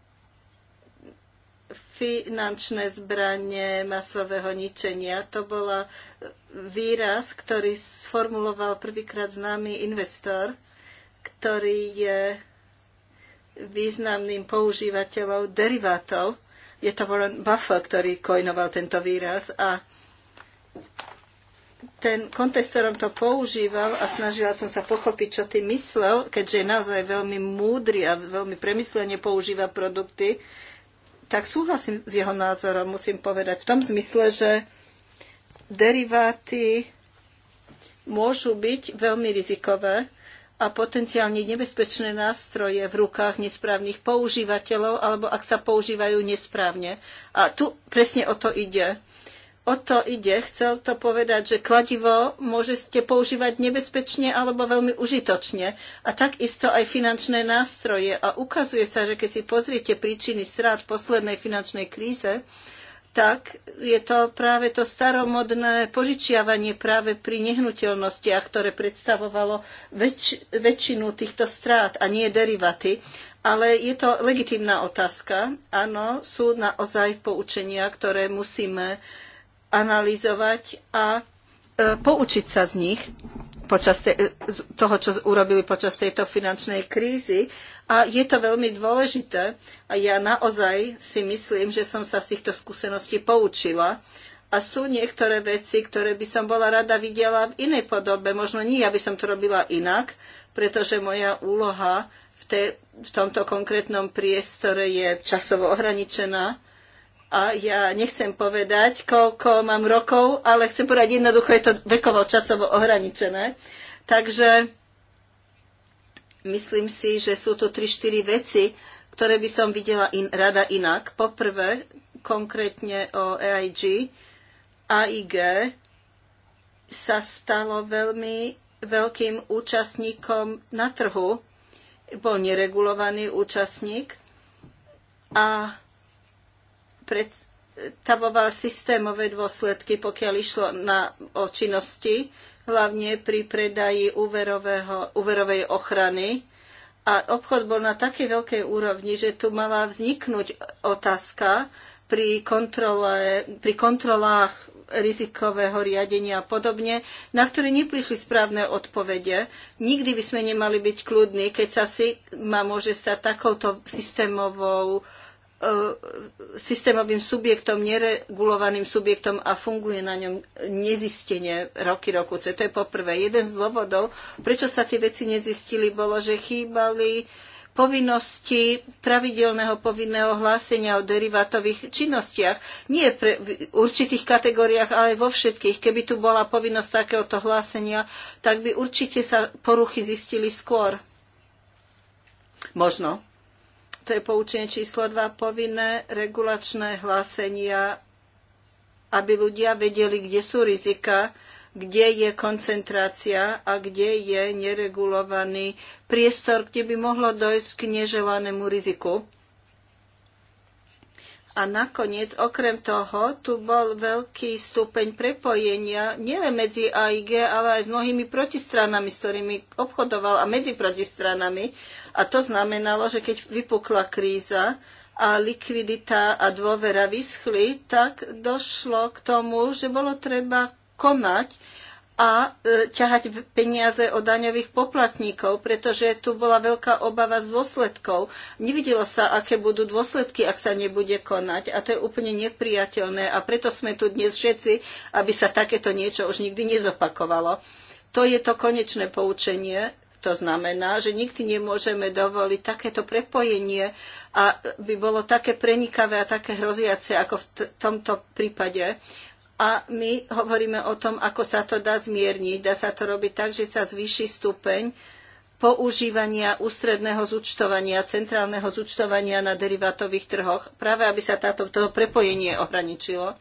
finančné zbranie masového ničenia. To bola výraz, ktorý sformuloval prvýkrát známy investor, ktorý je významným používateľom derivátov. Je to Warren Buffer, ktorý kojnoval tento výraz a ten kontext, ktorom to používal a snažila som sa pochopiť, čo ty myslel, keďže je naozaj veľmi múdry a veľmi premyslene používa produkty, tak súhlasím s jeho názorom, musím povedať. V tom zmysle, že deriváty môžu byť veľmi rizikové a potenciálne nebezpečné nástroje v rukách nesprávnych používateľov alebo ak sa používajú nesprávne. A tu presne o to ide o to ide. Chcel to povedať, že kladivo môžete používať nebezpečne alebo veľmi užitočne. A takisto aj finančné nástroje. A ukazuje sa, že keď si pozriete príčiny strát poslednej finančnej kríze, tak je to práve to staromodné požičiavanie práve pri nehnuteľnostiach, ktoré predstavovalo väč- väčšinu týchto strát a nie derivaty. Ale je to legitimná otázka. Áno, sú naozaj poučenia, ktoré musíme uh, analyzovať a e, poučiť sa z nich počas te, toho, čo urobili počas tejto finančnej krízy. A je to veľmi dôležité. A ja naozaj si myslím, že som sa z týchto skúseností poučila. A sú niektoré veci, ktoré by som bola rada videla v inej podobe. Možno nie, ja by som to robila inak, pretože moja úloha v, te, v tomto konkrétnom priestore je časovo ohraničená a ja nechcem povedať, koľko mám rokov, ale chcem povedať jednoducho, je to vekovo časovo ohraničené. Takže myslím si, že sú to 3-4 veci, ktoré by som videla in, rada inak. Poprvé, konkrétne o AIG, e AIG sa stalo veľmi veľkým účastníkom na trhu. Bol neregulovaný účastník a predstavoval systémové dôsledky, pokiaľ išlo na, o činnosti, hlavne pri predaji úverovej ochrany. A obchod bol na takej veľkej úrovni, že tu mala vzniknúť otázka pri, kontrole, pri kontrolách rizikového riadenia a podobne, na ktoré neprišli správne odpovede. Nikdy by sme nemali byť kľudní, keď sa si ma môže stať takouto systémovou uh, E, systémovým subjektom, neregulovaným subjektom a funguje na ňom nezistenie roky rokuce. To je poprvé. Jeden z dôvodov, prečo sa tie veci nezistili, bolo, že chýbali povinnosti pravidelného povinného hlásenia o derivátových činnostiach. Nie pre, v určitých kategóriách, ale vo všetkých. Keby tu bola povinnosť takéhoto hlásenia, tak by určite sa poruchy zistili skôr. Možno. To je poučenie číslo 2. Povinné regulačné hlásenia, aby ľudia vedeli, kde sú rizika, kde je koncentrácia a kde je neregulovaný priestor, kde by mohlo dojsť k neželanému riziku. A nakoniec, okrem toho, tu bol veľký stupeň prepojenia nielen medzi AIG, ale aj s mnohými protistranami, s ktorými obchodoval a medzi protistranami. A to znamenalo, že keď vypukla kríza a likvidita a dôvera vyschli, tak došlo k tomu, že bolo treba konať a e, ťahať peniaze od daňových poplatníkov, pretože tu bola veľká obava z dôsledkov. Nevidelo sa, aké budú dôsledky, ak sa nebude konať a to je úplne nepriateľné a preto sme tu dnes všetci, aby sa takéto niečo už nikdy nezopakovalo. To je to konečné poučenie, to znamená, že nikdy nemôžeme dovoliť takéto prepojenie a by bolo také prenikavé a také hroziace ako v tomto prípade a my hovoríme o tom, ako sa to dá zmierniť. Dá sa to robiť tak, že sa zvýši stupeň používania ústredného zúčtovania, centrálneho zúčtovania na derivátových trhoch, práve aby sa táto, toto prepojenie ohraničilo.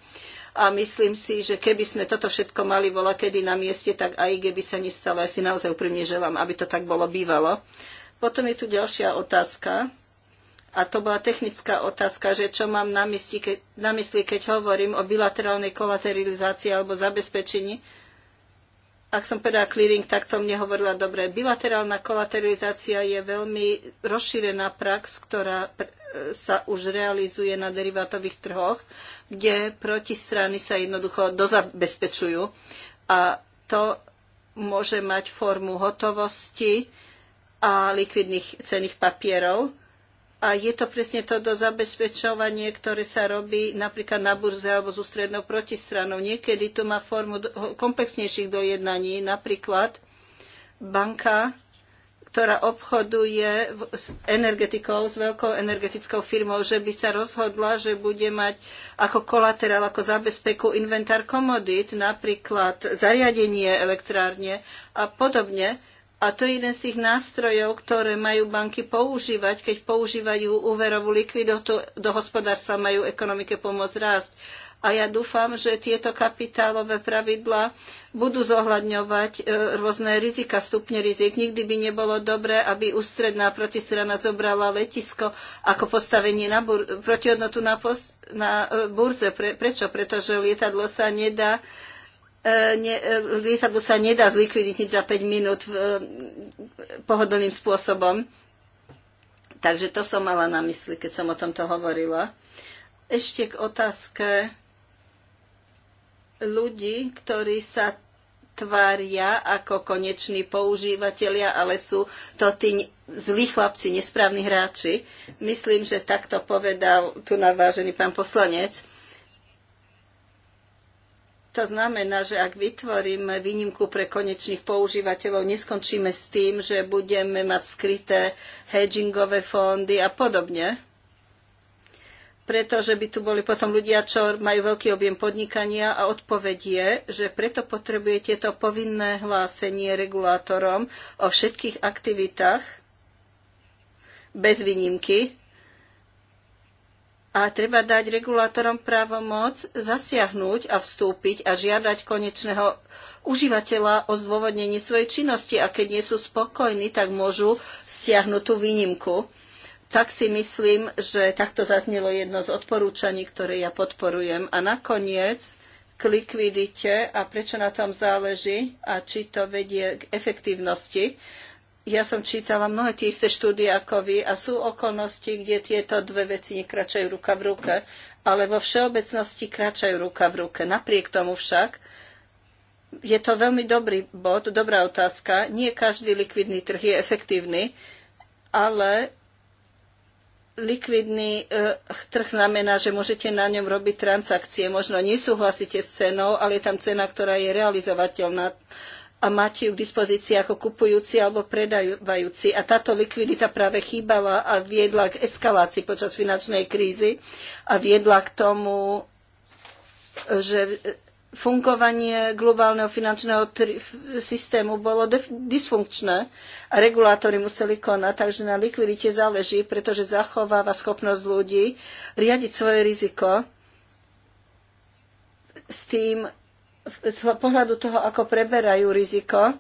A myslím si, že keby sme toto všetko mali vola kedy na mieste, tak aj keby sa nestalo, ja si naozaj úprimne želám, aby to tak bolo bývalo. Potom je tu ďalšia otázka, a to bola technická otázka, že čo mám na mysli, keď, na mysli, keď hovorím o bilaterálnej kolaterizácii alebo zabezpečení. Ak som povedala clearing, tak to mne hovorila dobre. Bilaterálna kolaterizácia je veľmi rozšírená prax, ktorá sa už realizuje na derivátových trhoch, kde protistrany sa jednoducho dozabezpečujú. A to môže mať formu hotovosti a likvidných cených papierov a je to presne to do zabezpečovanie, ktoré sa robí napríklad na burze alebo z ústrednou protistranou. Niekedy to má formu komplexnejších dojednaní, napríklad banka, ktorá obchoduje s energetikou, s veľkou energetickou firmou, že by sa rozhodla, že bude mať ako kolaterál, ako zabezpeku inventár komodít, napríklad zariadenie elektrárne a podobne a to je jeden z tých nástrojov, ktoré majú banky používať, keď používajú úverovú likviditu do hospodárstva, majú ekonomike pomôcť rásť. A ja dúfam, že tieto kapitálové pravidla budú zohľadňovať e, rôzne rizika, stupne rizik. Nikdy by nebolo dobré, aby ústredná protistrana zobrala letisko ako postavenie na bur- protihodnotu na, na e, burze. Pre- prečo? Pretože lietadlo sa nedá ne, e, lietadlo sa nedá zlikvidniť za 5 minút v, e, pohodlným spôsobom. Takže to som mala na mysli, keď som o tomto hovorila. Ešte k otázke ľudí, ktorí sa tvária ako koneční používateľia, ale sú to tí zlí chlapci, nesprávni hráči. Myslím, že takto povedal tu navážený pán poslanec to znamená, že ak vytvoríme výnimku pre konečných používateľov, neskončíme s tým, že budeme mať skryté hedgingové fondy a podobne. Pretože by tu boli potom ľudia, čo majú veľký objem podnikania a odpoveď je, že preto potrebujete to povinné hlásenie regulátorom o všetkých aktivitách bez výnimky, a treba dať regulátorom právomoc zasiahnuť a vstúpiť a žiadať konečného užívateľa o zdôvodnení svojej činnosti a keď nie sú spokojní, tak môžu stiahnuť tú výnimku. Tak si myslím, že takto zaznelo jedno z odporúčaní, ktoré ja podporujem. A nakoniec k likvidite a prečo na tom záleží a či to vedie k efektívnosti. Ja som čítala mnohé tie isté štúdie ako vy a sú okolnosti, kde tieto dve veci nekračajú ruka v ruke, ale vo všeobecnosti kračajú ruka v ruke. Napriek tomu však je to veľmi dobrý bod, dobrá otázka. Nie každý likvidný trh je efektívny, ale likvidný eh, trh znamená, že môžete na ňom robiť transakcie. Možno nesúhlasíte s cenou, ale je tam cena, ktorá je realizovateľná a mať ju k dispozícii ako kupujúci alebo predávajúci. A táto likvidita práve chýbala a viedla k eskalácii počas finančnej krízy a viedla k tomu, že fungovanie globálneho finančného systému bolo dysfunkčné a regulátory museli konať, takže na likvidite záleží, pretože zachováva schopnosť ľudí riadiť svoje riziko s tým, z pohľadu toho, ako preberajú riziko,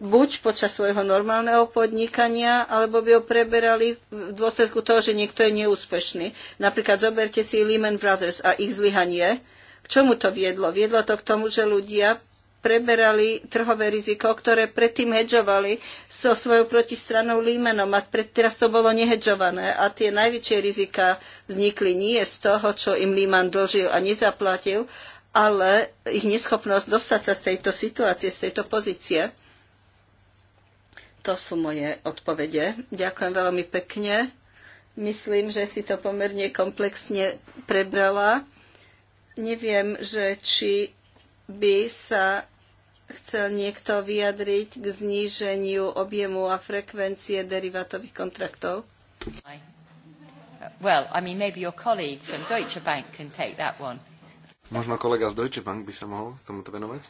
buď počas svojho normálneho podnikania, alebo by ho preberali v dôsledku toho, že niekto je neúspešný. Napríklad zoberte si Lehman Brothers a ich zlyhanie. K čomu to viedlo? Viedlo to k tomu, že ľudia preberali trhové riziko, ktoré predtým hedžovali so svojou protistranou Lehmanom a pred, teraz to bolo nehedžované a tie najväčšie rizika vznikli nie z toho, čo im Lehman dlžil a nezaplatil, ale ich neschopnosť dostať sa z tejto situácie, z tejto pozície. To sú moje odpovede. Ďakujem veľmi pekne. Myslím, že si to pomerne komplexne prebrala. Neviem, že či by sa chcel niekto vyjadriť k zníženiu objemu a frekvencie derivatových kontraktov? Well, I mean, maybe your colleague from Deutsche Bank can take that one. Možno kolega z Deutsche Bank by sa mohol tomuto venovať.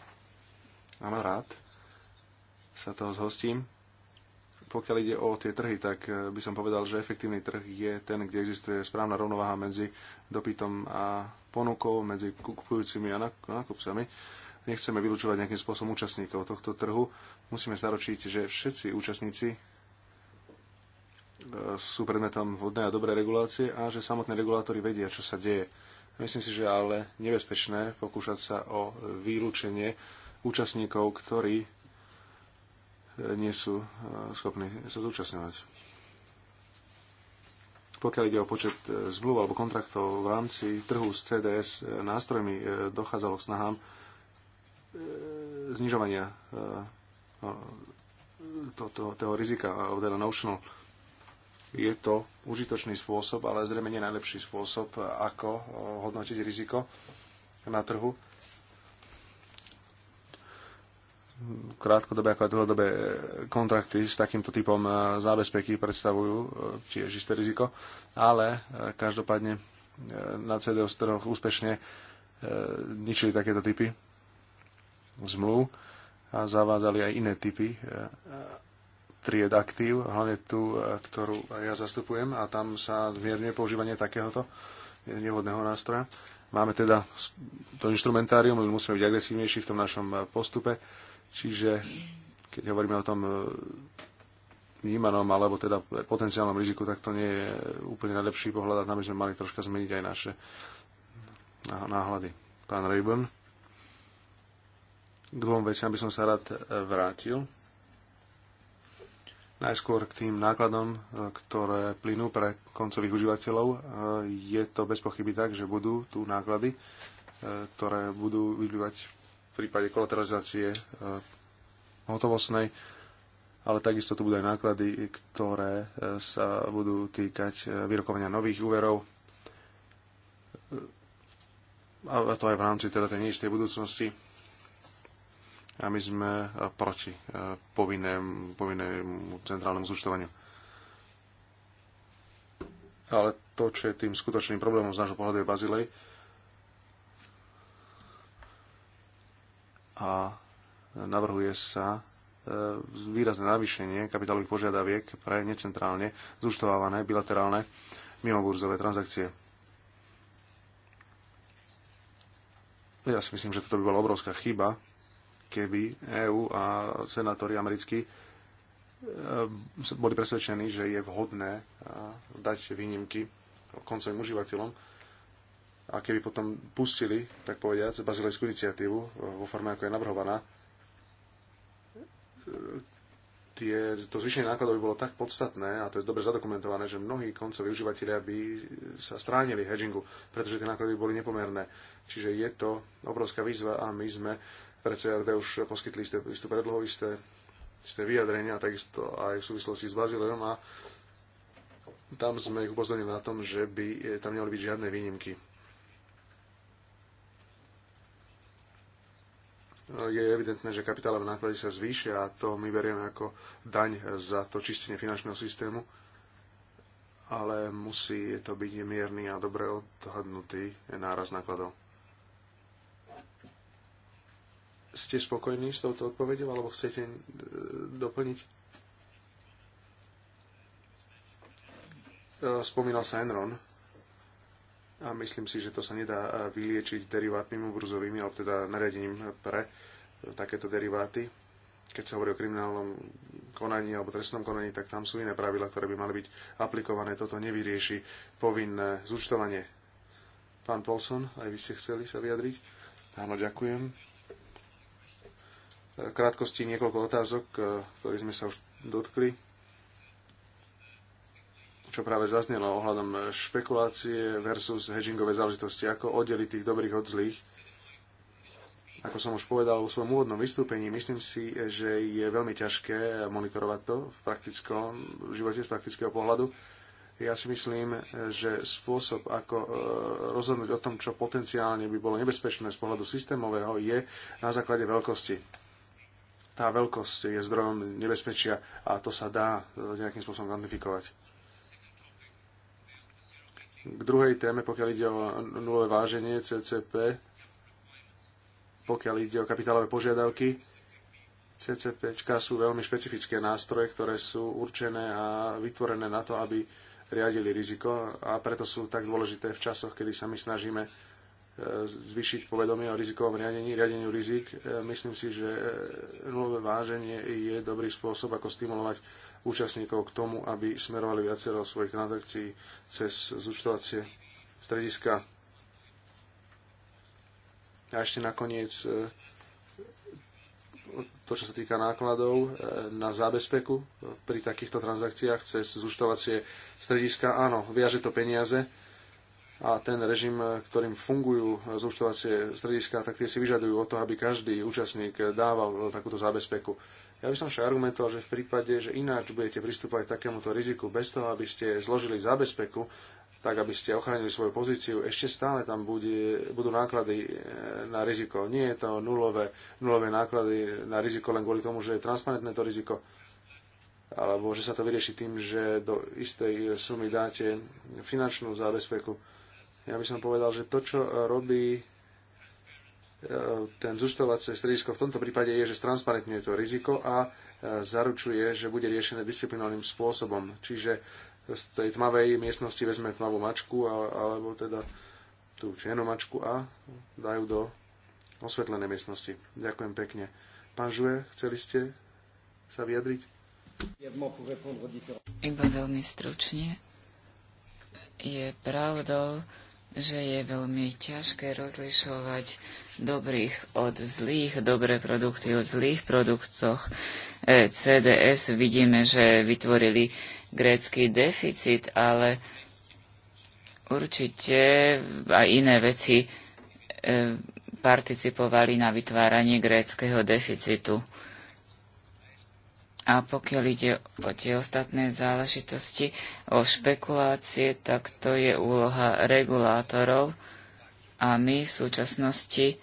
Áno, rád sa toho zhostím. Pokiaľ ide o tie trhy, tak e, by som povedal, že efektívny trh je ten, kde existuje správna rovnováha medzi dopytom a ponukou, medzi kupujúcimi a nákupcami. Nechceme vylúčovať nejakým spôsobom účastníkov tohto trhu. Musíme zaručiť, že všetci účastníci e, sú predmetom vhodnej a dobrej regulácie a že samotné regulátory vedia, čo sa deje Myslím si, že ale nebezpečné pokúšať sa o výlučenie účastníkov, ktorí e, nie sú e, schopní sa zúčastňovať. Pokiaľ ide o počet e, zmluv alebo kontraktov v rámci trhu s CDS nástrojmi, dochádzalo k snahám znižovania toho, no, to, to rizika, alebo teda notional je to užitočný spôsob, ale zrejme nie najlepší spôsob, ako eh, hodnotiť riziko na trhu. Krátkodobé ako aj dlhodobé eh, kontrakty s takýmto typom eh, zábezpeky predstavujú tiež isté riziko, ale každopádne na CDO trhoch úspešne ničili takéto typy zmluv a zavádzali aj iné typy tried aktív, hlavne tú, e, ktorú ja zastupujem a tam sa zmierňuje používanie takéhoto nevhodného nástroja. Máme teda to instrumentárium, musíme byť agresívnejší v tom našom e, postupe, čiže keď hovoríme o tom e, vnímanom alebo teda potenciálnom riziku, tak to nie je úplne najlepší pohľad a tam by sme mali troška zmeniť aj naše náhľady. Pán Rayburn, k dvom veciam by som sa rád vrátil Najskôr k tým nákladom, e, ktoré plynú pre koncových užívateľov. E, je to bez pochyby tak, že budú tu náklady, e, ktoré budú vyplývať v prípade kolateralizácie hotovostnej, ale takisto tu budú aj náklady, ktoré sa budú týkať vyrokovania nových úverov, a to aj v rámci teda tej neistej budúcnosti a my sme e, proti e, povinnému, centrálnemu zúčtovaniu. Ale to, čo je tým skutočným problémom z nášho pohľadu je Bazilej a navrhuje sa e, výrazné navýšenie kapitálových požiadaviek pre necentrálne zúčtovávané bilaterálne mimoburzové transakcie. Ja si myslím, že toto by bola obrovská chyba, keby EÚ a senátori americkí e, boli presvedčení, že je vhodné e, dať výnimky koncovým užívateľom a keby potom pustili, tak povediať, bazilejskú iniciatívu e, vo forme, ako je navrhovaná, tie, to zvýšenie nákladov by bolo tak podstatné, a to je dobre zadokumentované, že mnohí koncoví užívateľia by sa stránili hedgingu, pretože tie náklady by boli nepomerné. Čiže je to obrovská výzva a my sme CRD už poskytli isté, isté predlohu, isté, isté vyjadrenia, takisto aj v súvislosti s Bazileom a tam sme ich upozornili na tom, že by e, tam nemali byť žiadne výnimky. Je evidentné, že kapitálové náklady sa zvýšia a to my berieme ako daň za to čistenie finančného systému, ale musí to byť mierny a dobre odhadnutý náraz nákladov. Ste spokojní s touto odpovedou, alebo chcete e, doplniť? E, spomínal sa Enron a myslím si, že to sa nedá e, vyliečiť derivátnym obruzovými, alebo teda nariadením pre takéto deriváty. Keď sa hovorí o kriminálnom konaní alebo trestnom konaní, tak tam sú iné pravidla, ktoré by mali byť aplikované. Toto nevyrieši povinné zúčtovanie. Pán Polson, aj vy ste chceli sa vyjadriť? Áno, ďakujem krátkosti niekoľko otázok, e, ktorých sme sa už dotkli, čo práve zaznelo ohľadom špekulácie versus hedgingové záležitosti, ako oddeliť tých dobrých od zlých. Ako som už povedal vo svojom úvodnom vystúpení, myslím si, že je veľmi ťažké monitorovať to v praktickom v živote, z praktického pohľadu. Ja si myslím, že spôsob, ako e, rozhodnúť o tom, čo potenciálne by bolo nebezpečné z pohľadu systémového, je na základe veľkosti tá veľkosť je zdrojom nebezpečia a to sa dá nejakým spôsobom kvantifikovať. K druhej téme, pokiaľ ide o nulové váženie CCP, pokiaľ ide o kapitálové požiadavky, CCP sú veľmi špecifické nástroje, ktoré sú určené a vytvorené na to, aby riadili riziko a preto sú tak dôležité v časoch, kedy sa my snažíme zvýšiť povedomie o rizikovom riadení, riadeniu rizik. E, myslím si, že e, nulové váženie je dobrý spôsob, ako stimulovať účastníkov k tomu, aby smerovali viacero svojich transakcií cez zúčtovacie strediska. A ešte nakoniec e, to, čo sa týka nákladov na zábezpeku pri takýchto transakciách cez zúčtovacie strediska. Áno, viaže to peniaze, a ten režim, ktorým fungujú zúčtovacie strediska, tak tie si vyžadujú o to, aby každý účastník dával takúto zábezpeku. Ja by som však argumentoval, že v prípade, že ináč budete pristúpať k takémuto riziku bez toho, aby ste zložili zábezpeku, tak aby ste ochránili svoju pozíciu, ešte stále tam bude, budú náklady e, na riziko. Nie je to nulové, nulové náklady na riziko len kvôli tomu, že je transparentné to riziko, alebo že sa to vyrieši tým, že do istej sumy dáte finančnú zábezpeku ja by som povedal, že to, čo robí e, ten zúčtovacie stredisko v tomto prípade je, že transparentňuje to riziko a e, zaručuje, že bude riešené disciplinárnym spôsobom. Čiže z tej tmavej miestnosti vezme tmavú mačku alebo teda tú čiernu mačku a dajú do osvetlené miestnosti. Ďakujem pekne. Pán Žuje, chceli ste sa vyjadriť? Iba veľmi stručne. Je pravdou, že je veľmi ťažké rozlišovať dobrých od zlých, dobré produkty od zlých produktoch. E, CDS vidíme, že vytvorili grécky deficit, ale určite aj iné veci e, participovali na vytváranie gréckého deficitu. A pokiaľ ide o tie ostatné záležitosti, o špekulácie, tak to je úloha regulátorov. A my v súčasnosti,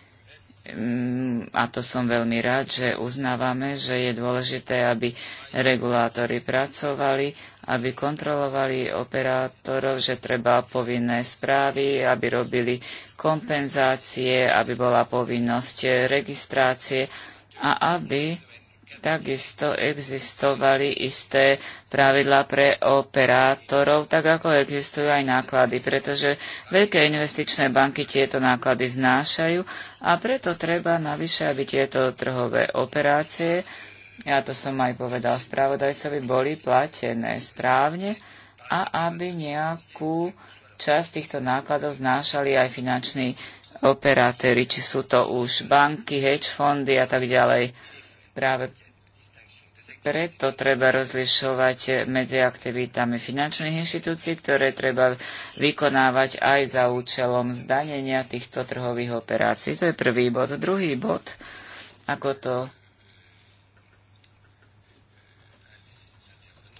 mm, a to som veľmi rád, že uznávame, že je dôležité, aby regulátori pracovali, aby kontrolovali operátorov, že treba povinné správy, aby robili kompenzácie, aby bola povinnosť registrácie a aby takisto existovali isté pravidlá pre operátorov, tak ako existujú aj náklady, pretože veľké investičné banky tieto náklady znášajú a preto treba navyše, aby tieto trhové operácie, ja to som aj povedal spravodajcovi, boli platené správne a aby nejakú časť týchto nákladov znášali aj finanční operátori, či sú to už banky, hedge fondy a tak ďalej. Práve preto treba rozlišovať medzi aktivitami finančných inštitúcií, ktoré treba vykonávať aj za účelom zdanenia týchto trhových operácií. To je prvý bod. Druhý bod, ako to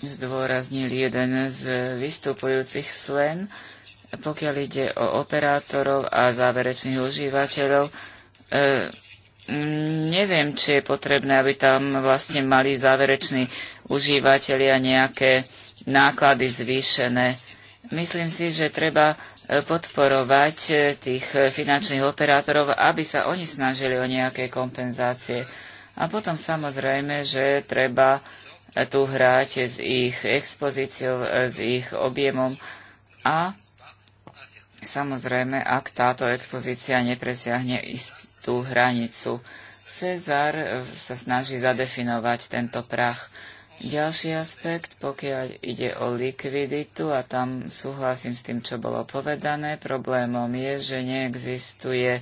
zdôraznil jeden z vystupujúcich slen, pokiaľ ide o operátorov a záverečných užívateľov, e, Mm, neviem, či je potrebné, aby tam vlastne mali záverečný užívateľia nejaké náklady zvýšené. Myslím si, že treba e, podporovať e, tých e, finančných operátorov, aby sa oni snažili o nejaké kompenzácie. A potom samozrejme, že treba tu hráť s ich expozíciou, s ich objemom a samozrejme, ak táto expozícia nepresiahne ist tú hranicu. Cezar eh, sa snaží zadefinovať tento prach. Ďalší aspekt, pokiaľ ide o likviditu, a tam súhlasím s tým, čo bolo povedané, problémom je, že neexistuje eh,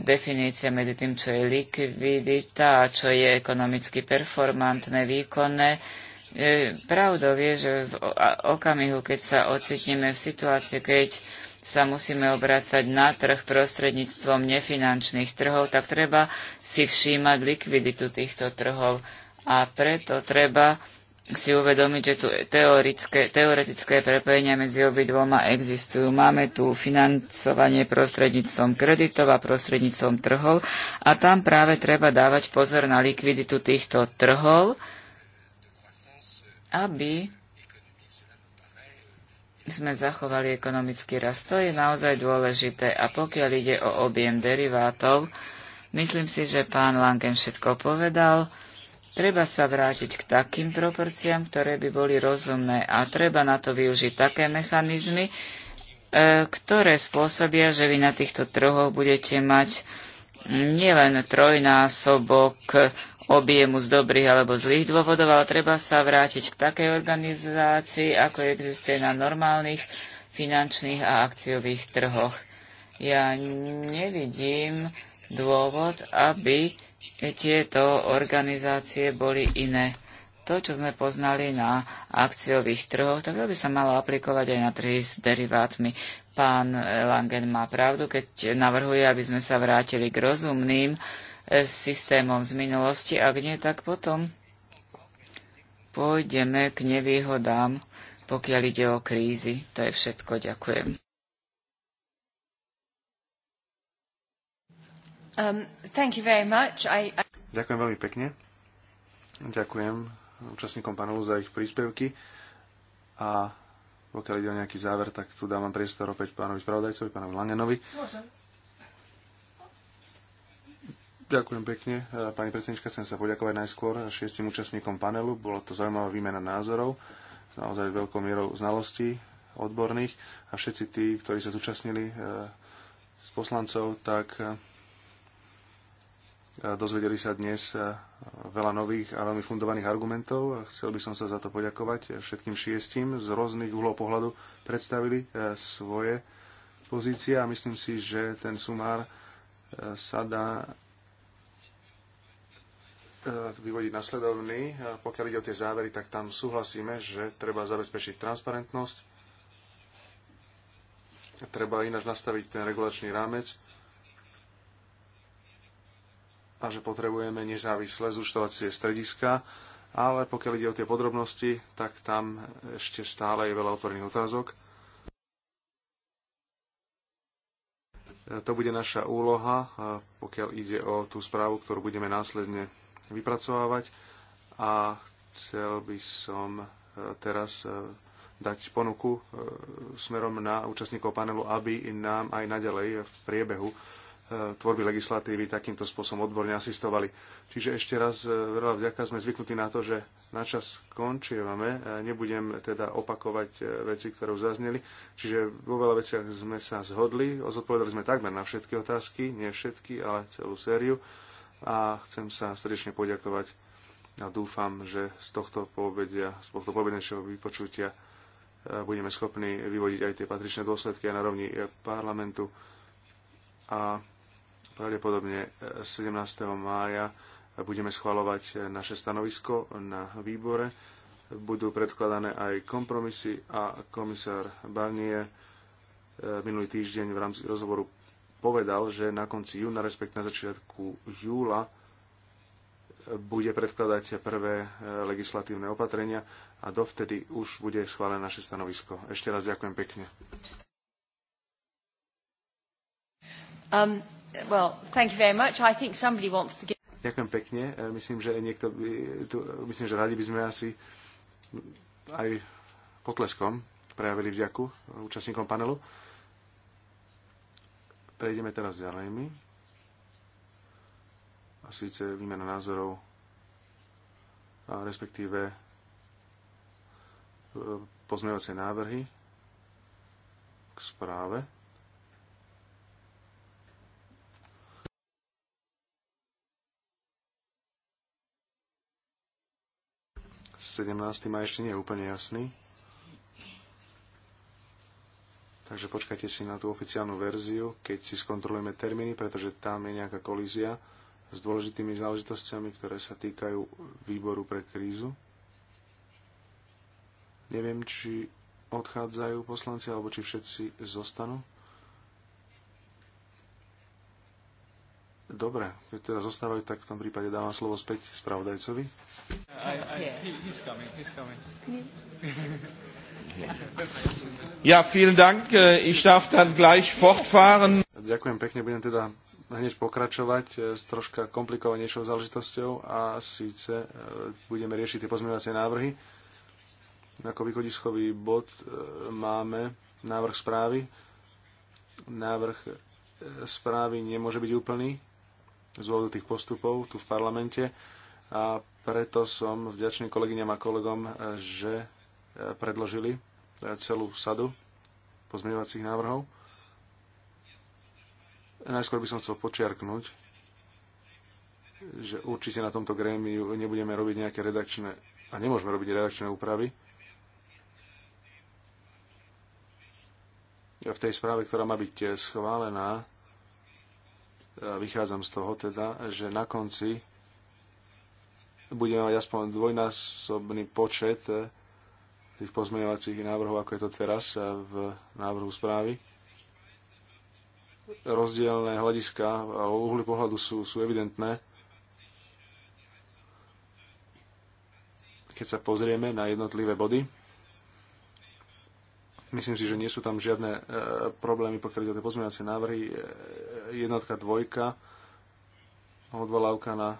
definícia medzi tým, čo je likvidita a čo je ekonomicky performantné, výkonné. Eh, pravdou je, že v okamihu, keď sa ocitneme v situácii, keď sa musíme obrácať na trh prostredníctvom nefinančných trhov, tak treba si všímať likviditu týchto trhov. A preto treba si uvedomiť, že tu teoretické, teoretické prepojenia medzi obidvoma existujú. Máme tu financovanie prostredníctvom kreditov a prostredníctvom trhov a tam práve treba dávať pozor na likviditu týchto trhov, aby sme zachovali ekonomický rast. To je naozaj dôležité. A pokiaľ ide o objem derivátov, myslím si, že pán Langen všetko povedal. Treba sa vrátiť k takým proporciám, ktoré by boli rozumné a treba na to využiť také mechanizmy, e, ktoré spôsobia, že vy na týchto trhoch budete mať nielen trojnásobok objemu z dobrých alebo zlých dôvodov, ale treba sa vrátiť k takej organizácii, ako existuje na normálnych finančných a akciových trhoch. Ja nevidím dôvod, aby tieto organizácie boli iné. To, čo sme poznali na akciových trhoch, tak by sa malo aplikovať aj na trhy s derivátmi. Pán Langen má pravdu, keď navrhuje, aby sme sa vrátili k rozumným systémom z minulosti. Ak nie, tak potom pôjdeme k nevýhodám, pokiaľ ide o krízy. To je všetko. Ďakujem. Um, thank you very much. I, I... Ďakujem veľmi pekne. Ďakujem účastníkom panelu za ich príspevky. A pokiaľ ide o nejaký záver, tak tu dávam priestor opäť pánovi spravodajcovi, pánovi Langenovi. Môžem. Ďakujem pekne. E, pani predsednička, chcem sa poďakovať najskôr šiestim účastníkom panelu. Bola to zaujímavá výmena názorov, naozaj veľkou mierou znalostí odborných a všetci tí, ktorí sa zúčastnili e, z poslancov, tak e, dozvedeli sa dnes veľa nových a veľmi fundovaných argumentov. a Chcel by som sa za to poďakovať všetkým šiestim. Z rôznych uhlov pohľadu predstavili svoje pozície a myslím si, že ten sumár sa dá vyvodiť nasledovný. Pokiaľ ide o tie závery, tak tam súhlasíme, že treba zabezpečiť transparentnosť, treba ináč nastaviť ten regulačný rámec a že potrebujeme nezávislé zúčtovacie strediska, ale pokiaľ ide o tie podrobnosti, tak tam ešte stále je veľa otvorených otázok. To bude naša úloha, pokiaľ ide o tú správu, ktorú budeme následne vypracovávať a chcel by som e, teraz e, dať ponuku e, smerom na účastníkov panelu, aby nám aj naďalej v priebehu tvorby legislatívy takýmto spôsobom odborne asistovali. Čiže ešte raz veľa vďaka. Sme zvyknutí na to, že na čas končívame. Nebudem teda opakovať veci, ktoré už zazneli. Čiže vo veľa veciach sme sa zhodli. Zodpovedali sme takmer na všetky otázky, nie všetky, ale celú sériu a chcem sa srdečne poďakovať a dúfam, že z tohto poobedia, z tohto poobednejšieho vypočutia e, budeme schopní vyvodiť aj tie patričné dôsledky aj na rovni e, parlamentu a pravdepodobne 17. E, mája budeme schvalovať naše stanovisko na výbore. Budú predkladané aj kompromisy a komisár Barnier minulý týždeň v rámci rozhovoru povedal, že na konci júna, respektíve na začiatku júla, e, bude predkladať prvé e, legislatívne opatrenia a dovtedy už bude schválené naše stanovisko. Ešte raz ďakujem pekne. Um, well, thank you very much. I think somebody wants to give... Ďakujem pekne. E, myslím, že niekto by, tu, myslím, že radi by sme asi aj potleskom prejavili vďaku účastníkom panelu. Prejdeme teraz ďalej my. A síce výmena názorov, a respektíve e, pozmeňovacie návrhy k správe. Sedemnácty má ešte nie je úplne jasný. Takže počkajte si na tú oficiálnu verziu, keď si skontrolujeme termíny, pretože tam je nejaká kolízia s dôležitými záležitosťami, ktoré sa týkajú výboru pre krízu. Neviem, či odchádzajú poslanci, alebo či všetci zostanú. Dobre, keď teda zostávajú, tak v tom prípade dávam slovo späť spravodajcovi. I, I, he, he's coming, he's coming. Ja, vielen Dank. Äh, ich darf dann gleich fortfahren. Ďakujem pekne, budem teda hneď pokračovať äh, s troška komplikovanejšou záležitosťou a síce äh, budeme riešiť tie pozmeňovacie návrhy. Ako východiskový bod máme návrh správy. Návrh správy nemôže byť úplný z dôvodu tých postupov tu v parlamente a preto som vďačný kolegyňam a kolegom, že predložili teda celú sadu pozmeňovacích návrhov. Najskôr by som chcel počiarknúť, že určite na tomto grémiu nebudeme robiť nejaké redakčné a nemôžeme robiť redakčné úpravy. Ja v tej správe, ktorá má byť eh, schválená, eh, vychádzam z toho teda, že na konci budeme mať aspoň dvojnásobný počet eh, tých pozmeňovacích návrhov, ako je to teraz v návrhu správy. Rozdielne hľadiska alebo uhly pohľadu sú, sú evidentné. Keď sa pozrieme na jednotlivé body, myslím si, že nie sú tam žiadne e, problémy, pokiaľ ide o tie pozmeňovacie návrhy. E, jednotka, dvojka, odvolávka na e,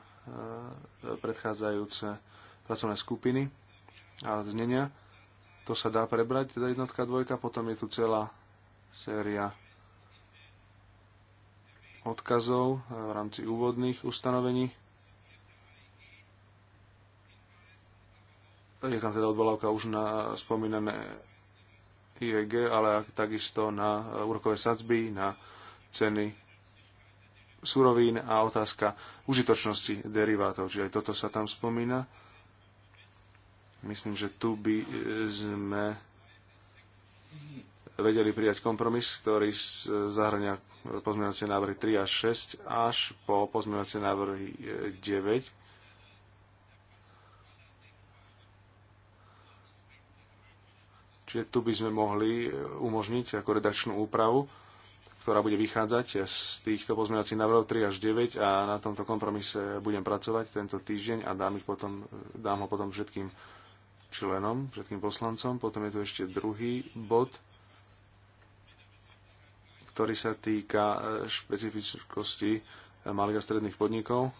predchádzajúce pracovné skupiny a znenia to sa dá prebrať, teda jednotka, dvojka, potom je tu celá séria odkazov e, v rámci úvodných ustanovení. Je tam teda odvolávka už na spomínané IEG, ale takisto na e, úrokové sadzby, na ceny surovín a otázka užitočnosti derivátov. Čiže aj toto sa tam spomína Myslím, že tu by e, sme vedeli prijať kompromis, ktorý e, zahrania pozmeňovacie návrhy 3 až 6 až po pozmeňovacie návrhy 9. E, Čiže tu by sme mohli umožniť ako redakčnú úpravu, ktorá bude vychádzať z týchto pozmeňovacích návrhov 3 až 9 a na tomto kompromise budem pracovať tento týždeň a dám, ich potom, dám ho potom všetkým členom, všetkým poslancom. Potom je tu ešte druhý bod, ktorý sa týka e, špecifickosti e, malých a stredných podnikov.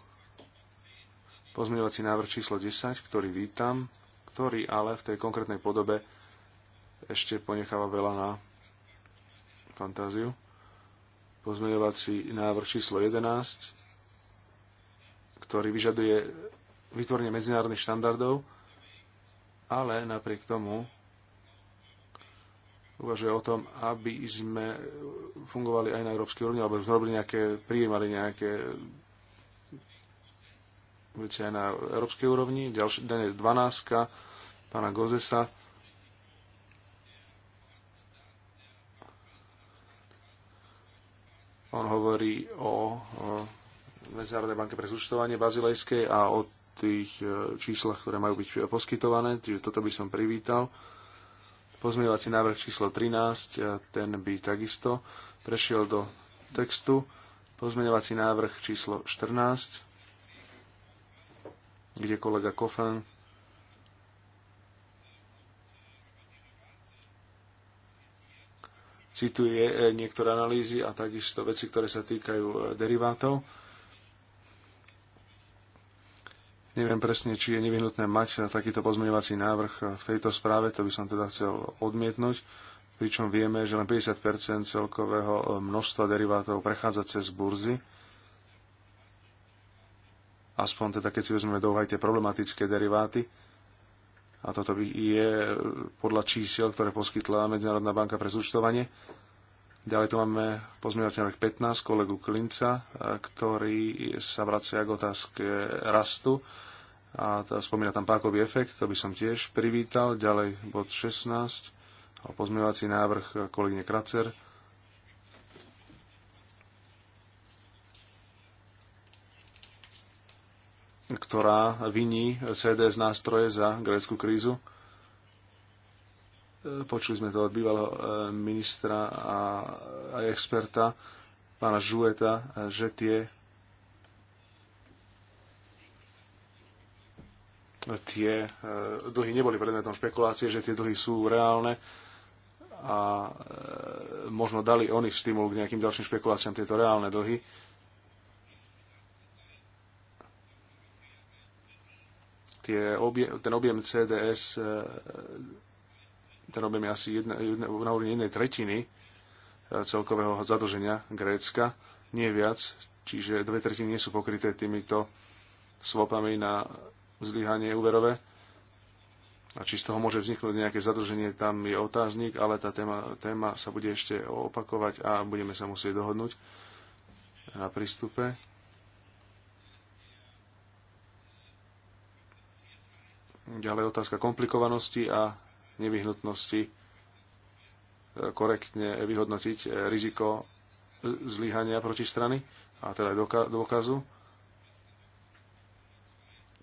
Pozmeňovací návrh číslo 10, ktorý vítam, ktorý ale v tej konkrétnej podobe ešte ponecháva veľa na fantáziu. Pozmeňovací návrh číslo 11, ktorý vyžaduje vytvorenie medzinárodných štandardov, ale napriek tomu uvažuje o tom, aby sme fungovali aj na európskej úrovni, alebo sme robili nejaké, prijímali nejaké veci aj na európskej úrovni. Ďalšie, dane je 12. pána Gozesa. On hovorí o, o Medzinárodnej banke pre zúčtovanie bazilejskej a o tých e, číslach, ktoré majú byť poskytované, čiže toto by som privítal. Pozmievací návrh číslo 13, e, ten by takisto prešiel do textu. Pozmeňovací návrh číslo 14, kde kolega Kofan cituje e, niektoré analýzy a takisto veci, ktoré sa týkajú derivátov. Neviem presne, či je nevyhnutné mať takýto pozmeňovací návrh v tejto správe, to by som teda chcel odmietnúť, pričom vieme, že len 50 celkového e, množstva derivátov prechádza cez burzy. Aspoň teda, keď si vezmeme do úvahy tie problematické deriváty, a toto je e, podľa čísiel, ktoré poskytla Medzinárodná banka pre zúčtovanie, Ďalej tu máme pozmeňovací návrh 15 kolegu Klinca, e, ktorý sa vracia k otázke rastu a spomína tam pákový efekt, to by som tiež privítal. Ďalej bod 16, a pozmeňovací návrh kolegyne Kracer. ktorá viní CDS nástroje za grécku krízu. Počuli sme to od bývalého e, ministra a, aj experta, pána Žueta, že tie tie e, dlhy neboli predmetom špekulácie, že tie dlhy sú reálne a e, možno dali oni stimul k nejakým ďalším špekuláciám tieto reálne dlhy. Tie obje, ten objem CDS to robíme asi jedna, jedna, na úrovni jednej tretiny e, celkového zadlženia Grécka, nie viac, čiže dve tretiny nie sú pokryté týmito svopami na zlyhanie úverové. A či z toho môže vzniknúť nejaké zadlženie, tam je otáznik, ale tá téma, téma sa bude ešte opakovať a budeme sa musieť dohodnúť na prístupe. Ďalej otázka komplikovanosti a nevyhnutnosti e, korektne vyhodnotiť e, riziko e, zlyhania protistrany a teda aj dôkazu.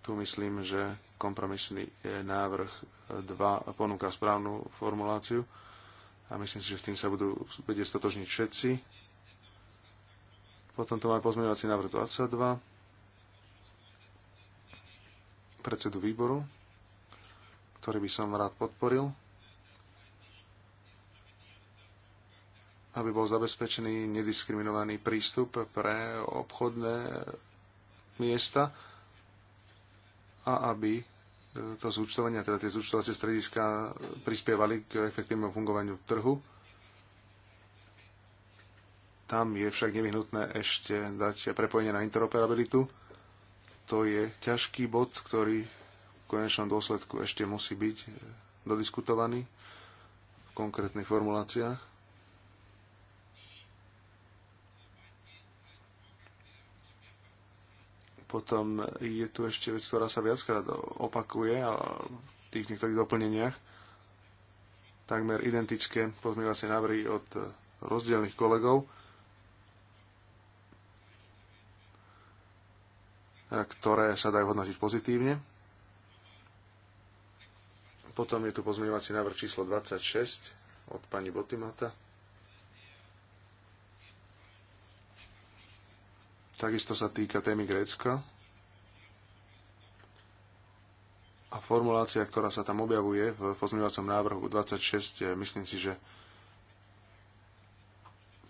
Tu myslím, že kompromisný návrh 2 ponúka správnu formuláciu a myslím si, že s tým sa budú vedieť stotožniť všetci. Potom tu máme pozmeňovací návrh 22 predsedu výboru ktorý by som rád podporil, aby bol zabezpečený nediskriminovaný prístup pre obchodné miesta a aby to zúčtovanie, teda tie zúčtovacie strediska prispievali k efektívnemu fungovaniu trhu. Tam je však nevyhnutné ešte dať prepojenie na interoperabilitu. To je ťažký bod, ktorý konečnom dôsledku ešte musí byť e, dodiskutovaný v konkrétnych formuláciách. Potom je tu ešte vec, ktorá sa viackrát opakuje a v tých niektorých doplneniach. Takmer identické pozmývacie návrhy od e, rozdielných kolegov. ktoré sa dajú hodnotiť pozitívne. Potom je tu pozmeňovací návrh číslo 26 od pani Botimata. Takisto sa týka témy Grécka. A formulácia, ktorá sa tam objavuje v pozmeňovacom návrhu 26, myslím si, že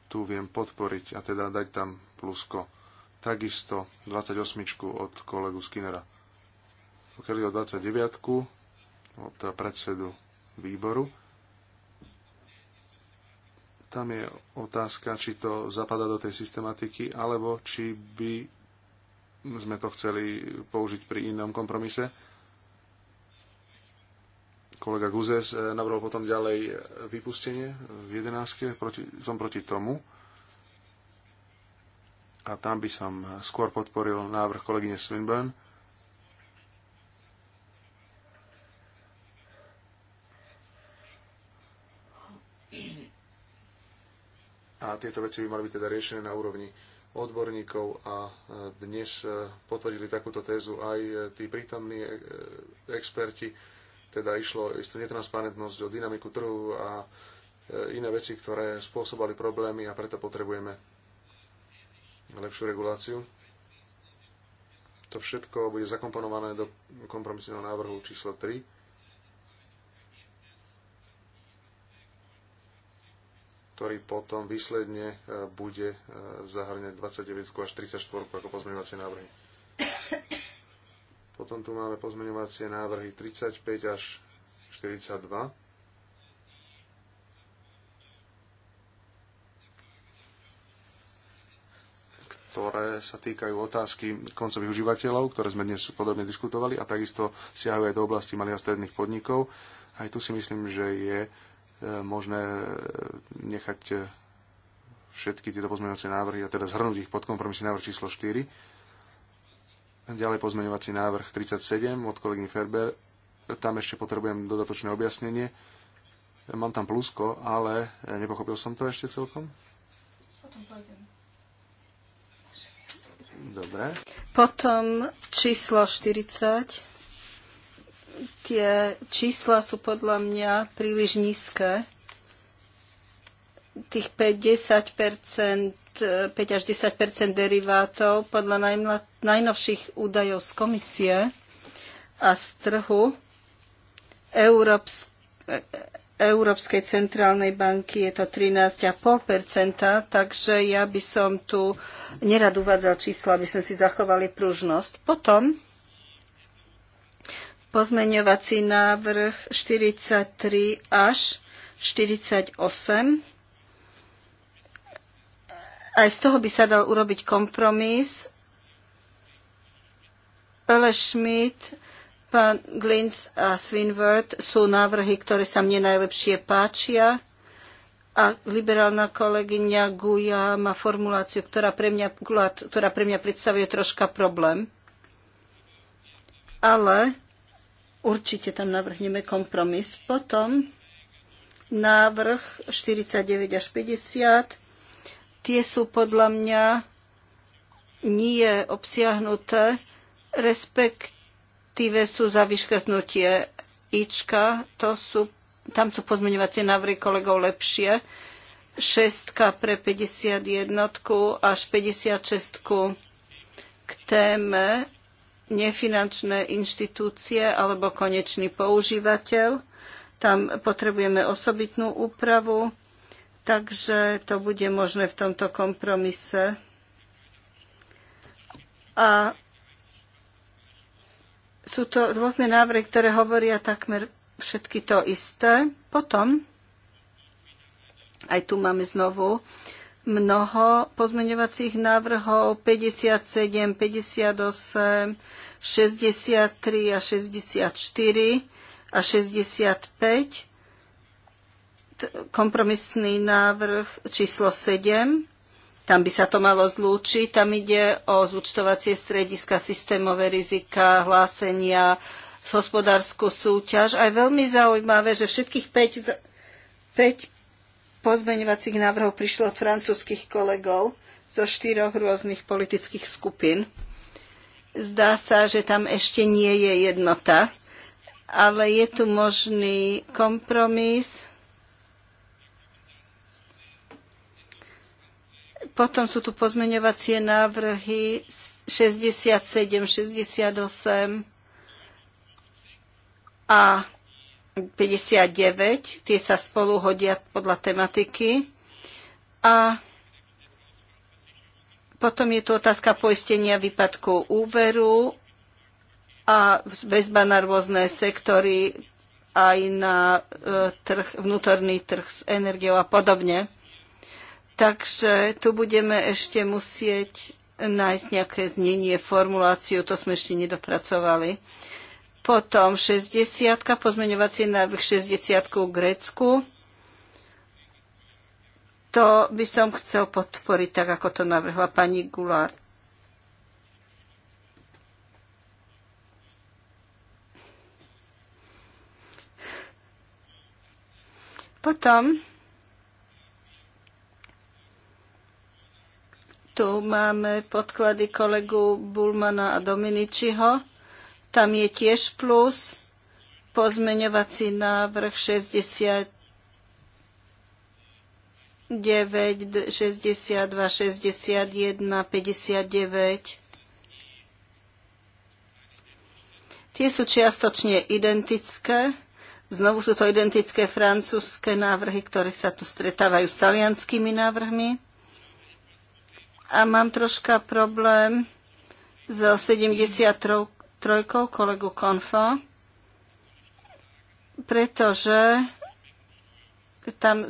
tu viem podporiť a teda dať tam plusko. Takisto 28 od kolegu Skinnera. Pokiaľ je o 29, od predsedu výboru. Tam je otázka, či to zapadá do tej systematiky, alebo či by sme to chceli použiť pri inom kompromise. Kolega Guzes navrhol potom ďalej vypustenie v 11. Proti, som proti tomu. A tam by som skôr podporil návrh kolegyne Swinburne, a tieto veci by mali byť teda riešené na úrovni odborníkov a e, dnes e, potvrdili takúto tézu aj e, tí prítomní experti. Teda išlo istú netransparentnosť o dynamiku trhu a iné veci, ktoré spôsobali problémy a preto potrebujeme lepšiu reguláciu. To všetko bude zakomponované do kompromisného návrhu číslo 3 ktorý potom výsledne e, bude e, zahrňať 29 až 34 ako pozmeňovacie návrhy. Potom tu máme pozmeňovacie návrhy 35 až 42. ktoré sa týkajú otázky koncových užívateľov, ktoré sme dnes podobne diskutovali a takisto siahajú aj do oblasti malých a stredných podnikov. Aj tu si myslím, že je E, možné e, nechať e, všetky tieto pozmeňovacie návrhy a teda zhrnúť ich pod kompromisný návrh číslo 4. Ďalej pozmeňovací návrh 37 od kolegyny Ferber. Tam ešte potrebujem dodatočné objasnenie. Mám tam plusko, ale nepochopil som to ešte celkom. Potom pôjdem. Dobre. Potom číslo 40 tie čísla sú podľa mňa príliš nízke. Tých 5, 5 e, až 10 derivátov podľa najnovších údajov z komisie a z trhu e, Európskej centrálnej banky je to 13,5%, takže ja by som tu nerad uvádzal čísla, aby sme si zachovali pružnosť. Potom Pozmeňovací návrh 43 až 48. Aj z toho by sa dal urobiť kompromis. Pele Schmidt, pán Glintz a Swinworth sú návrhy, ktoré sa mne najlepšie páčia. A liberálna kolegyňa Guja má formuláciu, ktorá pre mňa, ktorá pre mňa predstavuje troška problém. Ale Určite tam navrhneme kompromis. Potom návrh 49 až 50. Tie sú podľa mňa nie obsiahnuté, respektíve sú za vyškrtnutie ička. To sú, tam sú pozmeňovacie návrhy kolegov lepšie. 6 pre 51 až 56 k téme nefinančné inštitúcie alebo konečný používateľ. Tam potrebujeme osobitnú úpravu, takže to bude možné v tomto kompromise. A sú to rôzne návrhy, ktoré hovoria takmer všetky to isté. Potom, aj tu máme znovu mnoho pozmeňovacích návrhov 57, 58, 63 a 64 a 65, kompromisný návrh číslo 7, tam by sa to malo zlúčiť, tam ide o zúčtovacie strediska, systémové rizika, hlásenia, hospodárskú súťaž. Aj veľmi zaujímavé, že všetkých 5, 5 pozmeňovacích návrhov prišlo od francúzských kolegov zo štyroch rôznych politických skupín. Zdá sa, že tam ešte nie je jednota, ale je tu možný kompromis. Potom sú tu pozmeňovacie návrhy 67, 68 a 59, tie sa spolu hodia podľa tematiky. A potom je tu otázka poistenia výpadku úveru a väzba na rôzne sektory, aj na e, trh, vnútorný trh s energiou a podobne. Takže tu budeme ešte musieť nájsť nejaké znenie, formuláciu, to sme ešte nedopracovali. Potom 60, pozmeňovací návrh 60 k Grécku. To by som chcel podporiť, tak ako to navrhla pani Gulár. Potom tu máme podklady kolegu Bulmana a Dominičiho tam je tiež plus pozmeňovací návrh 60 9, 62, 61, 59. Tie sú čiastočne identické. Znovu sú to identické francúzske návrhy, ktoré sa tu stretávajú s talianskými návrhmi. A mám troška problém so 73 trojkou kolegu Konfa, pretože tam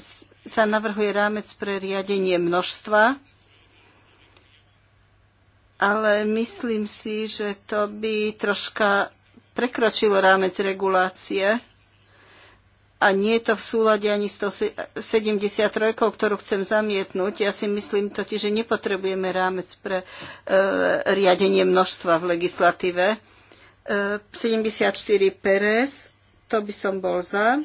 sa navrhuje rámec pre riadenie množstva, ale myslím si, že to by troška prekročilo rámec regulácie a nie je to v súlade ani s 173, ktorú chcem zamietnúť. Ja si myslím totiž, že nepotrebujeme rámec pre e, riadenie množstva v legislatíve 74 Perez, to by som bol za.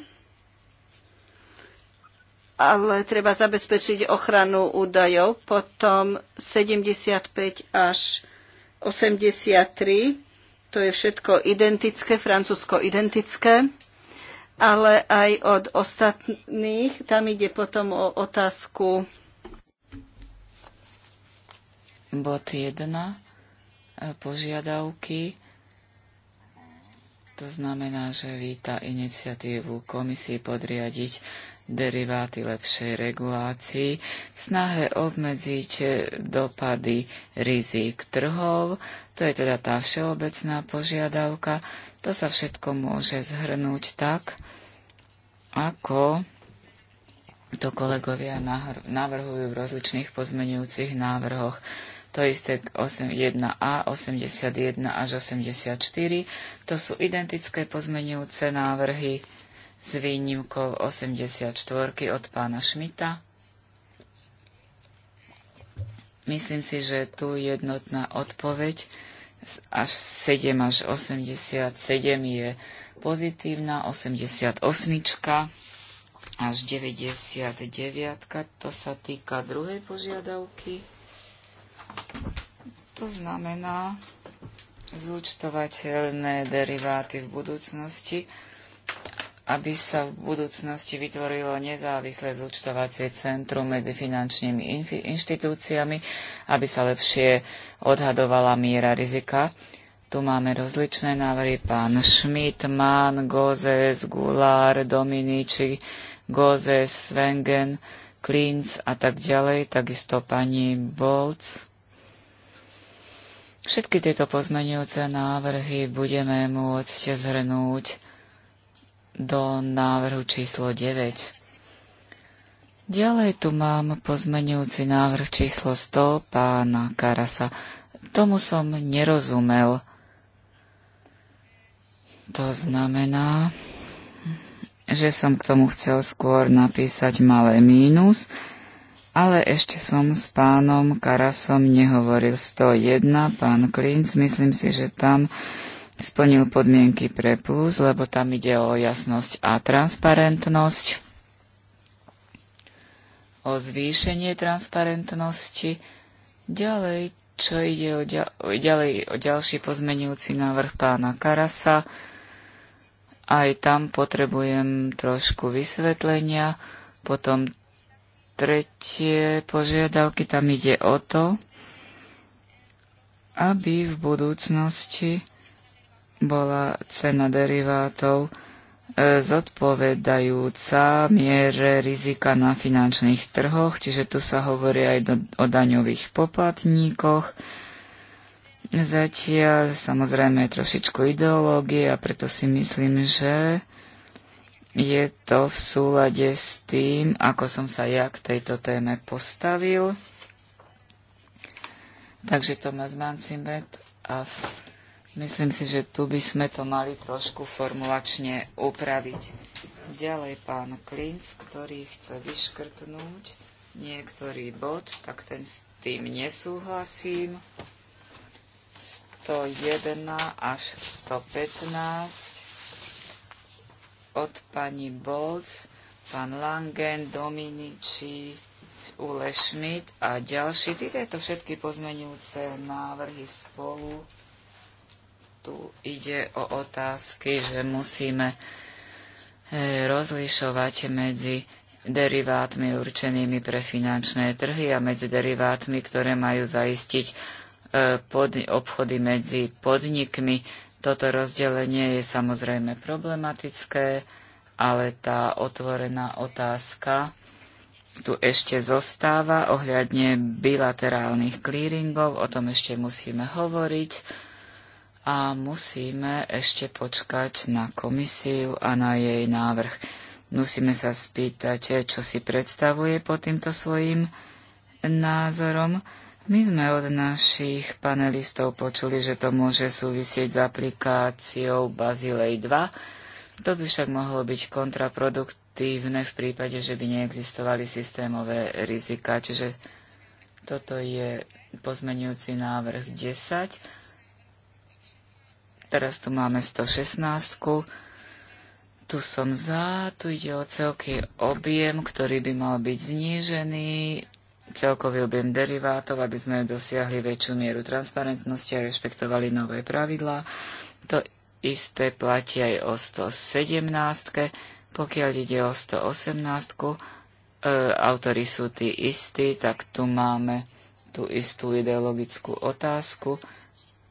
Ale treba zabezpečiť ochranu údajov. Potom 75 až 83, to je všetko identické, francúzsko identické. Ale aj od ostatných, tam ide potom o otázku. Bod 1. E, požiadavky to znamená, že víta iniciatívu komisii podriadiť deriváty lepšej regulácii v snahe obmedziť dopady rizik trhov. To je teda tá všeobecná požiadavka. To sa všetko môže zhrnúť tak, ako to kolegovia navrhujú v rozličných pozmenujúcich návrhoch to isté 81A, 81 až 84. To sú identické pozmenujúce návrhy s výnimkou 84 od pána Šmita. Myslím si, že tu jednotná odpoveď až 7 až 87 je pozitívna, 88 až 99, to sa týka druhej požiadavky. To znamená zúčtovateľné deriváty v budúcnosti, aby sa v budúcnosti vytvorilo nezávislé zúčtovacie centrum medzi finančnými inštitúciami, aby sa lepšie odhadovala miera rizika. Tu máme rozličné návrhy. Pán Schmidt, Mann, Gozes, Gular, Dominici, Gozes, Svengen, Klinz a tak ďalej. Takisto pani Bolc Všetky tieto pozmenujúce návrhy budeme môcť zhrnúť do návrhu číslo 9. Ďalej tu mám pozmenujúci návrh číslo 100 pána Karasa. Tomu som nerozumel. To znamená, že som k tomu chcel skôr napísať malé mínus, ale ešte som s pánom Karasom nehovoril. 101, pán Klinc, myslím si, že tam splnil podmienky pre plus, lebo tam ide o jasnosť a transparentnosť, o zvýšenie transparentnosti. Ďalej, čo ide o, ďal, ďalej, o ďalší pozmenujúci návrh pána Karasa, aj tam potrebujem trošku vysvetlenia, potom tretie požiadavky, tam ide o to, aby v budúcnosti bola cena derivátov e, zodpovedajúca miere rizika na finančných trhoch, čiže tu sa hovorí aj do, o daňových poplatníkoch. Zatiaľ samozrejme je trošičku ideológie a preto si myslím, že je to v súlade s tým, ako som sa ja k tejto téme postavil. Takže Tomás Mancimet a myslím si, že tu by sme to mali trošku formulačne upraviť. Ďalej pán Klinc, ktorý chce vyškrtnúť niektorý bod, tak ten s tým nesúhlasím. 101 až 115 od pani Bolc, pán Langen, Dominiči, Ule Schmidt a ďalší. Tieto všetky pozmenujúce návrhy spolu. Tu ide o otázky, že musíme e, rozlišovať medzi derivátmi určenými pre finančné trhy a medzi derivátmi, ktoré majú zaistiť e, obchody medzi podnikmi toto rozdelenie je samozrejme problematické, ale tá otvorená otázka tu ešte zostáva ohľadne bilaterálnych clearingov, o tom ešte musíme hovoriť a musíme ešte počkať na komisiu a na jej návrh. Musíme sa spýtať, čo si predstavuje pod týmto svojim názorom my sme od našich panelistov počuli, že to môže súvisieť s aplikáciou Bazilej 2. To by však mohlo byť kontraproduktívne v prípade, že by neexistovali systémové rizika. Čiže toto je pozmenujúci návrh 10. Teraz tu máme 116. Tu som za, tu ide o celký objem, ktorý by mal byť znížený celkový objem derivátov, aby sme dosiahli väčšiu mieru transparentnosti a rešpektovali nové pravidlá. To isté platí aj o 117, pokiaľ ide o 118, e, autory sú tí istí, tak tu máme tú istú ideologickú otázku.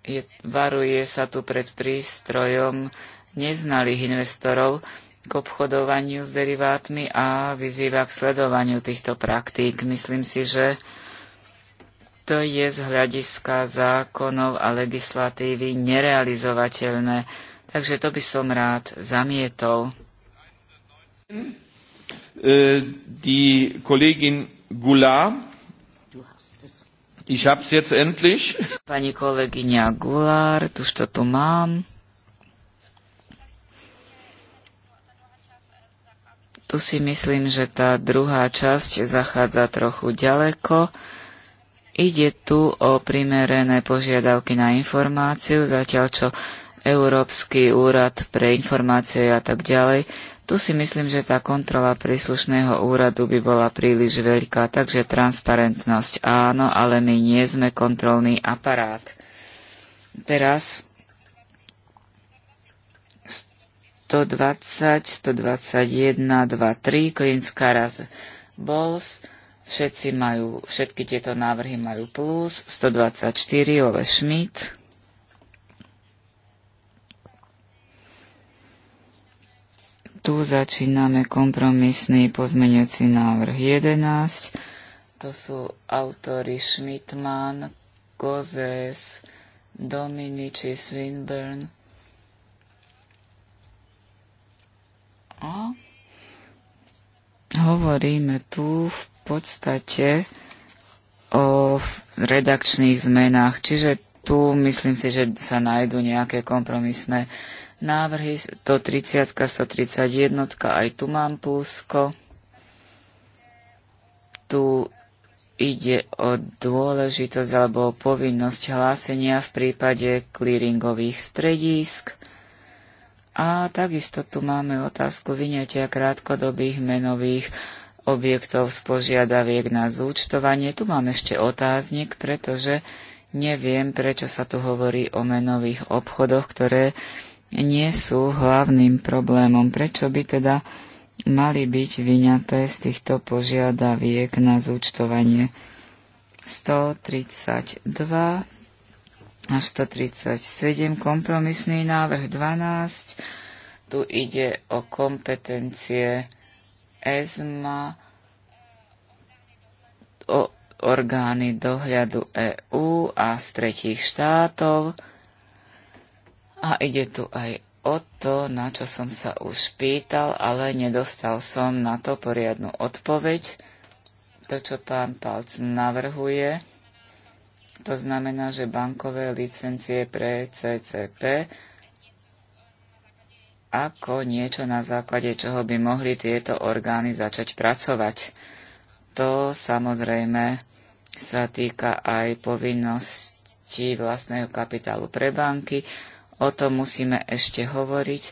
Je, varuje sa tu pred prístrojom neznalých investorov, k obchodovaniu s derivátmi a vyzýva k sledovaniu týchto praktík. Myslím si, že to je z hľadiska zákonov a legislatívy nerealizovateľné, takže to by som rád zamietol. Äh, die Kollegin ich hab's jetzt endlich. Pani kolegyňa Gulár, tuž to tu mám. Tu si myslím, že tá druhá časť zachádza trochu ďaleko. Ide tu o primerené požiadavky na informáciu, zatiaľ čo Európsky úrad pre informácie a tak ďalej. Tu si myslím, že tá kontrola príslušného úradu by bola príliš veľká, takže transparentnosť áno, ale my nie sme kontrolný aparát. Teraz 120, 121, 23, klinická raz bols, všetci majú, všetky tieto návrhy majú plus, 124, Ole Schmidt, Tu začíname kompromisný pozmeňujúci návrh 11. To sú autory Schmidtman, Gozes, Dominici, Swinburne, A hovoríme tu v podstate o redakčných zmenách, čiže tu myslím si, že sa nájdú nejaké kompromisné návrhy 130, 131, aj tu mám plusko. Tu ide o dôležitosť alebo o povinnosť hlásenia v prípade clearingových stredísk. A takisto tu máme otázku vyňatia krátkodobých menových objektov z požiadaviek na zúčtovanie. Tu mám ešte otáznik, pretože neviem, prečo sa tu hovorí o menových obchodoch, ktoré nie sú hlavným problémom. Prečo by teda mali byť vyňaté z týchto požiadaviek na zúčtovanie? 132 až 137, kompromisný návrh 12. Tu ide o kompetencie ESMA, o orgány dohľadu EÚ a z tretích štátov. A ide tu aj o to, na čo som sa už pýtal, ale nedostal som na to poriadnu odpoveď. To, čo pán Palc navrhuje, to znamená, že bankové licencie pre CCP ako niečo na základe čoho by mohli tieto orgány začať pracovať. To samozrejme sa týka aj povinnosti vlastného kapitálu pre banky. O tom musíme ešte hovoriť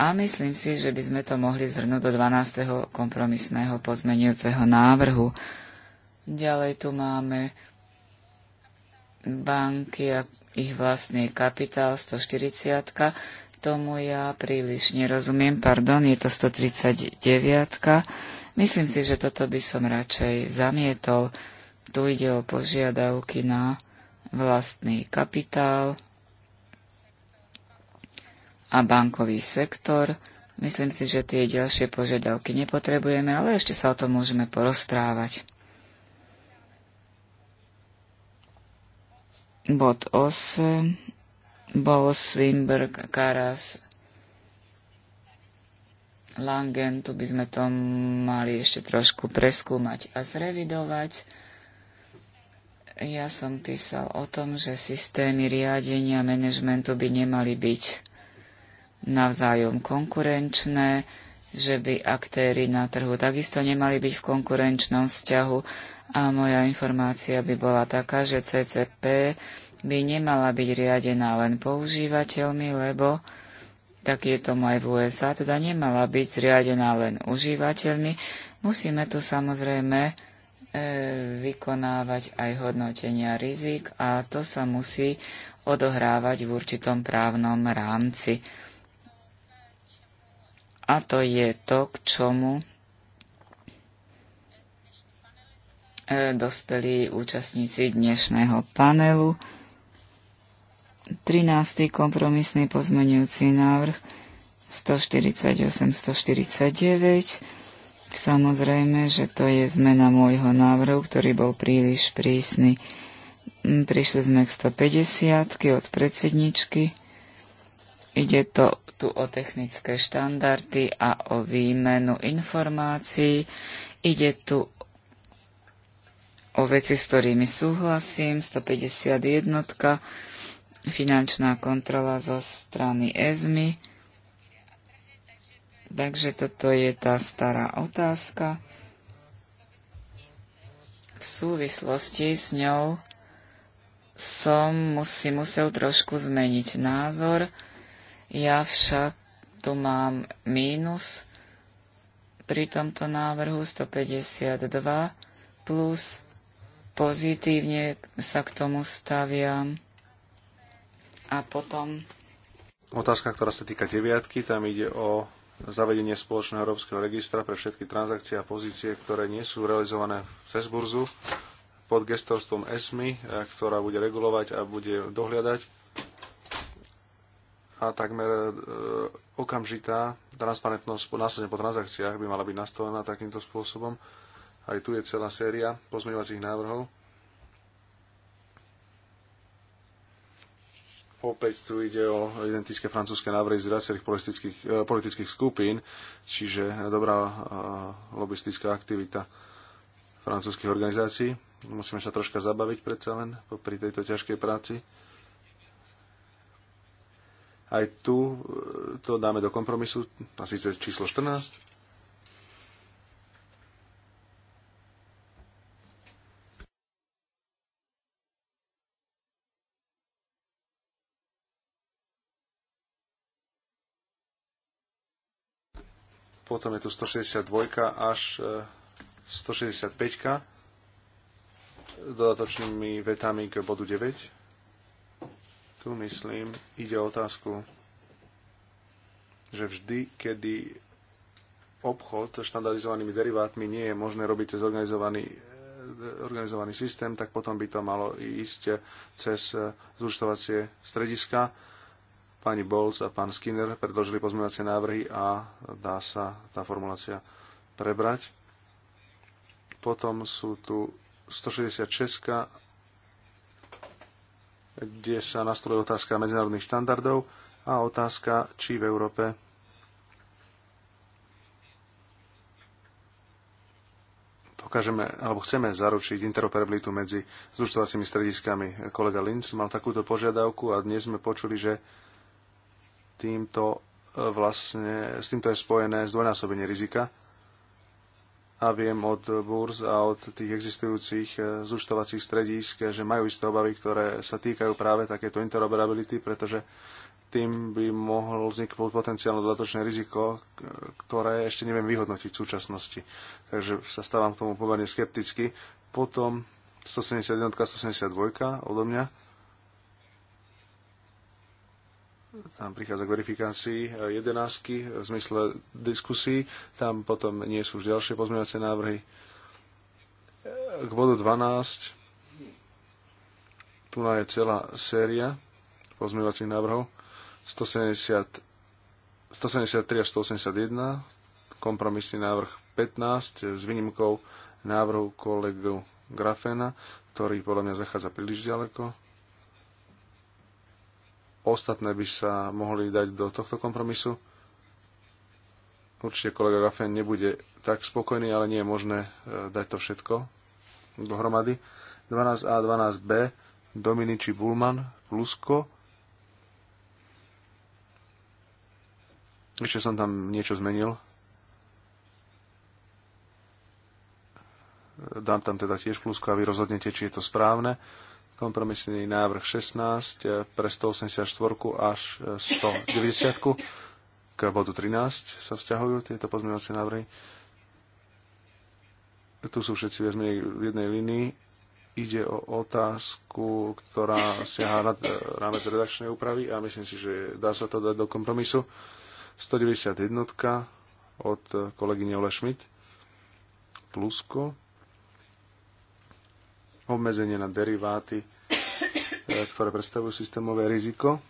a myslím si, že by sme to mohli zhrnúť do 12. kompromisného pozmenujúceho návrhu. Ďalej tu máme banky a ich vlastný kapitál 140. Tomu ja príliš nerozumiem, pardon, je to 139. Myslím si, že toto by som radšej zamietol. Tu ide o požiadavky na vlastný kapitál a bankový sektor. Myslím si, že tie ďalšie požiadavky nepotrebujeme, ale ešte sa o tom môžeme porozprávať. Bod 8. Bol Swinberg, Karas, Langen, tu by sme to mali ešte trošku preskúmať a zrevidovať. Ja som písal o tom, že systémy riadenia manažmentu by nemali byť navzájom konkurenčné, že by aktéry na trhu takisto nemali byť v konkurenčnom vzťahu a moja informácia by bola taká, že CCP by nemala byť riadená len používateľmi, lebo tak je tomu aj v USA, teda nemala byť zriadená len užívateľmi. Musíme tu samozrejme e, vykonávať aj hodnotenia rizik a to sa musí odohrávať v určitom právnom rámci. A to je to, k čomu E, dospelí účastníci dnešného panelu. 13. kompromisný pozmenujúci návrh 148-149. Samozrejme, že to je zmena môjho návrhu, ktorý bol príliš prísny. Mm, prišli sme k 150 od predsedničky. Ide to tu o technické štandardy a o výmenu informácií. Ide tu o veci, s ktorými súhlasím. 151. Finančná kontrola zo strany ESMI. Takže toto je tá stará otázka. V súvislosti s ňou som si musel trošku zmeniť názor. Ja však tu mám mínus pri tomto návrhu 152 plus pozitívne sa k tomu staviam. A potom... Otázka, ktorá sa týka deviatky, tam ide o zavedenie spoločného európskeho registra pre všetky transakcie a pozície, ktoré nie sú realizované cez burzu pod gestorstvom ESMI, eh, ktorá bude regulovať a bude dohliadať. A takmer e, okamžitá transparentnosť následne po transakciách by mala byť nastolená takýmto spôsobom aj tu je celá séria pozmeňovacích návrhov. Opäť tu ide o identické francúzske návrhy z viacerých politických, eh, politických skupín, čiže dobrá eh, lobistická aktivita francúzskych organizácií. Musíme sa troška zabaviť predsa len pri tejto ťažkej práci. Aj tu eh, to dáme do kompromisu, a síce číslo 14. Potom je tu 162 až 165 e, S dodatočnými vetami k bodu 9. Tu myslím, ide o otázku, že vždy, kedy obchod štandardizovanými derivátmi nie je možné robiť cez organizovaný, e, organizovaný systém, tak potom by to malo ísť cez e, zúčtovacie strediska pani Bolz a pán Skinner predložili pozmeňovacie návrhy a dá sa tá formulácia prebrať. Potom sú tu 166, kde sa nastoluje otázka medzinárodných štandardov a otázka, či v Európe dokážeme, alebo chceme zaručiť interoperabilitu medzi zúčtovacími strediskami. Kolega Linz mal takúto požiadavku a dnes sme počuli, že týmto e, vlastne, s týmto je spojené zdvojnásobenie rizika. A viem od burz a od tých existujúcich e, zúčtovacích stredísk, že majú isté obavy, ktoré sa týkajú práve takéto interoperability, pretože tým by mohol vzniknúť potenciálne dodatočné riziko, ktoré ešte neviem vyhodnotiť v súčasnosti. Takže sa stávam k tomu pomerne skepticky. Potom 171, 172 odo mňa tam prichádza k verifikácii e, jedenásky e, v zmysle diskusí, tam potom nie sú už ďalšie pozmeňovacie návrhy. E, k bodu 12 tu je celá séria pozmeňovacích návrhov 170, 173 až 181, kompromisný návrh 15 s výnimkou návrhu kolegu Grafena, ktorý podľa mňa zachádza príliš ďaleko Ostatné by sa mohli dať do tohto kompromisu. Určite kolega Gafen nebude tak spokojný, ale nie je možné e, dať to všetko dohromady. 12a, 12b, Dominiči Bulman, Plusko, Ešte som tam niečo zmenil. E, dám tam teda tiež plusko a vy rozhodnete, či je to správne kompromisný návrh 16 eh, pre 184 až 190 eh, k bodu 13 sa vzťahujú tieto pozmeňovacie návrhy. Tu sú všetci viac menej v jednej línii. Ide o otázku, ktorá siaha nad eh, rámec redakčnej úpravy a myslím si, že dá sa to dať do kompromisu. 191 od kolegyne Ole Schmidt. Plusko obmedzenie na deriváty, eh, ktoré predstavujú systémové riziko.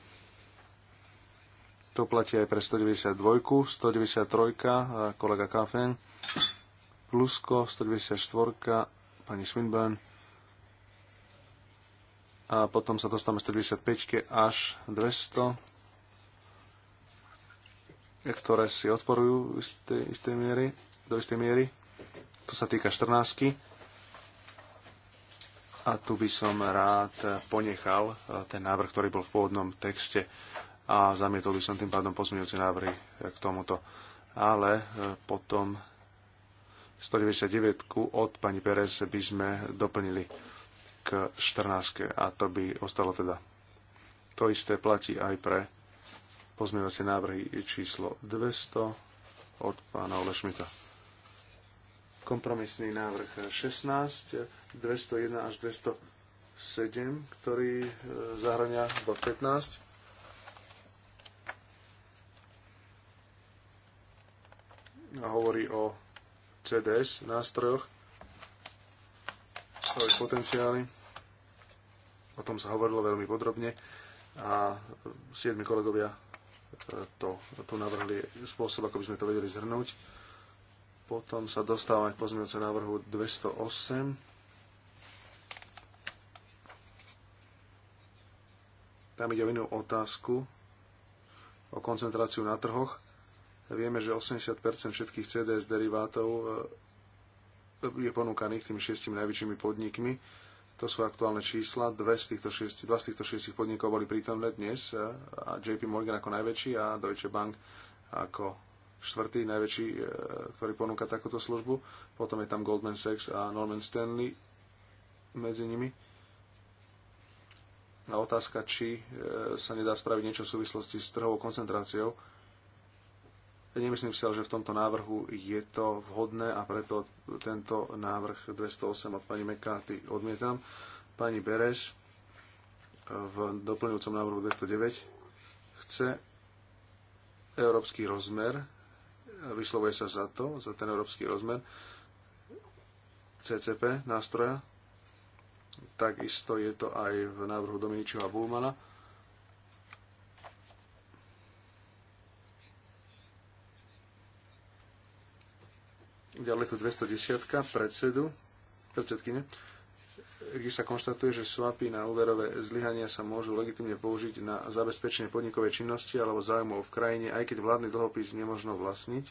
To platí aj pre 192, 193, kolega Kafen, Plusko, 194, pani Swinburne. A potom sa dostávame 195 až 200, ktoré si odporujú istej, istej miery, do istej miery. To sa týka 14. A tu by som rád ponechal eh, ten návrh, ktorý bol v pôvodnom texte a zamietol by som tým pádom pozmeňujúce návrhy eh, k tomuto. Ale eh, potom 199 od pani Perez by sme doplnili k 14 a to by ostalo teda. To isté platí aj pre pozmeňovacie návrhy číslo 200 od pána Olešmita kompromisný návrh 16, 201 až 207, ktorý e, zahrania bod 15. A hovorí o CDS nástrojoch, svojich potenciály. O tom sa hovorilo veľmi podrobne a siedmi kolegovia e, to, to navrhli spôsob, ako by sme to vedeli zhrnúť potom sa dostávame k pozmeňujúcemu návrhu 208. Tam ide o inú otázku, o koncentráciu na trhoch. Vieme, že 80 všetkých CDS derivátov e, je ponúkaných tými šiestimi najväčšími podnikmi. To sú aktuálne čísla. Dve z týchto šiesti, dva z týchto šiestich podnikov boli prítomné dnes. E, a JP Morgan ako najväčší a Deutsche Bank ako štvrtý najväčší, e, ktorý ponúka takúto službu. Potom je tam Goldman Sachs a Norman Stanley medzi nimi. A otázka, či e, sa nedá spraviť niečo v súvislosti s trhovou koncentráciou. Nemyslím si ale, že v tomto návrhu je to vhodné a preto tento návrh 208 od pani Mekáty odmietam. Pani Bereš e, v doplňujúcom návrhu 209 chce európsky rozmer vyslovuje sa za to, za ten európsky rozmer CCP nástroja. Takisto je to aj v návrhu Dominičova Bulmana. Ďalej tu 210 predsedu, predsedkyne kde sa konštatuje, že svapy na úverové zlyhania sa môžu legitimne použiť na zabezpečenie podnikovej činnosti alebo zájmov v krajine, aj keď vládny dlhopis nemožno vlastniť.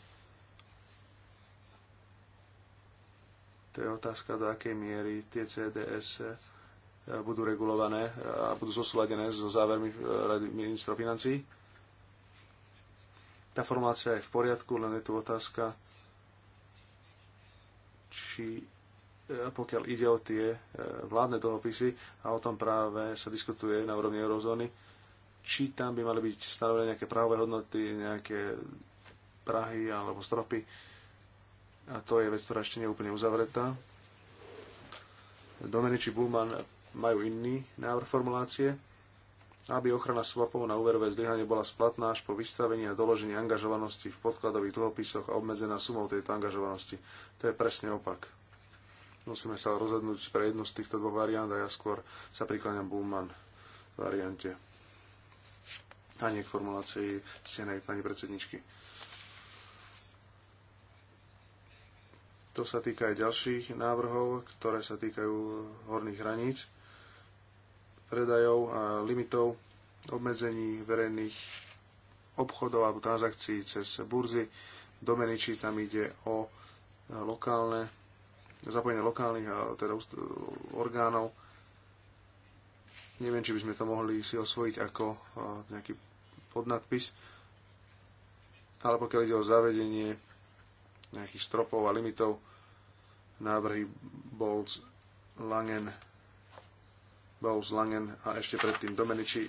To je otázka, do akej miery tie CDS eh, budú regulované eh, a budú zosúladené so závermi eh, Rady ministra financí. Tá formácia je v poriadku, len je tu otázka, či E, pokiaľ ide o tie e, vládne dlhopisy a o tom práve sa diskutuje na úrovni eurozóny, či tam by mali byť stanovené nejaké právové hodnoty, nejaké prahy alebo stropy. A to je vec, ktorá ešte nie je úplne uzavretá. či Bulman majú iný návrh formulácie, aby ochrana swapov na úverové zlyhanie bola splatná až po vystavení a doložení angažovanosti v podkladových dlhopisoch a obmedzená sumou tejto angažovanosti. To je presne opak. Musíme sa rozhodnúť pre jednu z týchto dvoch variant a ja skôr sa prikláňam Bullman variante a nie k formulácii ctenej pani predsedničky. To sa týka aj ďalších návrhov, ktoré sa týkajú horných hraníc, predajov a limitov, obmedzení verejných obchodov alebo transakcií cez burzy. Domeny, či tam ide o lokálne zapojenie lokálnych a teda orgánov. Neviem, či by sme to mohli si osvojiť ako nejaký podnadpis, ale pokiaľ ide o zavedenie nejakých stropov a limitov, návrhy Bolz Langen, Bolz Langen a ešte predtým Domeniči.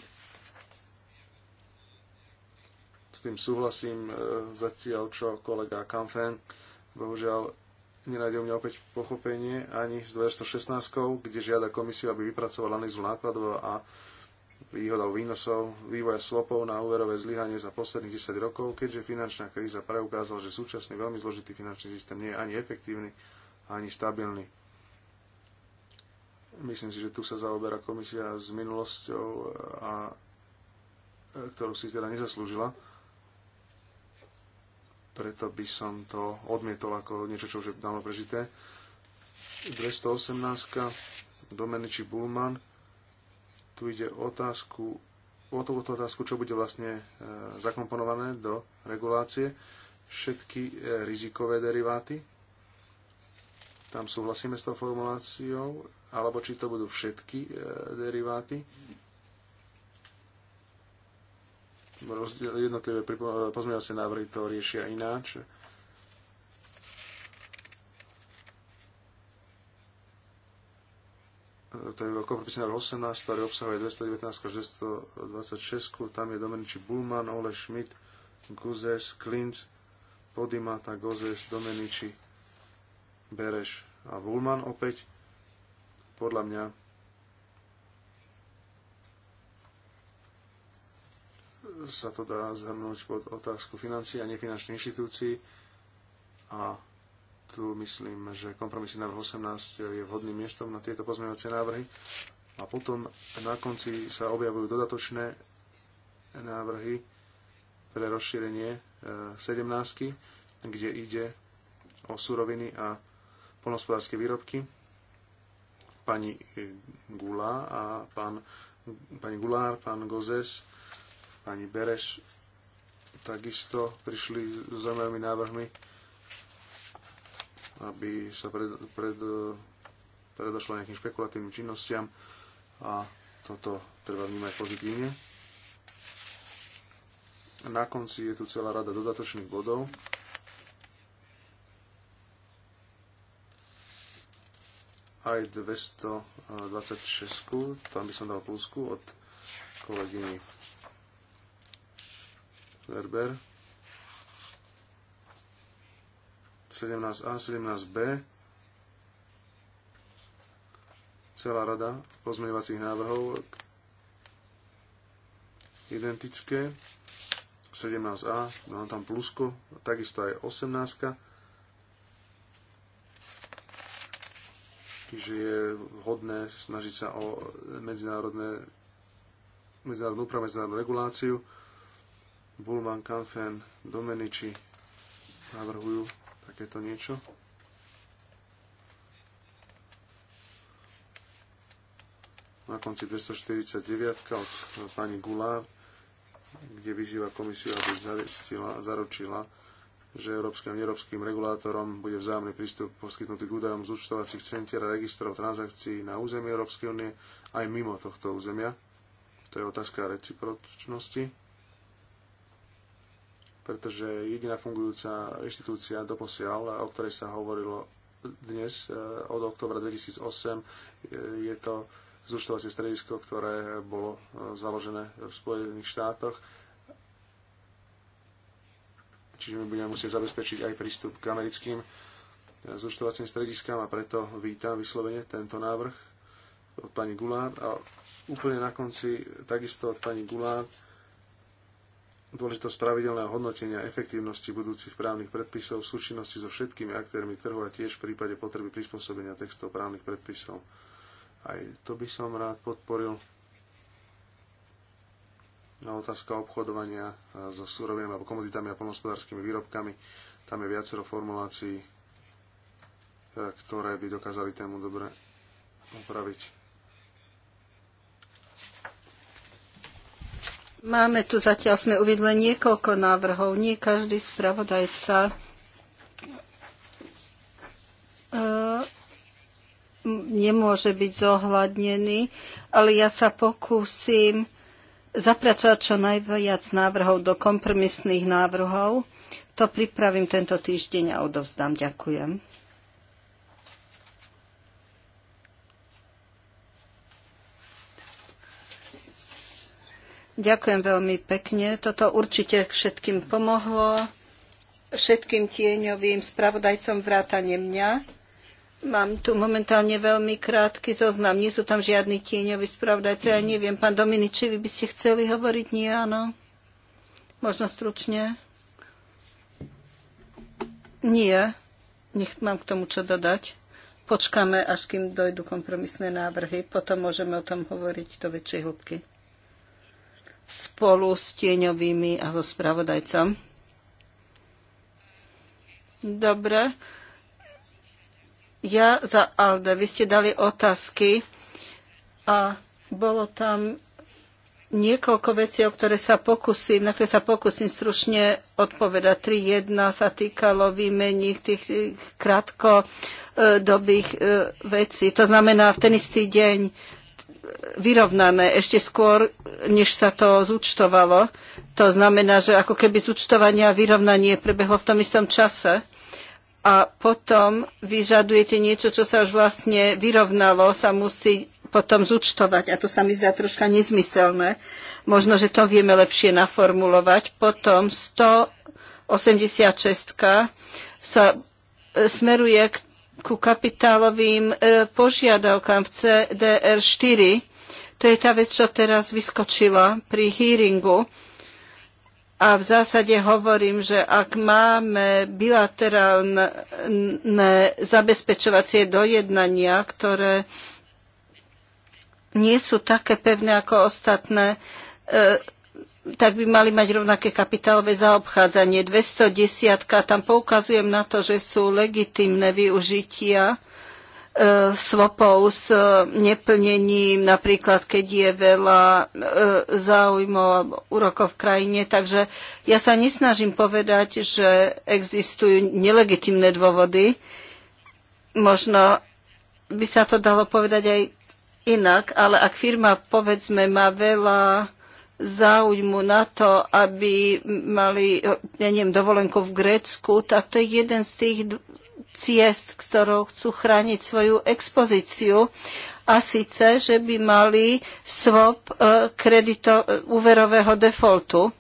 S tým súhlasím e, zatiaľ, čo kolega Kamfen bohužiaľ nenájde u mňa opäť pochopenie ani s 216, kde žiada komisiu, aby vypracovala analýzu nákladov a výhodou výnosov vývoja slopov na úverové zlyhanie za posledných 10 rokov, keďže finančná kríza preukázala, že súčasný veľmi zložitý finančný systém nie je ani efektívny, ani stabilný. Myslím si, že tu sa zaoberá komisia s minulosťou, a, ktorú si teda nezaslúžila preto by som to odmietol ako niečo, čo už je dávno prežité. 218. Domeniči Bulman. Tu ide otázku, o tú otázku, čo bude vlastne e, zakomponované do regulácie. Všetky e, rizikové deriváty. Tam súhlasíme s tou formuláciou, alebo či to budú všetky e, deriváty jednotlivé eh, pozmeňovacie návrhy to riešia ináč. Eh, to je kompromisný návrh 18, ktorý obsahuje 219 až 226, tam je Domeniči Bulman, Ole Schmidt, Guzes, Klinc, Podimata, Gozes, Domeniči, Bereš a Bulman opäť. Podľa mňa sa to dá zhrnúť pod otázku financí a nefinančných inštitúcií. A tu myslím, že kompromisný návrh 18 je vhodným miestom na tieto pozmeňovacie návrhy. A potom na konci sa objavujú dodatočné návrhy pre rozšírenie 17, e, kde ide o suroviny a polnospodárske výrobky. Pani Gula a pán, pani Gulár, pán Gozes pani Bereš takisto prišli s zaujímavými návrhmi, aby sa pred, pred, predošlo nejakým špekulatívnym činnostiam a toto treba vnímať pozitívne. Na konci je tu celá rada dodatočných bodov. Aj 226, tam by som dal plusku od kolegyny Verber. 17a, 17b. Celá rada pozmeňovacích návrhov identické. 17a, mám tam plusko, takisto aj 18. Čiže je hodné snažiť sa o medzinárodné, medzinárodnú úpravu, medzinárodnú reguláciu. Bulman, Kanfen, Domeniči navrhujú takéto niečo. Na konci 249 od pani Gulár, kde vyzýva komisiu, aby zaručila, že európskym a európskym regulátorom bude vzájomný prístup poskytnutý k údajom z účtovacích centier a registrov transakcií na území Európskej únie aj mimo tohto územia. To je otázka recipročnosti pretože jediná fungujúca inštitúcia doposiaľ, o ktorej sa hovorilo dnes e, od oktobra 2008, e, je to zúčtovacie stredisko, ktoré bolo e, založené v Spojených štátoch. Čiže my budeme musieť zabezpečiť aj prístup k americkým zúčtovacím strediskám a preto vítam vyslovene tento návrh od pani gulán. A úplne na konci takisto od pani gulán dôležitosť pravidelného hodnotenia efektívnosti budúcich právnych predpisov v súčinnosti so všetkými aktérmi trhu a tiež v prípade potreby prispôsobenia textov právnych predpisov. Aj to by som rád podporil. Na no, otázka obchodovania e, so súrovinami alebo komoditami a polnospodárskymi výrobkami. Tam je viacero formulácií, e, ktoré by dokázali tému dobre upraviť. Máme tu zatiaľ, sme uvidli niekoľko návrhov. Nie každý spravodajca e, nemôže byť zohľadnený, ale ja sa pokúsim zapracovať čo najviac návrhov do kompromisných návrhov. To pripravím tento týždeň a odovzdám. Ďakujem. Ďakujem veľmi pekne. Toto určite všetkým pomohlo, všetkým tieňovým spravodajcom vrátane mňa. Mám tu momentálne veľmi krátky zoznam. Nie sú tam žiadni tieňoví spravodajci. Ja neviem, pán Dominič, vy by ste chceli hovoriť? Nie, áno. Možno stručne. Nie. Nech mám k tomu čo dodať. Počkáme, až kým dojdú kompromisné návrhy. Potom môžeme o tom hovoriť do väčšej hĺbky spolu s tieňovými a so spravodajcom. Dobre. Ja za Alde. Vy ste dali otázky a bolo tam niekoľko vecí, o ktoré sa pokusím, na ktoré sa pokusím stručne odpovedať. 3.1 sa týkalo výmení tých, tých krátkodobých e, vecí. To znamená v ten istý deň vyrovnané ešte skôr, než sa to zúčtovalo. To znamená, že ako keby zúčtovanie a vyrovnanie prebehlo v tom istom čase a potom vyžadujete niečo, čo sa už vlastne vyrovnalo, sa musí potom zúčtovať. A to sa mi zdá troška nezmyselné. Možno, že to vieme lepšie naformulovať. Potom 186 sa smeruje k ku kapitálovým e, požiadavkám v CDR 4. To je tá vec, čo teraz vyskočila pri hearingu. A v zásade hovorím, že ak máme bilaterálne zabezpečovacie dojednania, ktoré nie sú také pevné ako ostatné, e, tak by mali mať rovnaké kapitálové zaobchádzanie. 210, tam poukazujem na to, že sú legitimné využitia e, svopov s e, neplnením, napríklad keď je veľa e, záujmov alebo úrokov v krajine. Takže ja sa nesnažím povedať, že existujú nelegitimné dôvody. Možno by sa to dalo povedať aj inak, ale ak firma, povedzme, má veľa záujmu na to, aby mali, ja neviem, dovolenku v Grécku, tak to je jeden z tých ciest, ktorou chcú chrániť svoju expozíciu. A síce, že by mali swap e, kredito, e, úverového defaultu.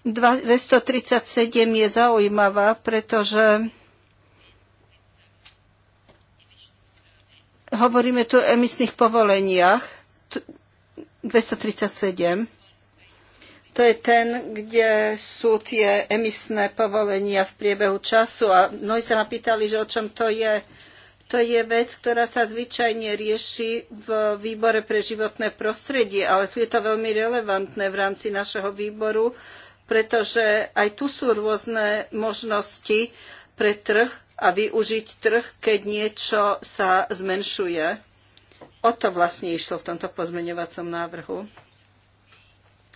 Dva, 237 je zaujímavá, pretože Hovoríme tu o emisných povoleniach 237. To je ten, kde sú tie emisné povolenia v priebehu času a mnohí sa ma pýtali, že o čom to je. To je vec, ktorá sa zvyčajne rieši v výbore pre životné prostredie, ale tu je to veľmi relevantné v rámci našeho výboru, pretože aj tu sú rôzne možnosti pre trh, a využiť trh, keď niečo sa zmenšuje. O to vlastne išlo v tomto pozmeňovacom návrhu.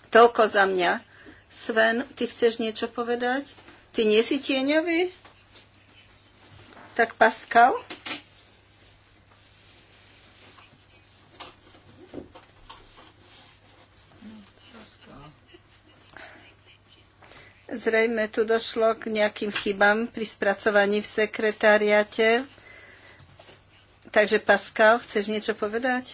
Toľko za mňa. Sven, ty chceš niečo povedať? Ty nie si tieňový? Tak Pascal? Zrejme tu došlo k nejakým chybám pri spracovaní v sekretariate. Takže Pascal, chceš niečo povedať?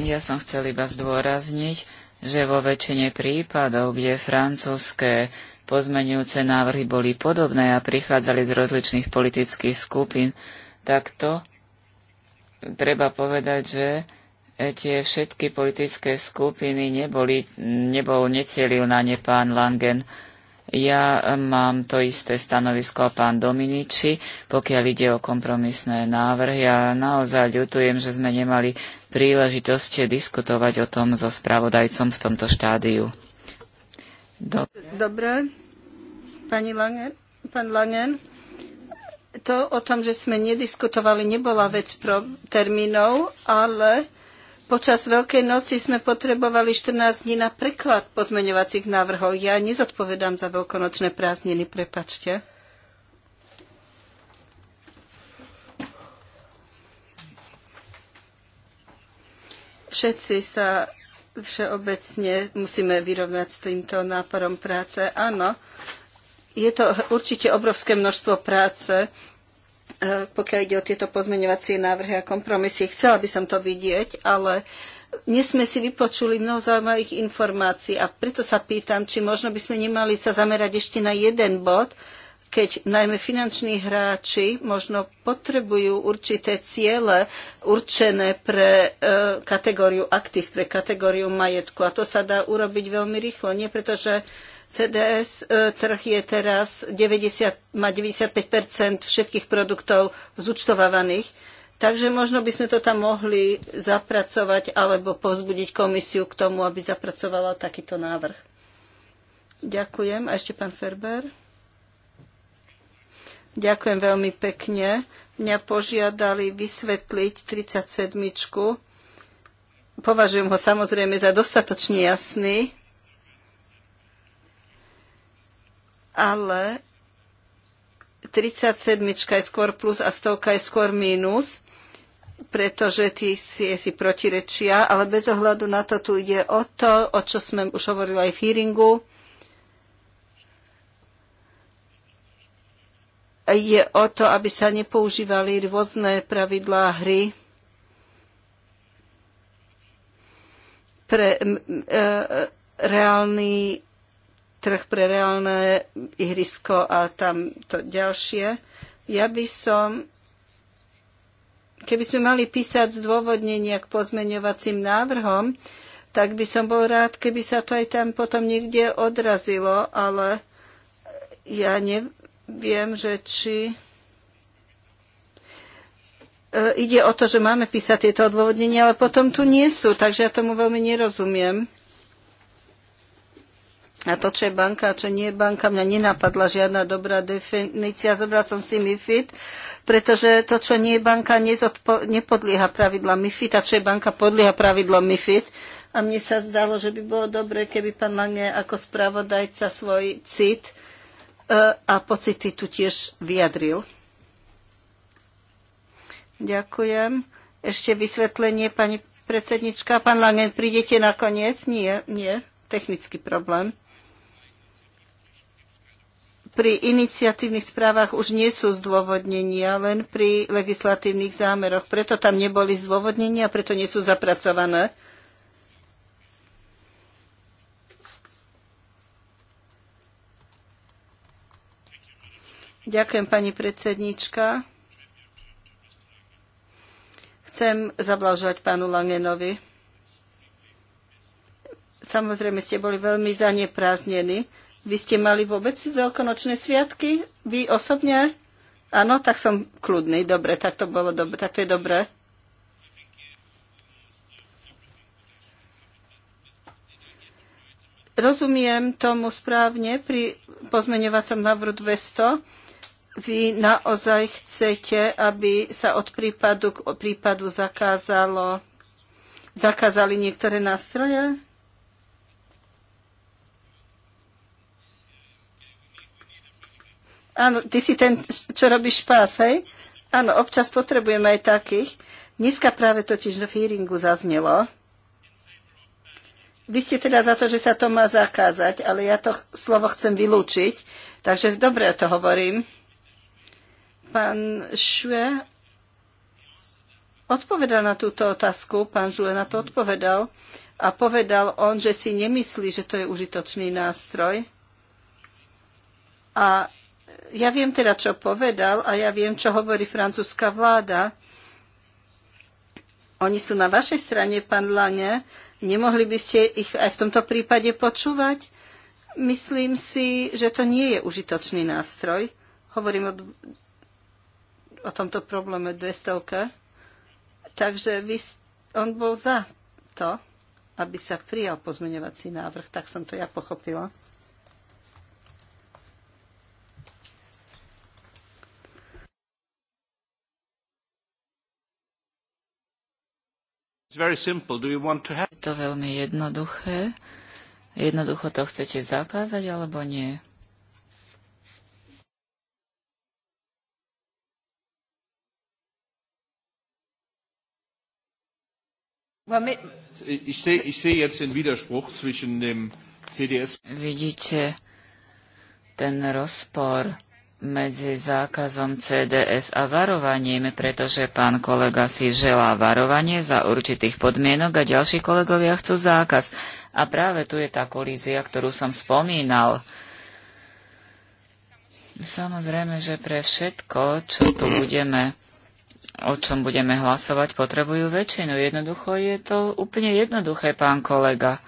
Ja som chcel iba zdôrazniť, že vo väčšine prípadov, kde francúzske pozmenujúce návrhy boli podobné a prichádzali z rozličných politických skupín, tak to treba povedať, že E, tie všetky politické skupiny neboli, nebol, necielil na ne pán Langen. Ja e, mám to isté stanovisko a pán Dominiči, pokiaľ ide o kompromisné návrhy. Ja naozaj ľutujem, že sme nemali príležitosť diskutovať o tom so spravodajcom v tomto štádiu. Dobre. Dobre. Pani Langen, pán Langen, to o tom, že sme nediskutovali, nebola vec pro termínov, ale Počas Veľkej noci sme potrebovali 14 dní na preklad pozmeňovacích návrhov. Ja nezodpovedám za veľkonočné prázdniny, prepačte. Všetci sa všeobecne musíme vyrovnať s týmto náporom práce. Áno, je to určite obrovské množstvo práce, E, pokiaľ ide o tieto pozmeňovacie návrhy a kompromisy. Chcela by som to vidieť, ale dnes sme si vypočuli mnoho zaujímavých informácií a preto sa pýtam, či možno by sme nemali sa zamerať ešte na jeden bod, keď najmä finanční hráči možno potrebujú určité ciele určené pre e, kategóriu aktív, pre kategóriu majetku. A to sa dá urobiť veľmi rýchlo, nie pretože CDS e, trh je teraz 90, má 95 všetkých produktov zúčtovávaných. Takže možno by sme to tam mohli zapracovať alebo povzbudiť komisiu k tomu, aby zapracovala takýto návrh. Ďakujem. A ešte pán Ferber. Ďakujem veľmi pekne. Mňa požiadali vysvetliť 37. Považujem ho samozrejme za dostatočne jasný. ale 37 je skôr plus a stovka je skôr mínus, pretože tí si, si protirečia, ale bez ohľadu na to tu ide o to, o čo sme už hovorili aj v hearingu, je o to, aby sa nepoužívali rôzne pravidlá hry pre e, e, reálny trh pre reálne ihrisko a tam to ďalšie. Ja by som, keby sme mali písať zdôvodnenia k pozmeňovacím návrhom, tak by som bol rád, keby sa to aj tam potom niekde odrazilo, ale ja neviem, že či e, ide o to, že máme písať tieto odôvodnenia, ale potom tu nie sú, takže ja tomu veľmi nerozumiem. A to, čo je banka čo nie je banka, mňa nenapadla žiadna dobrá definícia. Zobral som si MIFID, pretože to, čo nie je banka, nepodlieha pravidla MIFID a čo je banka, podlieha pravidlo MIFID. A mne sa zdalo, že by bolo dobre, keby pán Lange ako spravodajca svoj cit e, a pocity tu tiež vyjadril. Ďakujem. Ešte vysvetlenie, pani predsednička. Pán Lange, prídete nakoniec? Nie, nie. Technický problém pri iniciatívnych správach už nie sú zdôvodnenia, len pri legislatívnych zámeroch. Preto tam neboli zdôvodnenia, preto nie sú zapracované. Ďakujem, pani predsednička. Chcem zablažovať pánu Langenovi. Samozrejme, ste boli veľmi zanepráznení. Vy ste mali vôbec veľkonočné sviatky? Vy osobne? Áno, tak som kľudný. Dobre, tak to bolo dobre. Tak to je dobré. Rozumiem tomu správne pri pozmeňovacom návru 200. Vy naozaj chcete, aby sa od prípadu k prípadu zakázalo, zakázali niektoré nástroje? Áno, ty si ten, čo robíš pás, hej? Áno, občas potrebujeme aj takých. Dneska práve totiž v hearingu zaznelo. Vy ste teda za to, že sa to má zakázať, ale ja to slovo chcem vylúčiť, takže dobre to hovorím. Pán Šue odpovedal na túto otázku, pán Žue na to odpovedal a povedal on, že si nemyslí, že to je užitočný nástroj a ja viem teda, čo povedal a ja viem, čo hovorí francúzska vláda. Oni sú na vašej strane, pán Lane. Nemohli by ste ich aj v tomto prípade počúvať? Myslím si, že to nie je užitočný nástroj. Hovorím o, o tomto probléme stovke. Takže vy, on bol za to, aby sa prijal pozmeňovací návrh. Tak som to ja pochopila. Je to veľmi jednoduché. Jednoducho to chcete zakázať alebo nie? Vidíte ten rozpor medzi zákazom CDS a varovaním, pretože pán kolega si želá varovanie za určitých podmienok a ďalší kolegovia chcú zákaz. A práve tu je tá kolízia, ktorú som spomínal. Samozrejme, že pre všetko, čo tu budeme, o čom budeme hlasovať, potrebujú väčšinu. Jednoducho je to úplne jednoduché, pán kolega.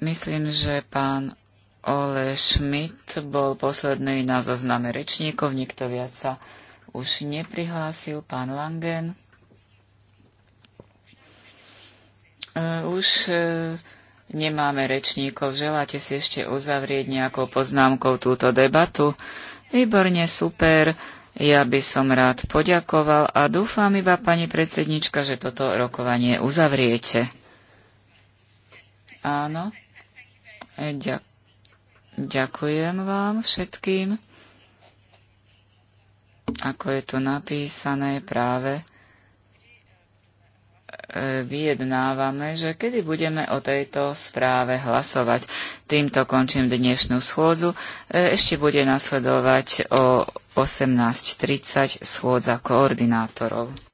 Myslím, že pán Ole Schmidt bol posledný na zozname rečníkov, nikto viac sa už neprihlásil, pán Langen. E, už e, nemáme rečníkov. Želáte si ešte uzavrieť nejakou poznámkou túto debatu? Výborne, super. Ja by som rád poďakoval a dúfam iba, pani predsednička, že toto rokovanie uzavriete. Áno. E, ďakujem. Ďakujem vám všetkým. Ako je tu napísané práve, e, vyjednávame, že kedy budeme o tejto správe hlasovať. Týmto končím dnešnú schôdzu. E, ešte bude nasledovať o 18.30 schôdza koordinátorov.